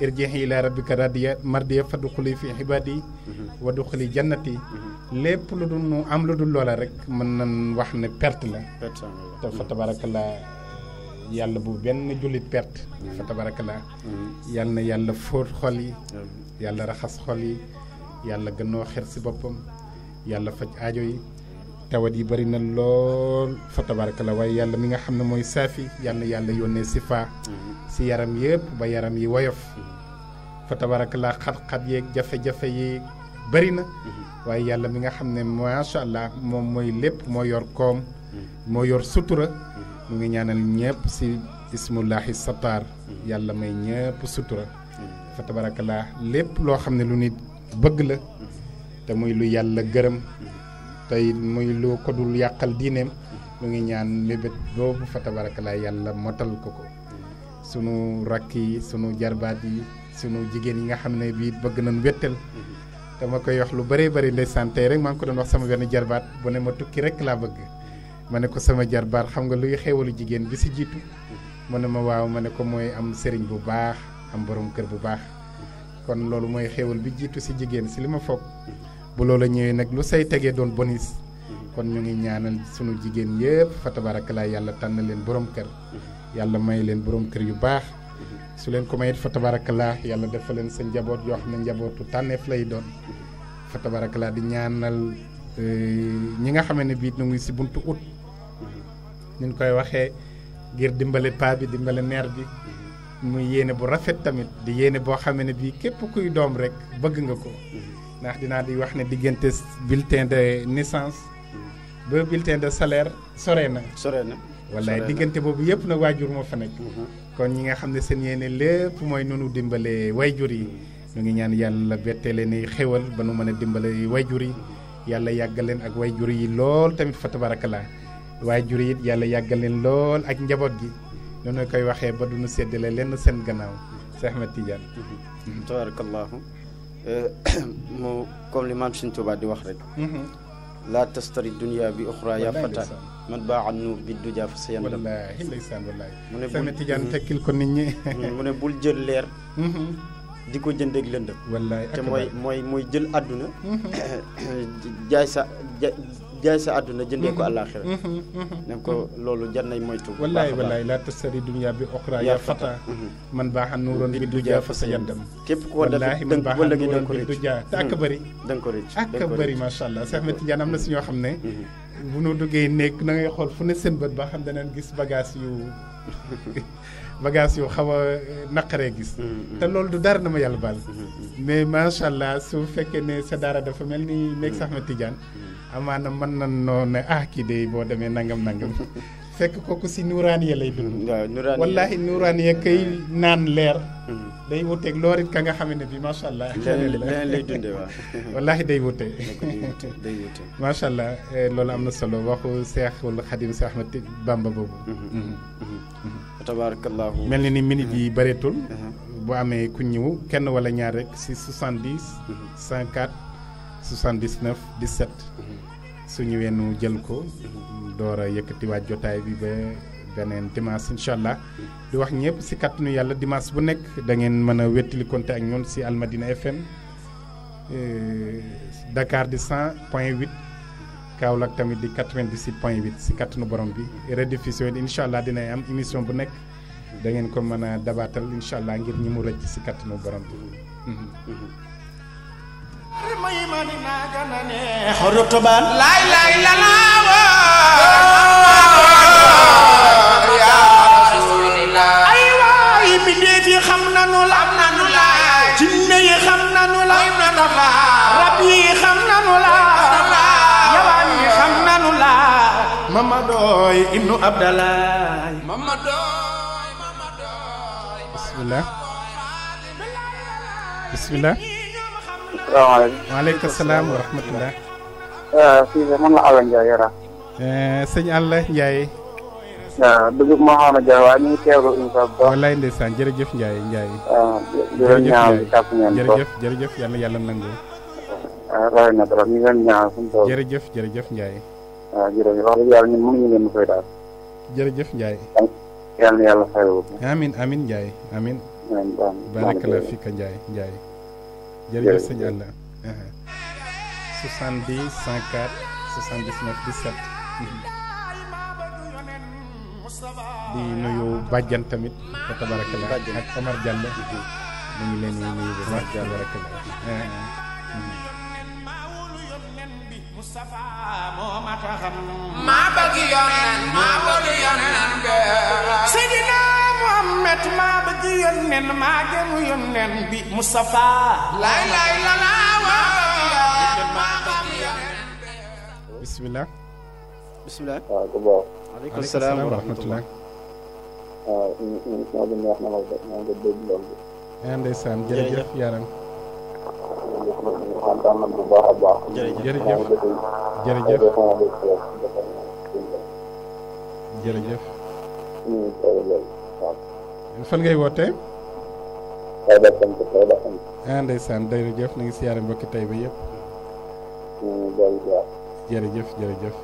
irji'i ila rabbika radiya mardiya fadxuli fi ibaadi wa duxuli jannati lépp lu dul nu am lu dul loola rek mën na wax ne perte la te fa tabarakallah yàlla bu benn jullit perte fa tabarakallah mm-hmm. yàlla na yàlla fóot xol yi yàlla raxas xol yi yàlla gënnoo xer si boppam yàlla faj aajo yi tawat yi bari na lool fa tabarakallah waaye yàlla mi nga xam ne mooy saafi yàlla yàlla yónnee si faa mm-hmm. si yaram yëpp ba yaram yi woyof mm-hmm. fa tabarakallah xat-xat yeeg jafe-jafe yi bari na waaye yàlla mi nga xam ne macha allah moom mooy lépp moo yor koom moo yor sutura mu ngi ñaanal ñëpp si ismullahi satar yàlla may ñëpp sutura fa tabarakallah lépp loo xam ne lu nit bëgg la te muy lu yàlla gërëm tey muy lu ko dul yàqal diineem mu ngi ñaan mébét boobu fa tabarakallah motal ko sunu rakk sunu jarbaat sunu jigéen yi nga xam ne bii bëgg nañ wettal dama koy wax lu bëree bëri ndeysaan tey rek maa ngi ko doon wax sama benn jarbaat mané ko sama jarbar xam nga luy xéewal jigen bi ci jitu mané ma waaw mané ko moy am sëriñ bu baax am borom kër bu baax kon lolu moy xéewal bi jitu si jigen ci lima ma bu lolu ñëwé nak lu say tégué doon bonis kon ñu ngi ñaanal sunu jigen yépp fa tabaarakalaay yalla tan leen borom kër yalla may leen borom kër yu baax su leen ko mayit fa tabaarakalaay yàlla dafa leen sa njaboot yo xamna ne tanef lay doon fa di ñaanal eh, ñi nga xamné ne ngi ci buntu ut ñu koy waxee ngir dimbale paa bi dimbale neer bi muy yéene bu rafet tamit di yéene boo xam ne bii képp kuy doom rek bëgg nga ko ndax dinaa di wax ne diggante bulletin de naissance ba bulletin de salaire sore na sore na wallaay diggante boobu yëpp nag waajur moo fa nekk mhm. kon ñi nga xam ne seen yéene lépp mooy nunu dimbale wayjur yi ñu ngi ñaan yàlla bettee leen i xéwal ba nu mën a dimbale wayjur yi yàlla yàggal leen ak wayjur yi lool tamit fa tabarakalaa waaye jur it yàlla yàggal leen lool ak njaboot gi noonu koy waxee ba du ñu séddale lenn seen gannaaw Cheikh Ahmed Tidiane. Mhm. tabarakallahu mu comme li maam Sëñ di wax rek. Mhm. la tastari dunia bi uxra ya fata man baa an nuur bi du jaa fa sayan wallaahi ndeysaan wallaahi mu ne Ahmed Tidiane mhm. tekkil ko nit ñi mu ne bul jël leer di ko ak lëndëm wallaahi te mooy mooy mooy jël àdduna jaay sa jaay sa àdduna jëndee ko mhm. àllaaxira mhm, mhm, ne ko loolu jar nañ moytu wallaay wallaay laa tasari dunya bi oxra ya fata man a nuuroon bi du jaa fa sa yaddam képp ko def man a nuuroon bi du jaa te ak a bëri da nga ko rëcc ak a bëri macha allah Cheikh Ahmed Tidiane am na si ñoo xam ne bu nu duggee nekk na ngay xool fu ne seen bët ba xam danañ gis bagage yu bagage yu xaw a euh, naqaree gis. te loolu du dara na ma yàlla baal. mais macha allah su fekkee ne sa daara dafa mel ni nekk sax ma Tidiane. amaana mën na noo ne ah kii de boo demee nangam nangam fekk kooku si nuuraaniya lay dund. waaw wallaahi nuuraaniya kay naan leer. Hmm. day wuteeg loorit ka nga xam ne bii macha allah. leneen lay macha allah eh, loolu am na solo waxu Seexul Xadim Si Ahmad Bamba boobu. Hmm, hmm, tabaarakallaahu mel na ni minute yi bëreetul. bu amee ku ñëw kenn wala ñaar rek si 70. 104. 79 17. suñu weenu jël ko. Mm-hmm. door a yëkkatiwaat jotaay bi ba beneen dimanche incha allah. Mm-hmm. di wax ñëpp si kattanu yàlla dimanche bu nekk da ngeen mën a wettali konte ak ñoom si dina FM. Eh, Dakar di 100 point 8 Kaolack tamit di 98 point 8 si kattanu borom bi rediffusion bi incha allah dina am émission bu nekk da ngeen ko mën a dabaatal incha allah ngir ñi mu rëcc si kattanu borom bi. Mm-hmm. xorotobaan laay laay lalaawa ay waay mbindeef yi xam nanu la am nanu la jinne yi xam nanu la rab yi xam nanu la yawaan yi xam nanu la mamadooy ibnu abdalaay bismillah bismillah asalaamaaleykum. waaleykum salaam wa rahmatulah. Euh, fii de man la euh, Alla Ndiaye Yara. sëñ Alla moo xam ne Ndiaye waaye ñu ngi teewlu incha allah. walaay jërëjëf Ndiaye euh, jërëjëf yàlla yàlla nangu. jërëjëf jërëjëf jërëjëf wax yàlla yàlla na yàlla xayma. amiin amiin Ndiaye amiin. amiin jërëjëf sëñ Alla 70 104 79 17. di nuyu bàjjan tamit fa tabarakallah ak Omar Diallo mm-hmm. mu ngi leen di nuyu bu baax tabarakallah mm-hmm. Mm-hmm. maa bëgg yonen maa bëgg yonen Seydina Muhammad yonnen maa gënu yonnen bi Mustafa laay laay la laa bisimilah. bisimilah. waaw ku baax. waaleykum salaam wa rahmatulah. waaw émission eh, bi neex na ma ba maa ngi dégg loolu. ndeysaan jërëjëf yaram. kontaan na bu baax a baax. jërëjëf jërëjëf jërëjëf. fan ngay wootee. Taïba sant Taïba sant. ah ndeysaan jërëjëf ñu ngi siyaare mbokki Taïba yëpp. jërëjëf jërëjëf.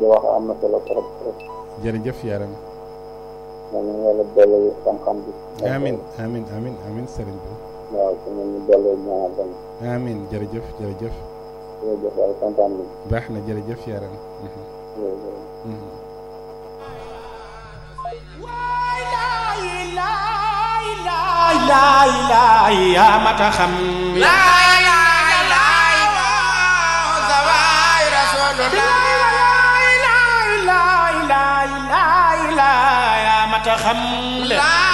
di wax na solo trop trop. jërëjëf yaram. moom ñu ngi leen baax na jërëjëf yaram. jërëjëf. Mhm. Mhm. laay laay yaa mat a xam. laay laay laay waaw sa waay rasulullah. laay laay laay laay laay yaa mat a xam.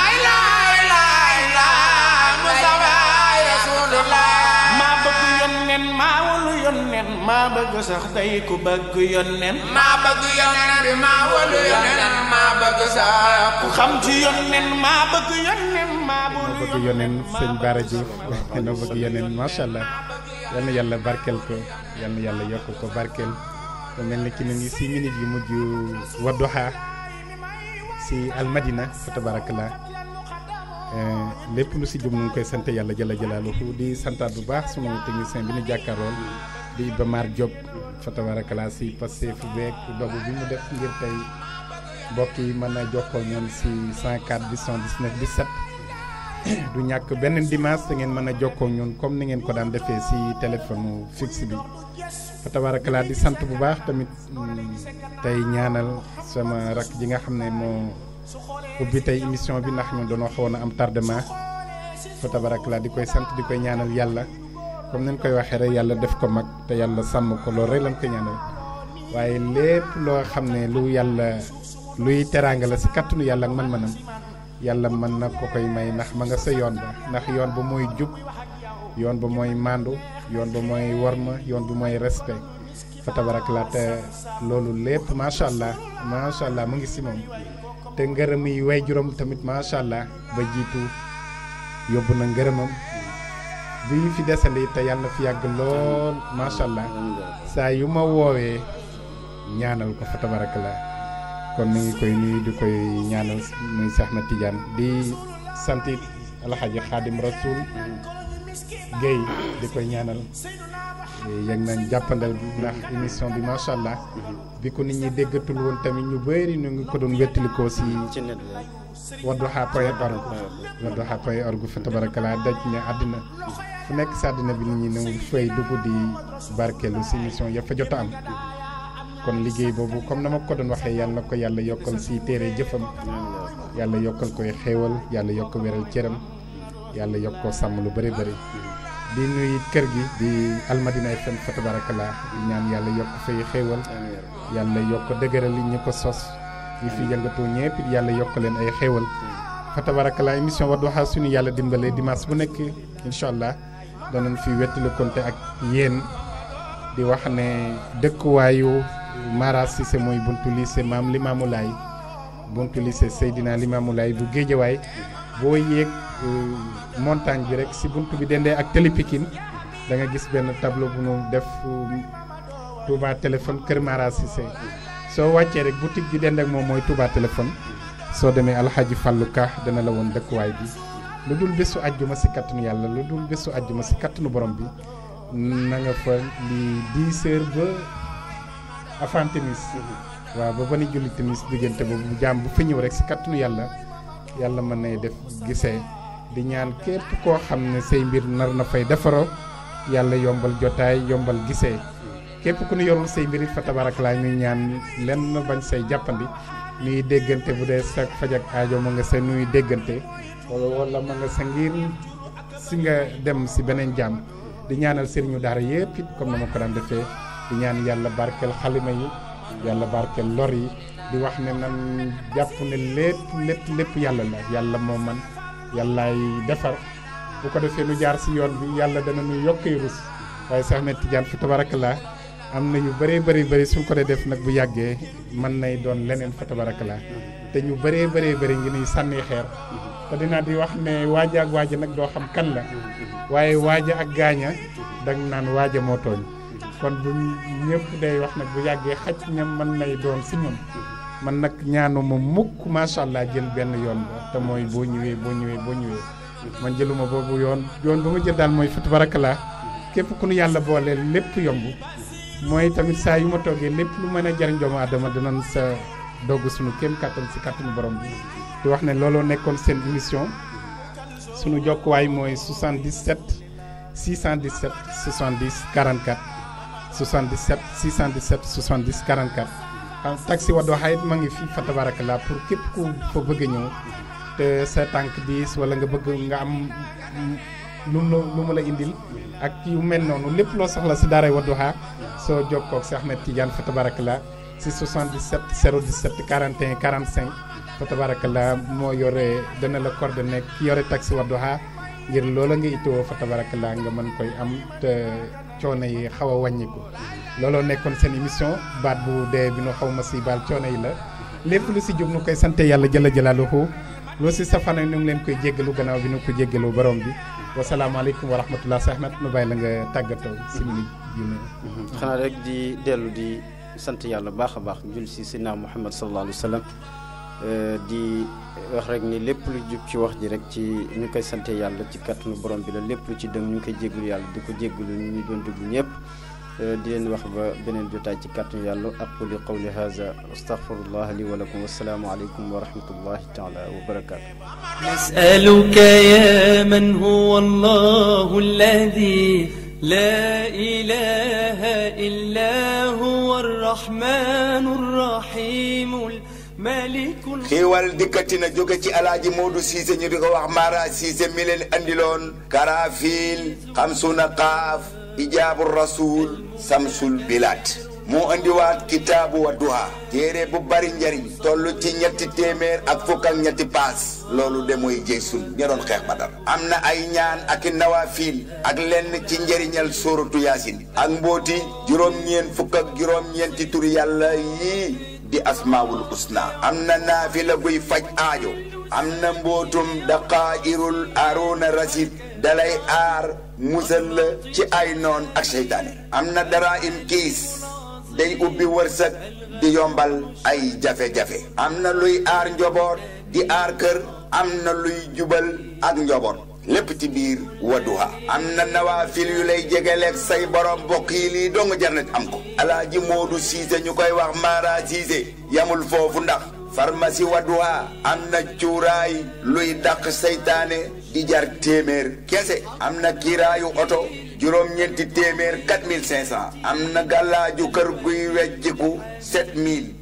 maa bëgg sax tey ku bëgg yónneen maa bëgg yónneen bi maa bëgg sax ku xam ci yónneen maa bëgg yónneen maa bëgg yónneen sëñ Bara Diouf bëgg yónneen macha allah na yàlla barkeel ko yal yàlla yokk ko barkeel mu mel ni ki ne ni si minutes yu mujj Wadduha si almadina fa tabarakallah eh, lépp lu si jum nu koy sant yàlla jëla jëlaaluhu di santaat bu baax sunu technicien bi ñu jàkkaarlool di bamar job Diop fa tabarakalaa si Pastef beeg dogu bi mu def ngir tay mbokk yi mën a jokkoo ñoom si 104 819 7 du ñàkk benn dimanche da ngeen mën a jokkoo ñun comme ni ngeen ko daan defee si téléphone fixe bi fa tabarakalaa di sant bu baax tamit mm, tey ñaanal sama rak ji nga xam ne moo ubbi tey émission bi ndax ñu dañoo xawoon a am tardement fa tabarakalaa di koy sant di koy ñaanal yàlla comme nañ koy waxee rek yalla def ko mag te yalla sam ko lo rek lan ko ñaanal waaye lépp lo xam lu yalla luy teraanga la si kàttanu yalla ak man-manam yalla man na ko koy may ma nga sa yoon ba yoon bu moy juk yoon bu moy mandu yoon bu moy warma yoon bu moy respect fa tabarakala te loolu lépp sha allah sha allah mu ngi ci mom te ngeerami way tamit allah ba jitu yobuna ngeeramam bi ñu fi desandi te yalla fi yag lool sha allah sa yu ma ñaanal ko fa kon ni ngi koy nuyu di koy ñaanal muy Cheikh Tidiane di khadim rasul gay eh, di koy ñaanal yëg nañ jappandal bi ndax émission bi sha allah bi ko nit ñi déggatul woon tamit ñu bëri ñu ngi ko doon si Wadduha point org Wadduha point org fa tabarakalaa daj ne àdduna fu nekk sa àddina bi nit ñi ñëw fay dugg di barkeelu si émission ya fa jot am kon liggéey boobu comme na ma ko doon waxee yàlla ko yàlla yokkal si téere jëfam yàlla yokkal koy xéewal yàlla yokk wéral cëram yàlla yokk ko sàmm lu bëri bëri di nuyu kër gi di almadina FM fa tabarakalaa di ñaan yàlla yokk fay xéewal yàlla yokk dëgëral yi ñu ko sos ñu fi yëngatoo ñëpp yàlla yokk leen ay xéewal fa tabarakalaa wa Wadduha suñu yàlla dimbalee dimanche bu nekk incha allah danañ fi wettali konte ak yéen di wax ne dëkkuwaayu Mara mooy buntu lycée maam Limaamu Laay buntu lycée Seydina Limaamu bu Géejawaay boo yéeg euh, montagne bi rek si buntu bi dendee ak télé Pikine nga gis benn tableau bu ñu def euh, Touba téléphone Kër Mara so wàccee rek boutique bi dend ak moom mooy Touba téléphone soo demee alxaaji fallu Ka dana la woon dëkkuwaay bi lu dul bésu àjjuma si kattanu yàlla lu dul bésu àjjuma si kattanu borom bi na nga fa li 10 heures ba avant timis mhm. waaw ba bani ni julli timis diggante ba bu jaam bu fi ñëw rek si kattanu yàlla yàlla mën nay def gisee di ñaan képp koo xam ne say mbir nar na fay defaroo yàlla yombal jotaay yombal gisee képp ku ñu yorul say mbir fa tabarakalaa ñuy ñaan lenn bañ say jàppandi nuy déggante bu dee sa faj ak aajo ma nga sa nuy déggante wala wala ma nga sa ngir si nga dem si beneen jàmm di ñaanal sëriñu daara yëpp it comme na ma ko daan defee di ñaan yàlla barkeel xalima yi yàlla barkeel lor yi di wax ne nan jàpp ne lépp lépp yàlla la yàlla moo man yàllaay defar bu ko defee nu jaar si yoon bi yàlla dana nu yokk rus waaye Seex Ahmed Tidiane fi tabarakalaa am na yu bëree bëri bëri suñ ko def nak bu yagge man nay doon leneen fa tabarakalaa te ñu bëree bëree bëri ngi ni sanni xeer te dina di wax ne waja ak waja nak do xam kan la waye waja ak gaña dag naan waja mo tooñ kon bu ñepp day wax nak bu yagge xaj ñam man nay doon ci ñun man nag ñaanuma mukk sha allah jël ben yoon ba te moy bo ñewé bo ñewé bo ñewé man jëluma bobu yoon yoon bu ma jël dal moy fa ku yalla bolé lepp yombu mooy tamit saa yu ma toogee lépp lu mën a jariñ doomu aadama dinañ sa dogg suñu kéem kàttan si kàttanu borom bi di wax ne looloo nekkoon seen émission suñu jokk jokkuwaay mooy 77 617 70 44 77 617 70 44 xam taxi Wadduha it ma ngi fi fa la pour képp ku fa bëgg ñëw te sa tànk diis wala nga bëgg nga am lu mu lu mu la indil ak yu mel noonu lépp loo soxla si daaray Wadduha soo jokkoo ak si Ahmed Tidiane fa tabarakallah si 77 017 41 45 fa tabarakallah moo yore dana la coordonné ki yore taxi Wadduha ngir loola nga itoo fa tabarakallah nga mën koy am te coono yi xaw a wàññiku looloo nekkoon seen émission baat bu dee bi nu xaw ma si baal coono yi la lépp lu si jóg nu koy sante yàlla jëla jëlaaluhu loo si safana ñu ngi leen koy jéggalu gannaaw bi nu ko jéggaloo borom bi wasalaamaaleykum wa rahmatulah Cheikh Ahmed nu bàyyi la nga tàggatoo si nit xanaa rek di dellu di sant yàlla baax a baax jul si sidna Muhammad sallallahu alayhi wa euh, di wax rek ni lépp lu jub ci wax ji rek ci ñu koy sante yàlla ci kattanu borom bi la lépp lu ci dëng ñu koy jégalu yàlla di ko jégalu ñu doon déglu ñëpp. di leen wax ba beneen jotaay ci kàttan yàlla aquli qawli haza astaghfirullah li wa lakum wassalaamu alaykum wa rahmatullahi taala wa barakaatu نسألك يا من هو الله الذي لا إله إلا هو الرحمن الرحيم الملك xiiwal dikkati na jóge ci alaaji Modou Cissé ñu di ko wax Mara Cissé mi leen andiloon karafiil xamsuna qaaf ijaabu rasul samsul bilaat moo andiwaat kitaabu wa duha téere bu bari njariñ toll ci ñetti téeméer ak fukk ñetti paas loolu de mooy jëy sun ña doon xeex am na ay ñaan ak nawafiil ak lenn ci njariñal sóoratu yaasin ak mbóoti juróom-ñeen fukk juróom-ñeenti turi yàlla yii di asmaawul usna am na naafila guy faj aajo am na mbóotum daqaa'irul aruuna rasid dalay aar musal la ci ay noon ak seytaane am na dara im kiis day ubbi wërsëg di yombal ay jafe-jafe am na luy aar njoboot di aar kër am na luy jubal ak njoboot lépp ci biir Wadduha am na nawaafil yu lay jegeleeg say borom mbokk yi lii dong jarnet am ko alaaji Moodu Siise ñu koy wax Mara Siise yamul foofu ndax pharmacie Wadduha am na cuuraay luy dàq seytaane di jar téeméer kese am na kiiraayu oto juróom-ñeenti téeméer 4500 am na gàllaaju kër guy wejjiku 7000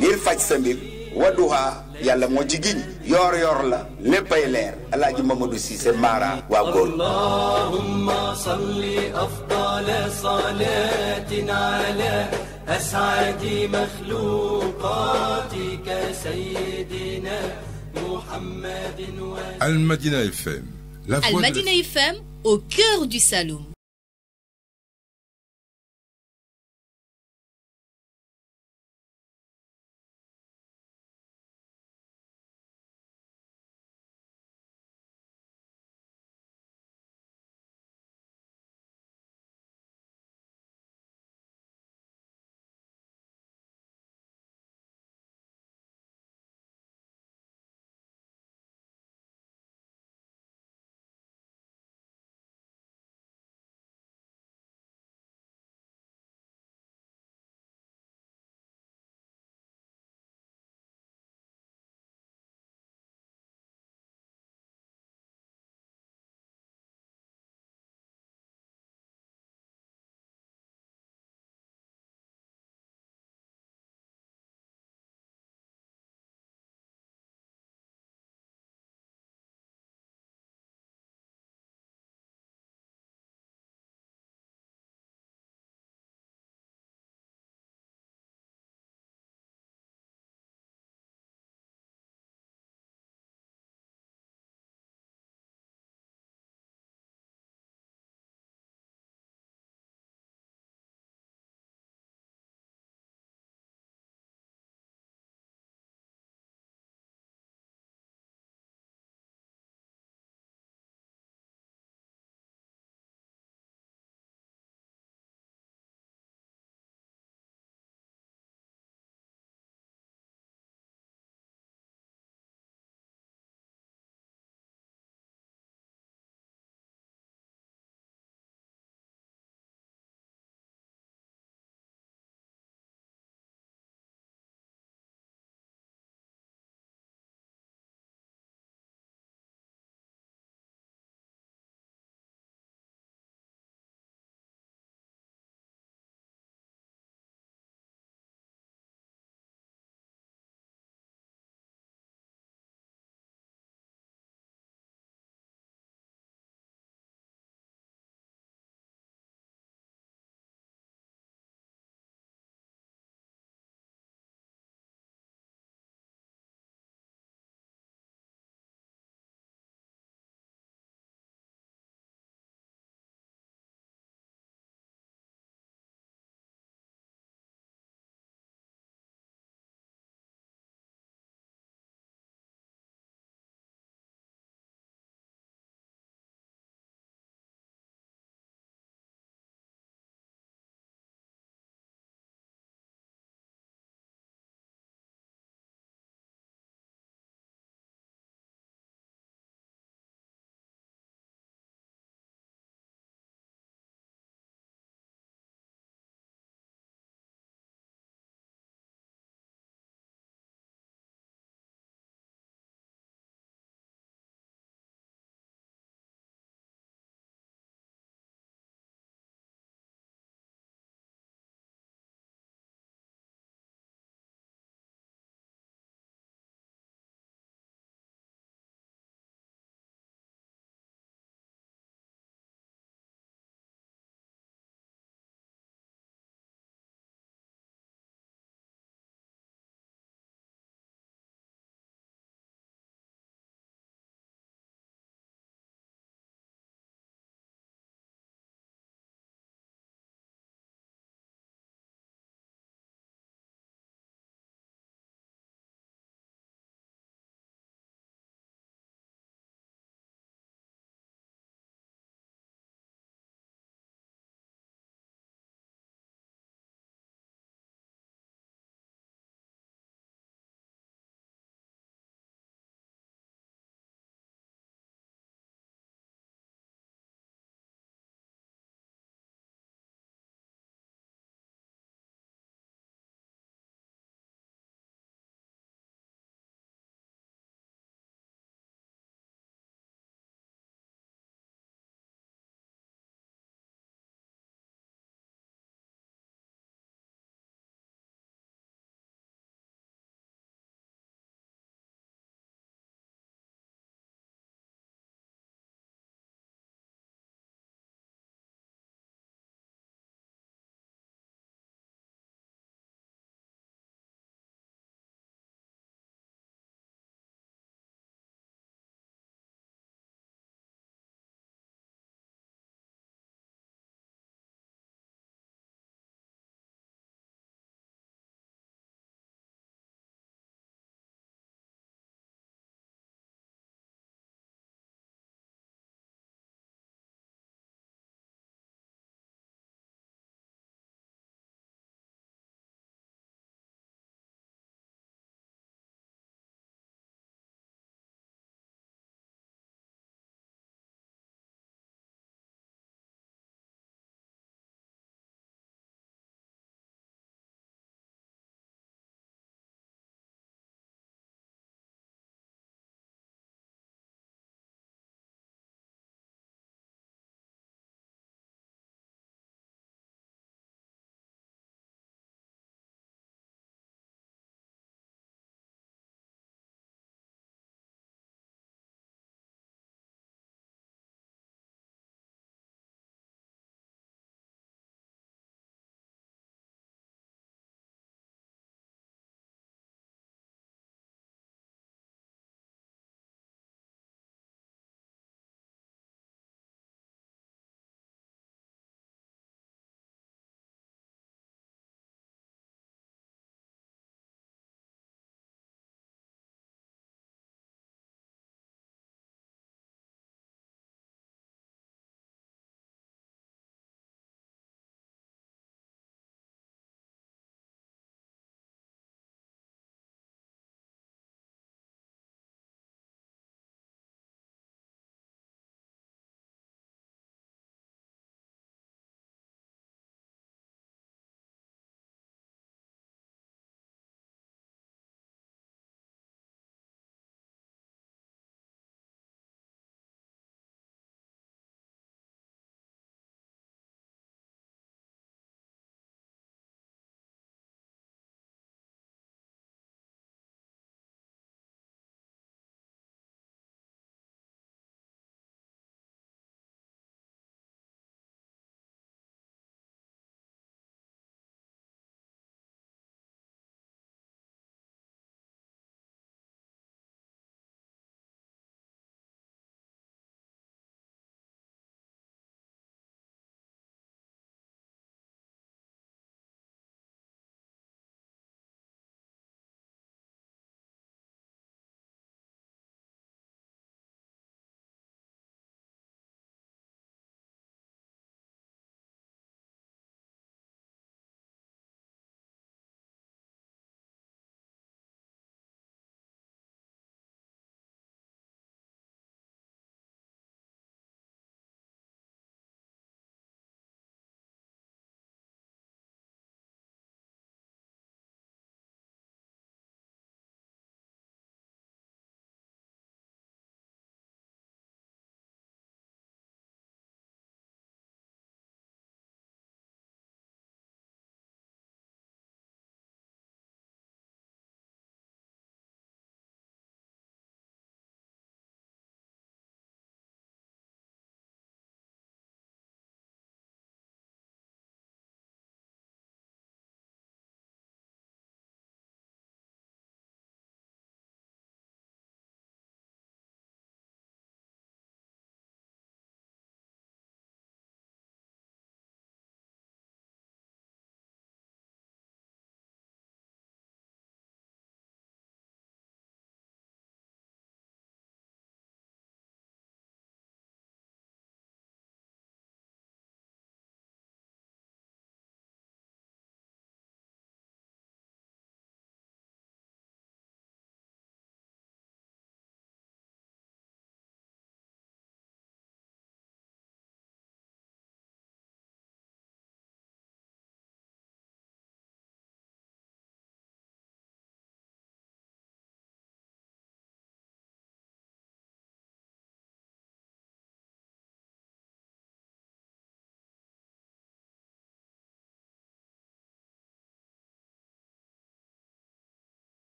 ngir faj sa mbir wadduha yàlla mo ci giñ yor yor la léppay leer alaaji mamadou cissé mara wa gol allahumma salli afdal salatin ala اسعد مخلوقاتك سيدنا محمد المدينه اف ام المدينه اف ام au cœur du salon